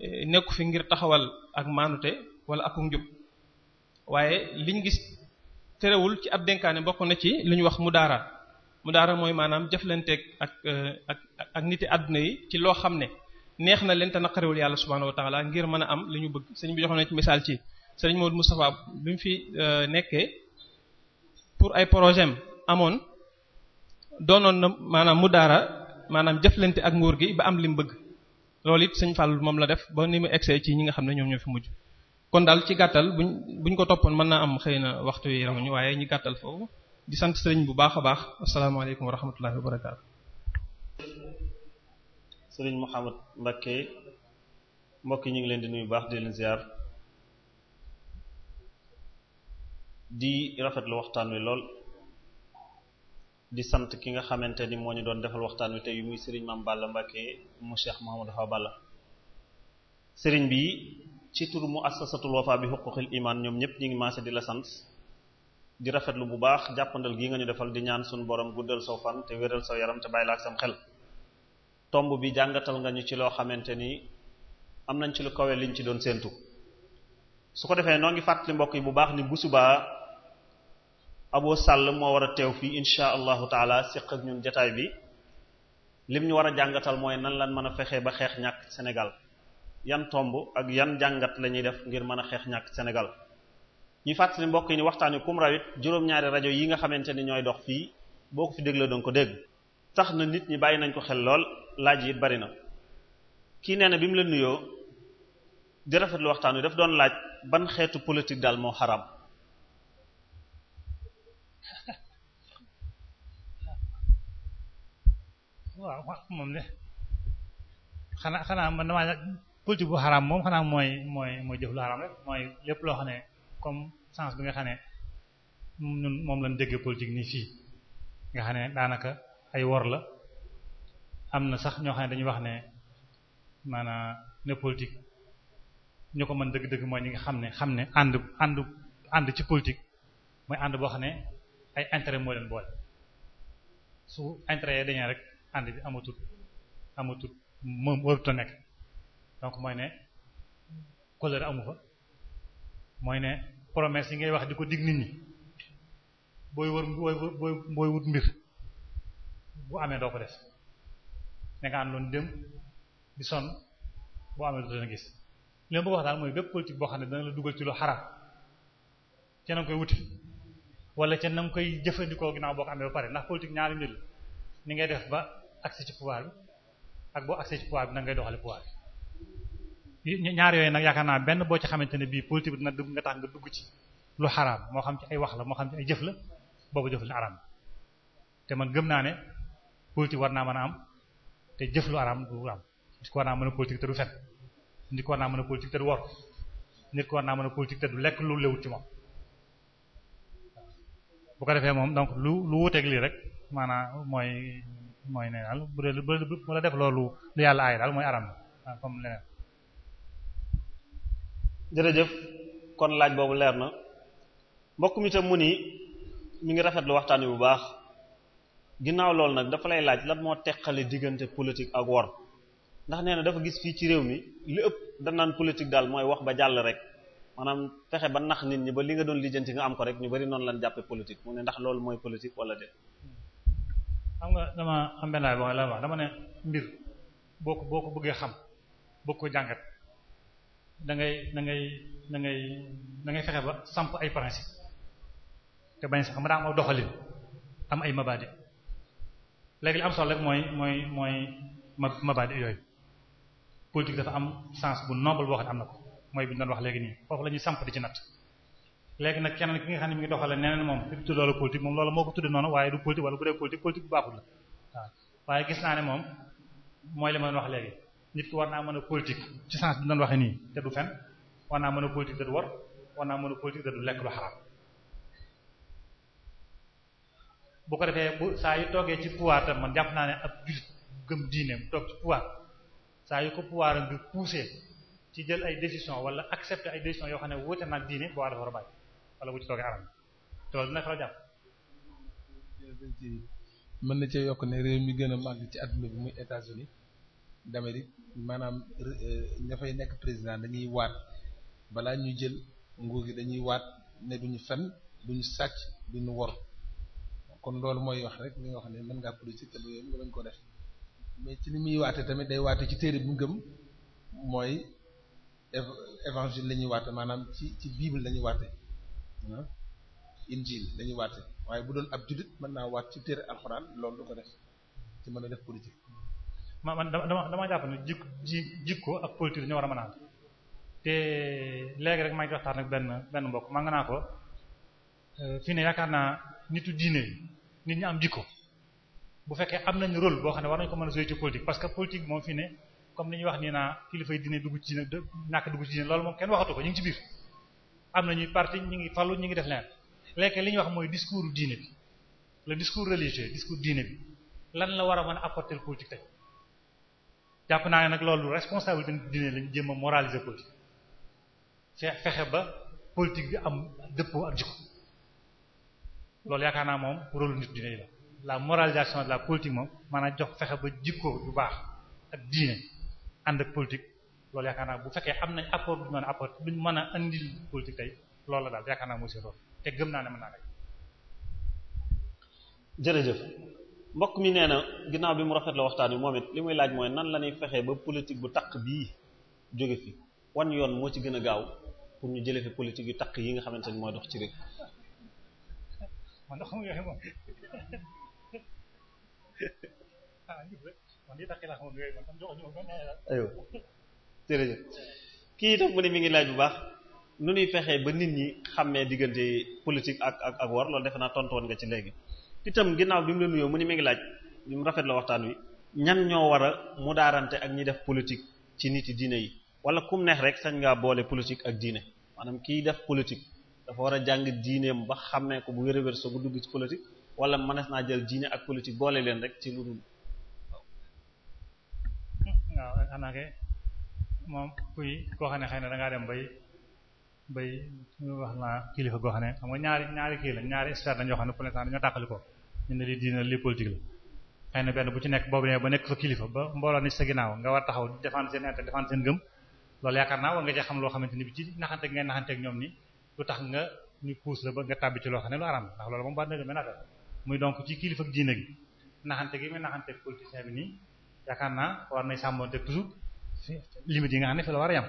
e, nekku fi ngir taxawal ak maanute wala ak njub waaye liñ gis terewul ci ab dénkaane bokk na ci lu ñu wax mu daara mu daara mooy maanaam jëflanteeg ak e, ak ak niti àdduna yi ci loo xam ne neex na leen te naqarewul yàlla subhaanahu wa taala ngir mën am li ñu bëgg sëriñ bi joxoon na ci misaal ci Serigne Modou Moustapha bi mu fi euh, nekkee pour ay projet am amoon doonoon na maanaam mu daara maanaam jëflante ak nguur gi ba am li mu bëgg loolu it Serigne faal moom la def ba ni mu egsee ci ñi nga xam ne ñoom ñoo fi mujj kon daal ci gàttal buñ buñ ko toppoon mën naa am xëy na waxtu yi ramuñu waaye ñu gàttal foofu di sant Serigne bu baax a baax asalaamaaleykum wa rahmatullahi wa barakaatu. Serigne Mouhamed Mbacké mbokk ngi leen di baax di leen di lu waxtaan wi lool di sant ki nga xamante ni moo ñu doon defal waxtaan wi te yu muy Serigne Mame Balla Mbacké mu Cheikh Mouhamadou Awa Balla Serigne bi ci tur mu assasatul wafa bi huquqil iman ñoom ñëpp ñu ngi maase di la sant di rafetlu bu baax jàppandal gi nga ñu defal di ñaan suñu borom guddal saw fan te wéral saw yaram te bàyyi la ak sam xel tomb bi jàngatal nga ñu ci loo xamante ni am nañ ci lu kawe liñ ci doon séentu su ko defee noo Abo Sall moo war a teew fii insha allah taala séq ak ñun jataay bi lim ñu war a jàngatal mooy nan lan mën a fexee ba xeex ñàkk senegal yan tomb ak yan jàngat lañuy def ngir mën a xeex ñàkk Sénégal ñuy fàttali mbokk yi ni waxtaani kum rawit juróom-ñaari rajo yi nga xamante ni ñooy dox fii boo ko fi dégloo danga ko dégg tax na nit ñi bàyyi nañ ko xel lool laaj yi bari na kii nee na bi mu la nuyoo di lu waxtaan wi daf doon laaj ban xeetu politique daal moo xaraam waaw moom de xanaa xanaa man damaa politique bu xaraam moom xanaa mooy mooy mooy jëf lu xaraam rek mooy lépp loo xam ne comme sens bi nga xam ne ñun moom lañ déggee politique nii fii nga xam ne daanaka ay wor la am na sax ñoo xam ne dañuy wax ne maanaam ne politique ñu ko mën dëgg-dëgg mooy ñi nga xam ne xam ne ànd ànd ànd ci politique mooy ànd boo xam ne ay intérêt moo leen boole su intérêt yi dañee rek ànd bi amatul amatul moom warut a nekk donc mooy ne colère amu fa mooy ne promesse yi ngay wax di ko dig nit ñi booy wër booy booy wut mbir bu amee doo ko def da nga àndoon dem di sonn boo amee du doon gis li ma wax daal mooy bépp politique boo xam ne dana la dugal ci lu xaraam te na koy wuti wala ca na nga koy jëfandikoo ginnaaw boo ko amee ba pare ndax politique ñaari mbir la ni ngay def ba accès ci pouvoir bi ak boo accès ci pouvoir bi na ngay doxale pouvoir bi ñaari yooyu nag yaakaar naa benn boo ci xamante ne bii politique bi dina dugg nga tax nga dugg ci lu xaraam moo xam ci ay wax la moo xam ci ay jëf la boobu jëf lu araam te man gëm naa ne politique war naa mën a am te jëf lu araam du am nit ko war naa mën a politique te du fen nit ko war naa mën a politique te naa mën lekk lu lewut bu ko defee moom donc lu lu wuuteeg lii rek maanaam mooy mooy ne daal bu la def loolu lu yàlla aay daal mooy aram comme jërëjëf kon laaj boobu leer na mbokk mi tam mu ni mu ngi rafetlu waxtaan wi bu baax ginnaaw loolu nag dafa lay laaj lan moo teqale diggante politique ak wor ndax nee na dafa gis fii ci réew mi li ëpp danaan politique daal mooy wax ba jàll rek maanaam fexe ba nax nit ñi ba li nga doon lijjanti nga am ko rek ñu bari noonu lan jàppe politique mu ne ndax loolu mooy politique wala nga dama am benn bo wax dama ne mbir boo xam boo jàngat da ngay da da ngay fexe ba samp ay principe te bañ am aw am ay mabadi léegi am solo rek mooy mooy mooy mabadi yooyu politique dafa am sens bu noble boo xam am na ko mooy bi ñu doon wax léegi nii foofu la ñuy samp di ci natt léegi nag keneen ki nga xam ne mi ngi doxale neneen moom di tudd loolu politique moom loolu moo ko tudde noonu waaye du politique wala bu dee politique politique bu baaxul la waaye gis naa ne moom mooy li ma doon wax léegi nit war naa mën a politique ci sens bi ñu doon waxee nii te du fen war naa mën a politique te du naa mën a politique te du lekk lu xaraam bu ko defee bu saa yu toogee ci pouvoir tam man jàpp naa ne ab jullit gëm diineem toog ci pouvoir saa yu ci jël ay décision wala accepter ay décision yoo xam ne wuute naag diine boo dafa war a bàyyi wala bu ci toogee aram te loolu dina xaw mën na cee yokk ne réew mi gën a màgg ci adduna bi muy États-Unis d'Amérique maanaam euh, ña nekk président dañuy waat balaa ñu jël nguur gi dañuy waat ne duñu fen duñu sàcc duñu wor kon loolu mooy wax rek mu nga xam ne mën ngaa politique te ko def mais ci li muy waate tamit day waate ci téere bu gëm mooy évangile la ñuy waate maanaam ci ci bible la ñuy waate ah, injil la ñuy waate waaye bu doon ab jullit mën naa waat ci téere alxuraan lool du ko def ci mën a def politique ma man dama dama jàpp ne jikko jikko ak politique dañoo war a mën a te léegi rek maa ngi waxtaan ak benn benn mbokk maa nga naa ko euh, fii ne yaakaar naa nitu diine nit ñi am jikko bu fekkee am nañu rôle boo xam ne war nañu ko mën a jouer ci politique parce que politique moom fi ne comme li ñuy wax nii naa kilifa yi dina dugg ci dina ñàkk dugg ci dina loolu moom kenn waxatu ko ñu ci biir am na ñuy parti ñu ngi fallu ñu ngi def leen léegi li ñu wax mooy discours diine bi le discours religieux discours diine bi lan la war a man a apporter le politique jàpp naa ne nag loolu responsabilité diine lañ jéem a moraliser politique fexe ba politique bi am dëppoo ak jikko loolu yaakaar naa moom rôle nit diine yi la la moralisation de la politique moom maanaam jox fexe ba jikko bu baax ak diine ànd ak politique loolu yaakaar naa bu fekkee am nañ apport bu ñu a apport bu ñu mën a andil politique tey loolu la daal yaakaar naa mooy seen rôle te gëm naa ne mën naa rek jërëjëf mbokk mi nee na ginnaaw bi mu rafet la waxtaan wi moom it li muy laaj mooy nan la ñuy fexee ba politique bu takk bii jóge fi wan yoon moo ci gën a gaaw pour ñu jëlee fi politique yu taq yi nga xamante ni mooy dox ci réew man aywa jërëjëf kii itam mu ne mi ngi laaj bu baax nu nuy fexee ba nit ñi xàmmee diggante politique ak ak ak war loolu defe naa tontu nga ci léegi itam ginnaaw bi mu la nuyoo mu ne mi ngi laaj mu rafet la waxtaan wi ñan ñoo war a mu daarante ak ñi def politique ci nit yi diine yi wala kum neex rek sañ ngaa boole politique ak diine maanaam kiy def politique dafa war a jàng diineem ba xàmmee ko bu wér-wér soo ko dugg ci politique wala mënees naa jël diine ak politique boole leen rek ci lu xanaa kay moom kuy koo xam na dangaa dem bay bay wax naa kilifa goo xam ne xam nga ñaari ñaari kii la ñaari sphère lañ yoo xam ne pour l'instant dañoo tàqali ko ñu ne lii diina lii politique la xëy na benn bu ci nekk boobu nee ba nekk fa kilifa ba mbooloo ni sa ginnaaw nga war taxaw défendre seen intérêt défendre seen gëm loolu yaakaar naa war nga cee xam loo xamante ni bi ci naxante ngay naxanteeg ñoom ni lu tax nga ñu puus la ba nga tàbbi ci loo xam ne lu araam ndax loolu moom ba dëgg benn affaire muy donc ci kilifa ak diina gi yaakaar naa war nay sàmmonte toujours limite yi nga xam ne fi la war a yam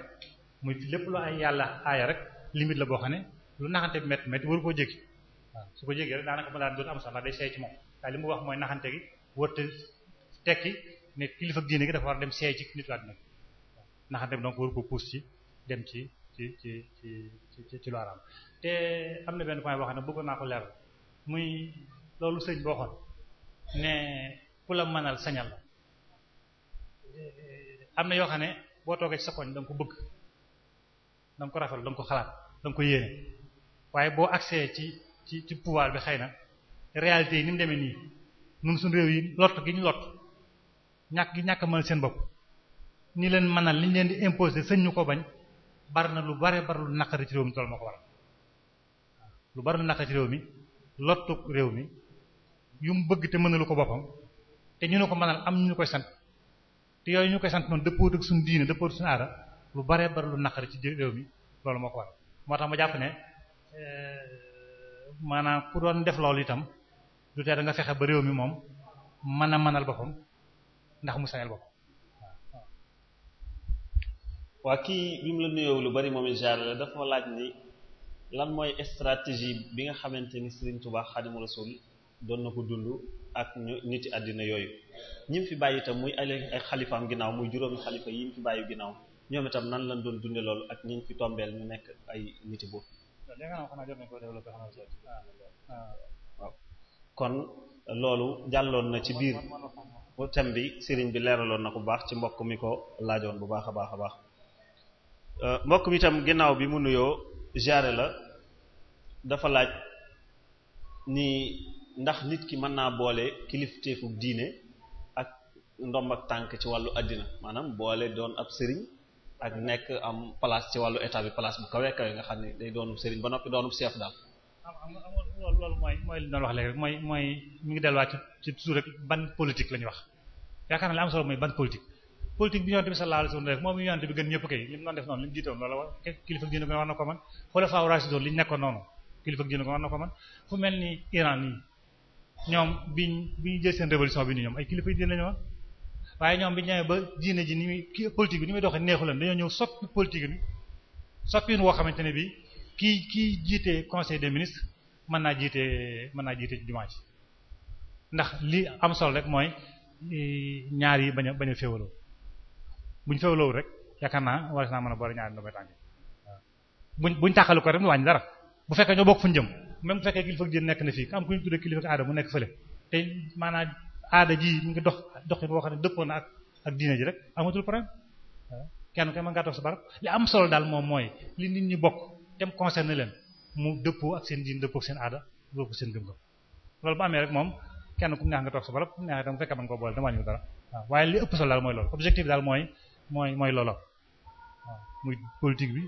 muy lépp lu ay yàlla aaya rek limite la boo xam ne lu naxante métti métti waru koo jéggi waaw su ko jéggi rek daanaka ma daan dootu am sax ndax day seey ci ne kilifa diine gi dafa war a dem seey ci nit waat nag naxante bi donc waru ko pousse ci dem ci ci ci ci ci lu araam te am na benn point boo xam ne bëggoon naa ko leer muy loolu sëñ boo xoon ne ku la mënal sañal am na yoo xam ne boo toogee ci sa koñ da ko bëgg da ko rafet da ko xalaat da ko yéene waaye boo accès ci ci ci pouvoir bi xëy na réalité yi ni mu demee nii ñun suñu réew yi lott gi ñu lott ñàkk gi ñàkk mën seen bopp ni leen mënal li ñu leen di imposer sëñ ñu ko bañ bari na lu bare bari lu naqari ci réew mi ko waral bari lu naqari ci réew mi lottu réew mi yu mu bëgg te mënalu ko boppam te ñu ne ko mënal am ñu koy sant yooyu ñu koy sant noonu dëppoo ak suñu diine dëppoo ak suñu aada lu bare bare lu naqari ci réew mi loolu moo ko war moo tax ma jàpp ne euh, maanaam ku doon def loolu itam lu tee da nga fexe ba réew mi moom mën a mënal boppam ndax mu sañal boppam waa kii bi mu la nuyoo lu bari moom genre la dafa laaj ni lan mooy stratégie bi nga xamante ni Serigne Touba Xadimu Rasul doon na ko dund ak ñu niti àddina yooyu ñi fi bàyyi itam muy ay xalifaam ginnaaw muy juróomi xalifa yi mu fi bàyyi ginnaaw ñoom itam nan lañ doon dunde loolu ak ñi fi tombeel ñu nekk ay niti bu waaw kon loolu jàlloon na ci biir thème bi sëriñ bi leeraloon na ko bu baax ci mbokk mi ko laajoon bu baax a baax a baax euh, mbokk mi itam ginnaaw bi mu nuyoo jaare la dafa laaj ni ndax nit ki mën naa boole kilifteefu diine ak ndomb ak tànk ci wàllu àddina maanaam boole doon ab sëriñ ak nekk am place ci wàllu état bi place bu kawe kawe nga xam ne day doonu sëriñ ba noppi doonu chef daal. loolu loolu mooy mooy li ñu doon wax léegi rek ngi delluwaat ci toujours ban politique la ñuy wax yaakaar naa li am solo mooy ban bi yonte bi sallallahu alayhi moom yonte bi gën ñëpp kay li mu doon def noonu li mu jiitoon diine ko war li ñu nekkoon noonu kilifa ko war na ko man fu mel ni Iran yi ñoom biñ bi ñu jël seen révolution bi ni ñoom ay kilifa yi diine lañu ah. waaye ñoom bi ñu ba diine ji ni muy kii politique bi ni muy doxee neexu leen dañoo ñëw soppi politique bi soppi woo xamante ne bi kii kii jiite conseil des ministres man naa jiite mën naa jiite jumaa ji ndax li am solo rek mooy ñaar yi bañ bañ a féewaloo buñ féewaloo rek yaakaar naa war naa mën a boole ñaari ndombay tànk buñ buñ tàqalu ko rek ñu wàññi dara bu fekkee ñoo bokk ñu jëm. même bu fekkee kilifa diine nekk na fii am ku ñu tuddee kilifa aada mu nekk fële te maanaam aada ji mu ngi dox dox boo xam ne dëppoo na ak ak diine ji rek amatul problème kenn kay mën ngaa toog sa barab li am solo daal moom mooy li nit ñi bokk dem concerné leen mu dëppoo ak seen diine dëppoo seen aada dëppoo seen gëm-gëm loolu bu amee moom kenn ku neex nga toog sa barab ku neex itam fekk mën koo boole dama ñu dara waaye li ëpp solo daal mooy loolu objectif daal mooy mooy mooy loolu waaw muy politique bi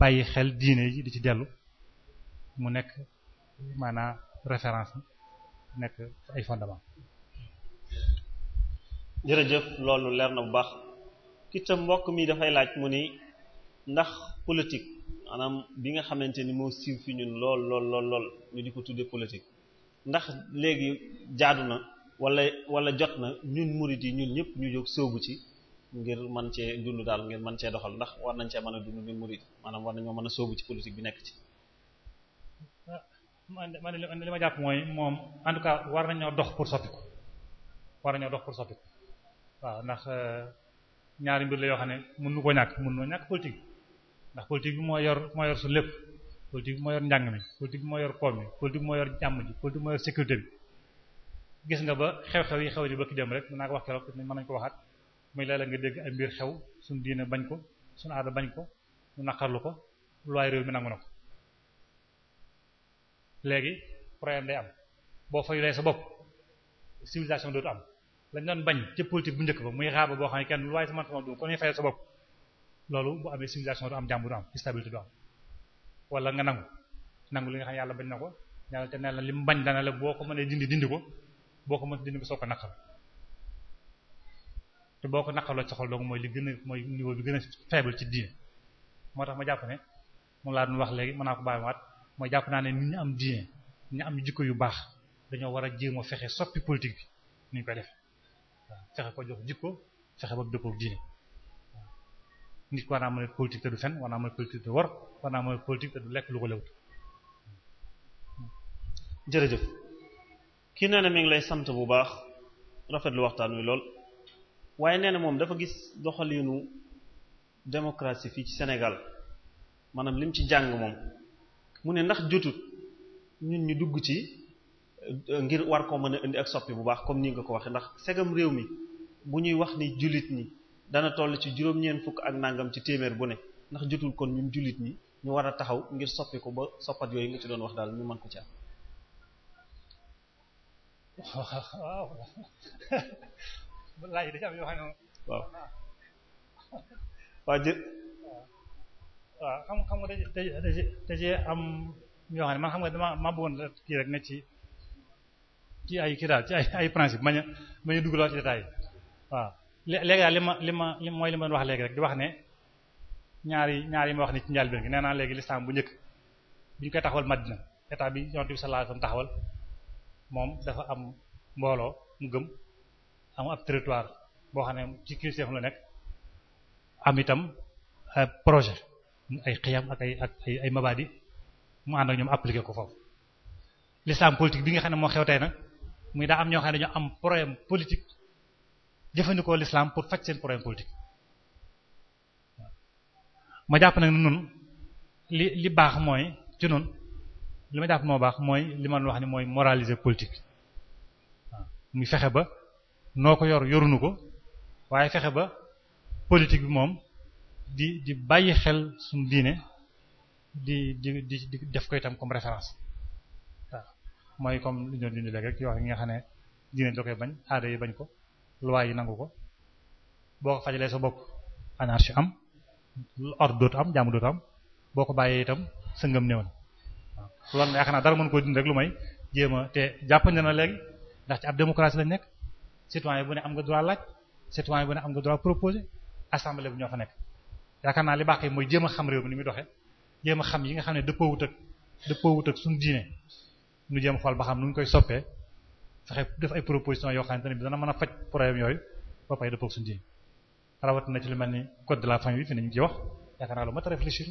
bàyyi xel diine ji di ci dellu mu nekk maanaa référence nekk ay fondement jërëjëf loolu leer na bu baax kita mbokk mi dafay laaj mu ni ndax politique maanaam bi nga xamante ni moo siiw fi ñun lool lool lool lool ñu di ko tuddee politique ndax léegi jaadu na wala wala jot na ñun murid yi ñun ñëpp ñu jóg sóobu ci ngir mën cee dund daal ngir mën cee doxal ndax war nañ cee mën a dund ñun murid maanaam war nañoo mën a sóobu ci politique bi nekk ci man man li ma jàpp mooy moom en tout cas war nañoo dox pour soppiku war nañoo dox pour soppiku waaw ndax euh, ñaari mbir la yoo xam ne mën nu ko ñàkk mën noo ñàkk politique ndax politique bi moo yor moo yor su lépp politique bi moo yor njàng mi politique moo yor koom mi politique moo yor jàmm ji politique moo yor sécurité bi gis nga ba xew-xew yi xew ni ba dem rek mën naa ko wax keroog mën nañu ko waxaat muy la nga dégg ay mbir xew suñu diine bañ ko suñu aada bañ ko ñu naqarlu ko looy mi nangu na léegi problème day am boo fayulee sa bopp civilisation dootu am lañ doon bañ ci politique bu njëkk ba muy raaba boo xam ne kenn lu waaye sama tamit ko ñuy sa bopp loolu bu amee civilisation du am jàmm du am stabilité du am wala nga nangu nangu li nga xam yàlla bañ na ko yàlla te ne li mu bañ dana la boo ko mënee dindi dindi ko boo ko mën dindi ko soo ko naqal te boo ko naqaloo ci xol dong mooy li gën a mooy niveau bi gën a faible ci diine moo tax ma jàpp ne moom laa doon wax léegi mën naa ko mooy jàpp naa ne nit ñu am diine ñu am jikko yu baax dañoo war a jéem a fexe soppi politique bi ni ñu koy def waaw fexe ko jox jikko fexe ba dëppoo diine nit ko war naa mën a politique te du fen war naa ma a politique te war naa mën a politique te du lekk lu ko lewut jërëjëf kii nee na mi ngi lay sant bu baax rafetlu waxtaan wi lool waaye nee na moom dafa gis doxaliinu démocratie fii ci Sénégal maanaam lim ci jàng moom mu ne ndax jotut ñun ñu dugg ci euh, ngir war koo mën a indi ak soppi bu baax comme ni nga ko waxee ndax segam réew mi bu ñuy wax ni jullit ñi dana toll ci juróom-ñeent fukk ak nangam ci téeméer bu ne ndax jotul kon ñun jullit ñi ñu war a taxaw ngir soppi ko ba soppat yooyu nga ci doon wax daal ñu mën ko ca am. waaw waaw. waaw waaw xam xam nga da am yoo xam nga dama ma bëggoon kii rek ne ci ci ay kii daal ci ay ay principe ma maña dugg ci détail waaw daal li ma li ma li mooy li ma wax léegi rek di wax ne ñaari ñaari ma wax ni ci njëlbéen gi nee naa léegi lislaam bu njëkk bi ñu koy taxawal na état bi yonent bi sallallahu alayhi taxawal moom dafa am mbooloo mu gëm am ab territoire boo xam ne ci kilifteef la nekk am itam projet ay xiyam ak ay ay mabaadi mu ànd ak ñoom appliqué ko foofu l'islam politique bi nga xam ne moo xew tey nag muy daa am ñoo xam ne dañoo am problème politique jëfandikoo l'islam pour faj seen problème politique ma jàpp nag nun li li baax mooy ci nun li ma jàpp moo baax mooy li ma wax ni mooy moraliser politique waaw muy fexe ba noo ko yor yorunu ko waaye fexe ba politique bi moom di di bàyyi xel suñu diine di di di di def ko itam comme référence waaw mooy comme lu ñu doon dindi léegi rek yoo xam nga xam ne diine da koy bañ yi bañ ko loi yi nangu ko boo ko sa bopp anarchie am ordre dootu am jàmm dootu boo ko bàyyee itam sëngam néew na waaw loolu yaakaar naa dara mën koo dindi rek lu may jéema a te jàppandi na léegi ndax ci ab démocratie lañ nekk yi bu ne am nga droit laaj citoyen bu ne am nga droit proposer assemblée bu ñoo fa nekk. yaakaar naa li baaxee mooy jéem a xam réew mi ni muy doxee jéem a xam yi nga xam ne dëppoowut ak dëppoowut ak suñu diine nu jéem xool ba xam nu ñu koy soppee fexe def ay proposition yoo xamante ne bi dana mën a faj problème yooyu ba pare dëppoo ak suñu diine rawatina ci lu mel ni code de la famille fi ne ñu ngi ciy wax yaakaar naa lu mat a réfléchir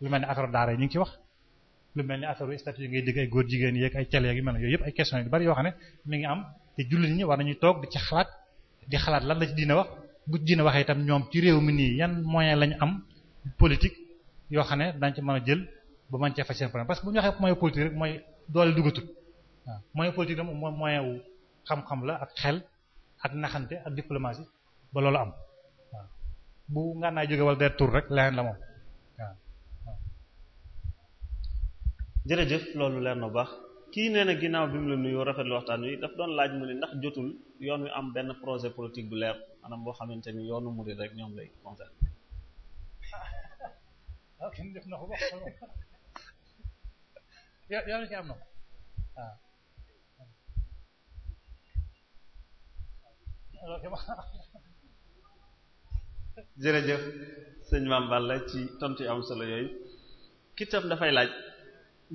lu mel ni affaire daara yi ñu ngi ciy wax lu mel ni affaire statut yi ngay dégg ay góor jigéen yeeg ay cale yeeg yu mel ne yooyu yëpp ay question yu yoo xam ne mi ngi am te jullit ñi toog di ci xalaat lan la ci wax bu dina waxee itam ñoom ci réew mi nii yan moyen lañu am politique yoo xam ne dañ ci mën a jël ba mën cee faj seen problème parce que bu ñu waxee moyen politique rek mooy doole dugatul waaw moyen politique dam mooy moyen wu xam-xam la ak xel ak naxante ak diplomatie ba loolu am waaw bu ngaan naa jóge wala day rek leneen la moom waaw loolu leer na bu baax ki nee na ginnaaw bi mu la nuyoo rafetlu waxtaan wi daf doon laaj mu ne ndax jotul yoon wi am benn projet politique bu leer anam boo xamante ni yoonu murid rek ñoom lay concerne waaw ah, kenn def na ko wax ci am ah. Ah. jërëjëf sëñ Mame Balla ci tontu am solo yooyu kitam dafay laaj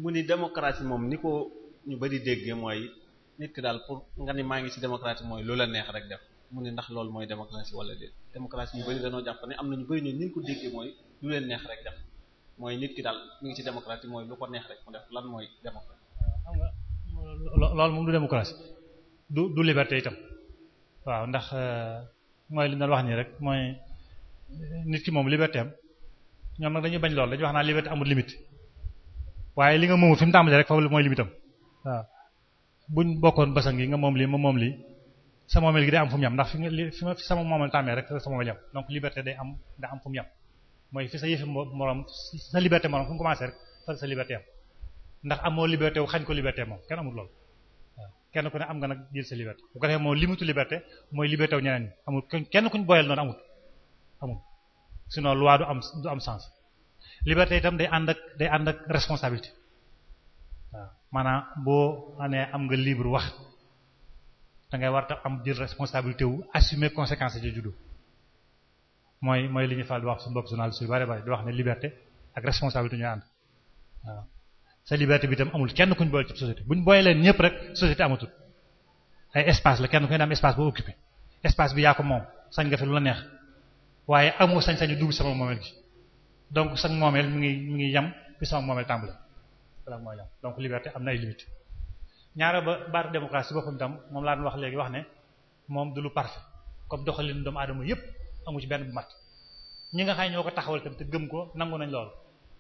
mu ni démocratie moom ni ko ñu bari déggee mooy nit ki daal pour nga ni maa ngi ci démocratie mooy lu la neex rek def mu ne ndax loolu mooy démocratie wala déet démocratie ñu bëri dañoo jàpp ne am na ñu bëri ñun ñu ko déggee mooy lu leen neex rek def mooy nit ki ngi ci démocratie mooy lu ko neex rek lan mooy démocratie. xam nga loolu moom du du du liberté itam waaw ndax euh, mooy li ñu wax nii rek mooy euh, ki moom liberté am ñoom nag dañuy bañ lool dañuy wax naa liberté amul limite waaye li nga moomul fi mu tàmbalee rek foofu mooy limite am waaw buñ bokkoon basang yi nga moom lii ma moom li sa moomeel gi day am fu mu yem ndax fi nga sama moomeel tàmmee rek sa moomeel yem donc liberté day am day am fu mu yem mooy fi sa yëfi morom sa liberté morom fu mu rek fa sa liberté am ndax amoo liberté wu xañ ko liberté moom kenn amul loolu kenn ku ne am nga nag jël sa liberté bu ko moom limitu liberté mooy liberté wu ñeneen ñi amul kenn kuñ boyal noonu amul amul sinon loi du am du am sens liberté itam day ànd ak day ànd ak responsabilité waaw maanaam nga libre wax da ngay war am jël responsabilité wu assumer conséquences yi juddu mooy mooy li ñu fa di wax suñu bopp journaliste yu bari bari di wax ne liberté ak responsabilité ñu ànd waaw sa liberté bi tam amul kenn kuñ boole ci bu ñu booy leen ñëpp rek société amatul ay espace la kenn ku ne am espace boo occupé espace bi yaa ko moom sañ nga fi lu la neex waaye amoo sañ-sañu dugg sama moomeel gi donc sax moomeel mi ngi mi ngi yam fi sama moomeel tàmbale donc am na ay ñaara ba baatu démocratie boppam tam moom laa doon wax léegi wax ne moom du lu parfait comme doxalin doomu aadama yëpp amu ci benn bu ñi nga xam ñoo ko taxawal tam te gëm ko nangu nañ lool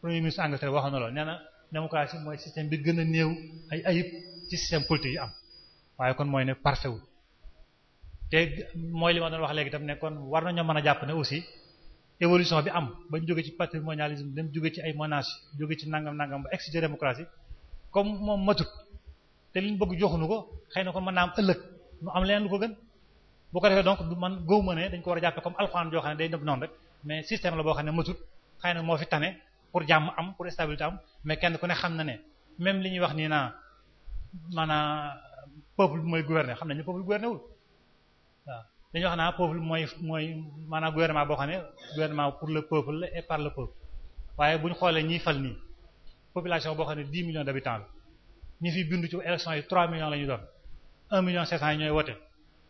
premier ministre Angleterre waxoon na lool nee na démocratie mooy système bi gën a néew ay ayib ci système politique yi am waaye kon mooy ne parfait wu te mooy li ma doon wax léegi tam ne kon war nañoo mën a jàpp ne aussi évolution bi am ba jóge ci patrimonialisme dem jóge ci ay monarchie jóge ci nangam nangam ba ex ci te liñ bëgg joxuñu ko xëy na kon mën naa am ëllëg nu am leen lu ko gën boo ko defee donc du man gëw ma ne dañ ko war a jàppe comme alxuraan joo day nëb noonu rek mais système la boo xam ne matut xëy na moo fi tane pour jàmm am pour stabilité mais kenn ku ne xam na ne même li ñuy wax nii naa maanaam peuple mooy gouverner xam nañu ñu gouverner wul waaw dañuy wax naa peuple mooy mooy maanaam gouvernement boo xam ne gouvernement pour le peuple et par le peuple waaye bu ñu xoolee ñiy fal nii population boo xam ne 10 millions d'habitants la ñi fi bindu ci élection yi 3 millions la ñu doon 1 million 500 yi ñooy wote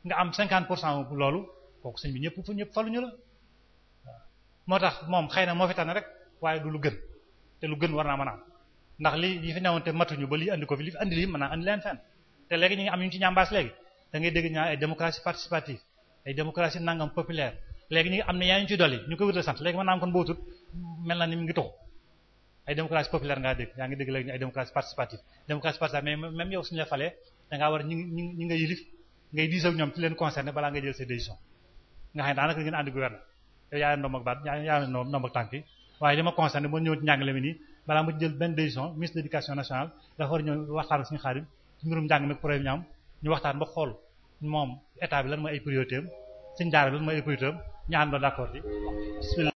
nga am 50 pour cent loolu kooku sëñ bi ñëpp ñëpp faluñu la waaw moo tax moom xay na moo fi tànn rek waaye du lu gën te lu gën war naa mën a ndax li li fi newoon te matuñu ba lii andi ko fi li fi andi lii mën naa andi leen fenn te léegi ñu ngi am ñu ci ñambaas léegi da ngay dégg ñaa ay démocratie participative ay démocratie nangam populaire léegi ñu ngi am na yaa ñu ci dolli ñu ko sant léegi mën naa am mel na ni mu ngi toxu ay démocratie populaire ngaa dégg yaa ngi dégg léegi ay démocratie participative démocratie participative mais même yow suñu la falee da war ñi ñi ñi nga yilif ngay diisoo ñoom ci leen concerné balaa nga jël ses décisions nga xam ne daanaka ngeen àndi gouvernement yow yaa ndoom ak baat yaa yi balaa ma jël benn décision ministre de nationale dafa war ñëw waxtaan ak suñu xaarim ci mbirum njàng ñu am ñu ba xool moom état bi lan d'accord ci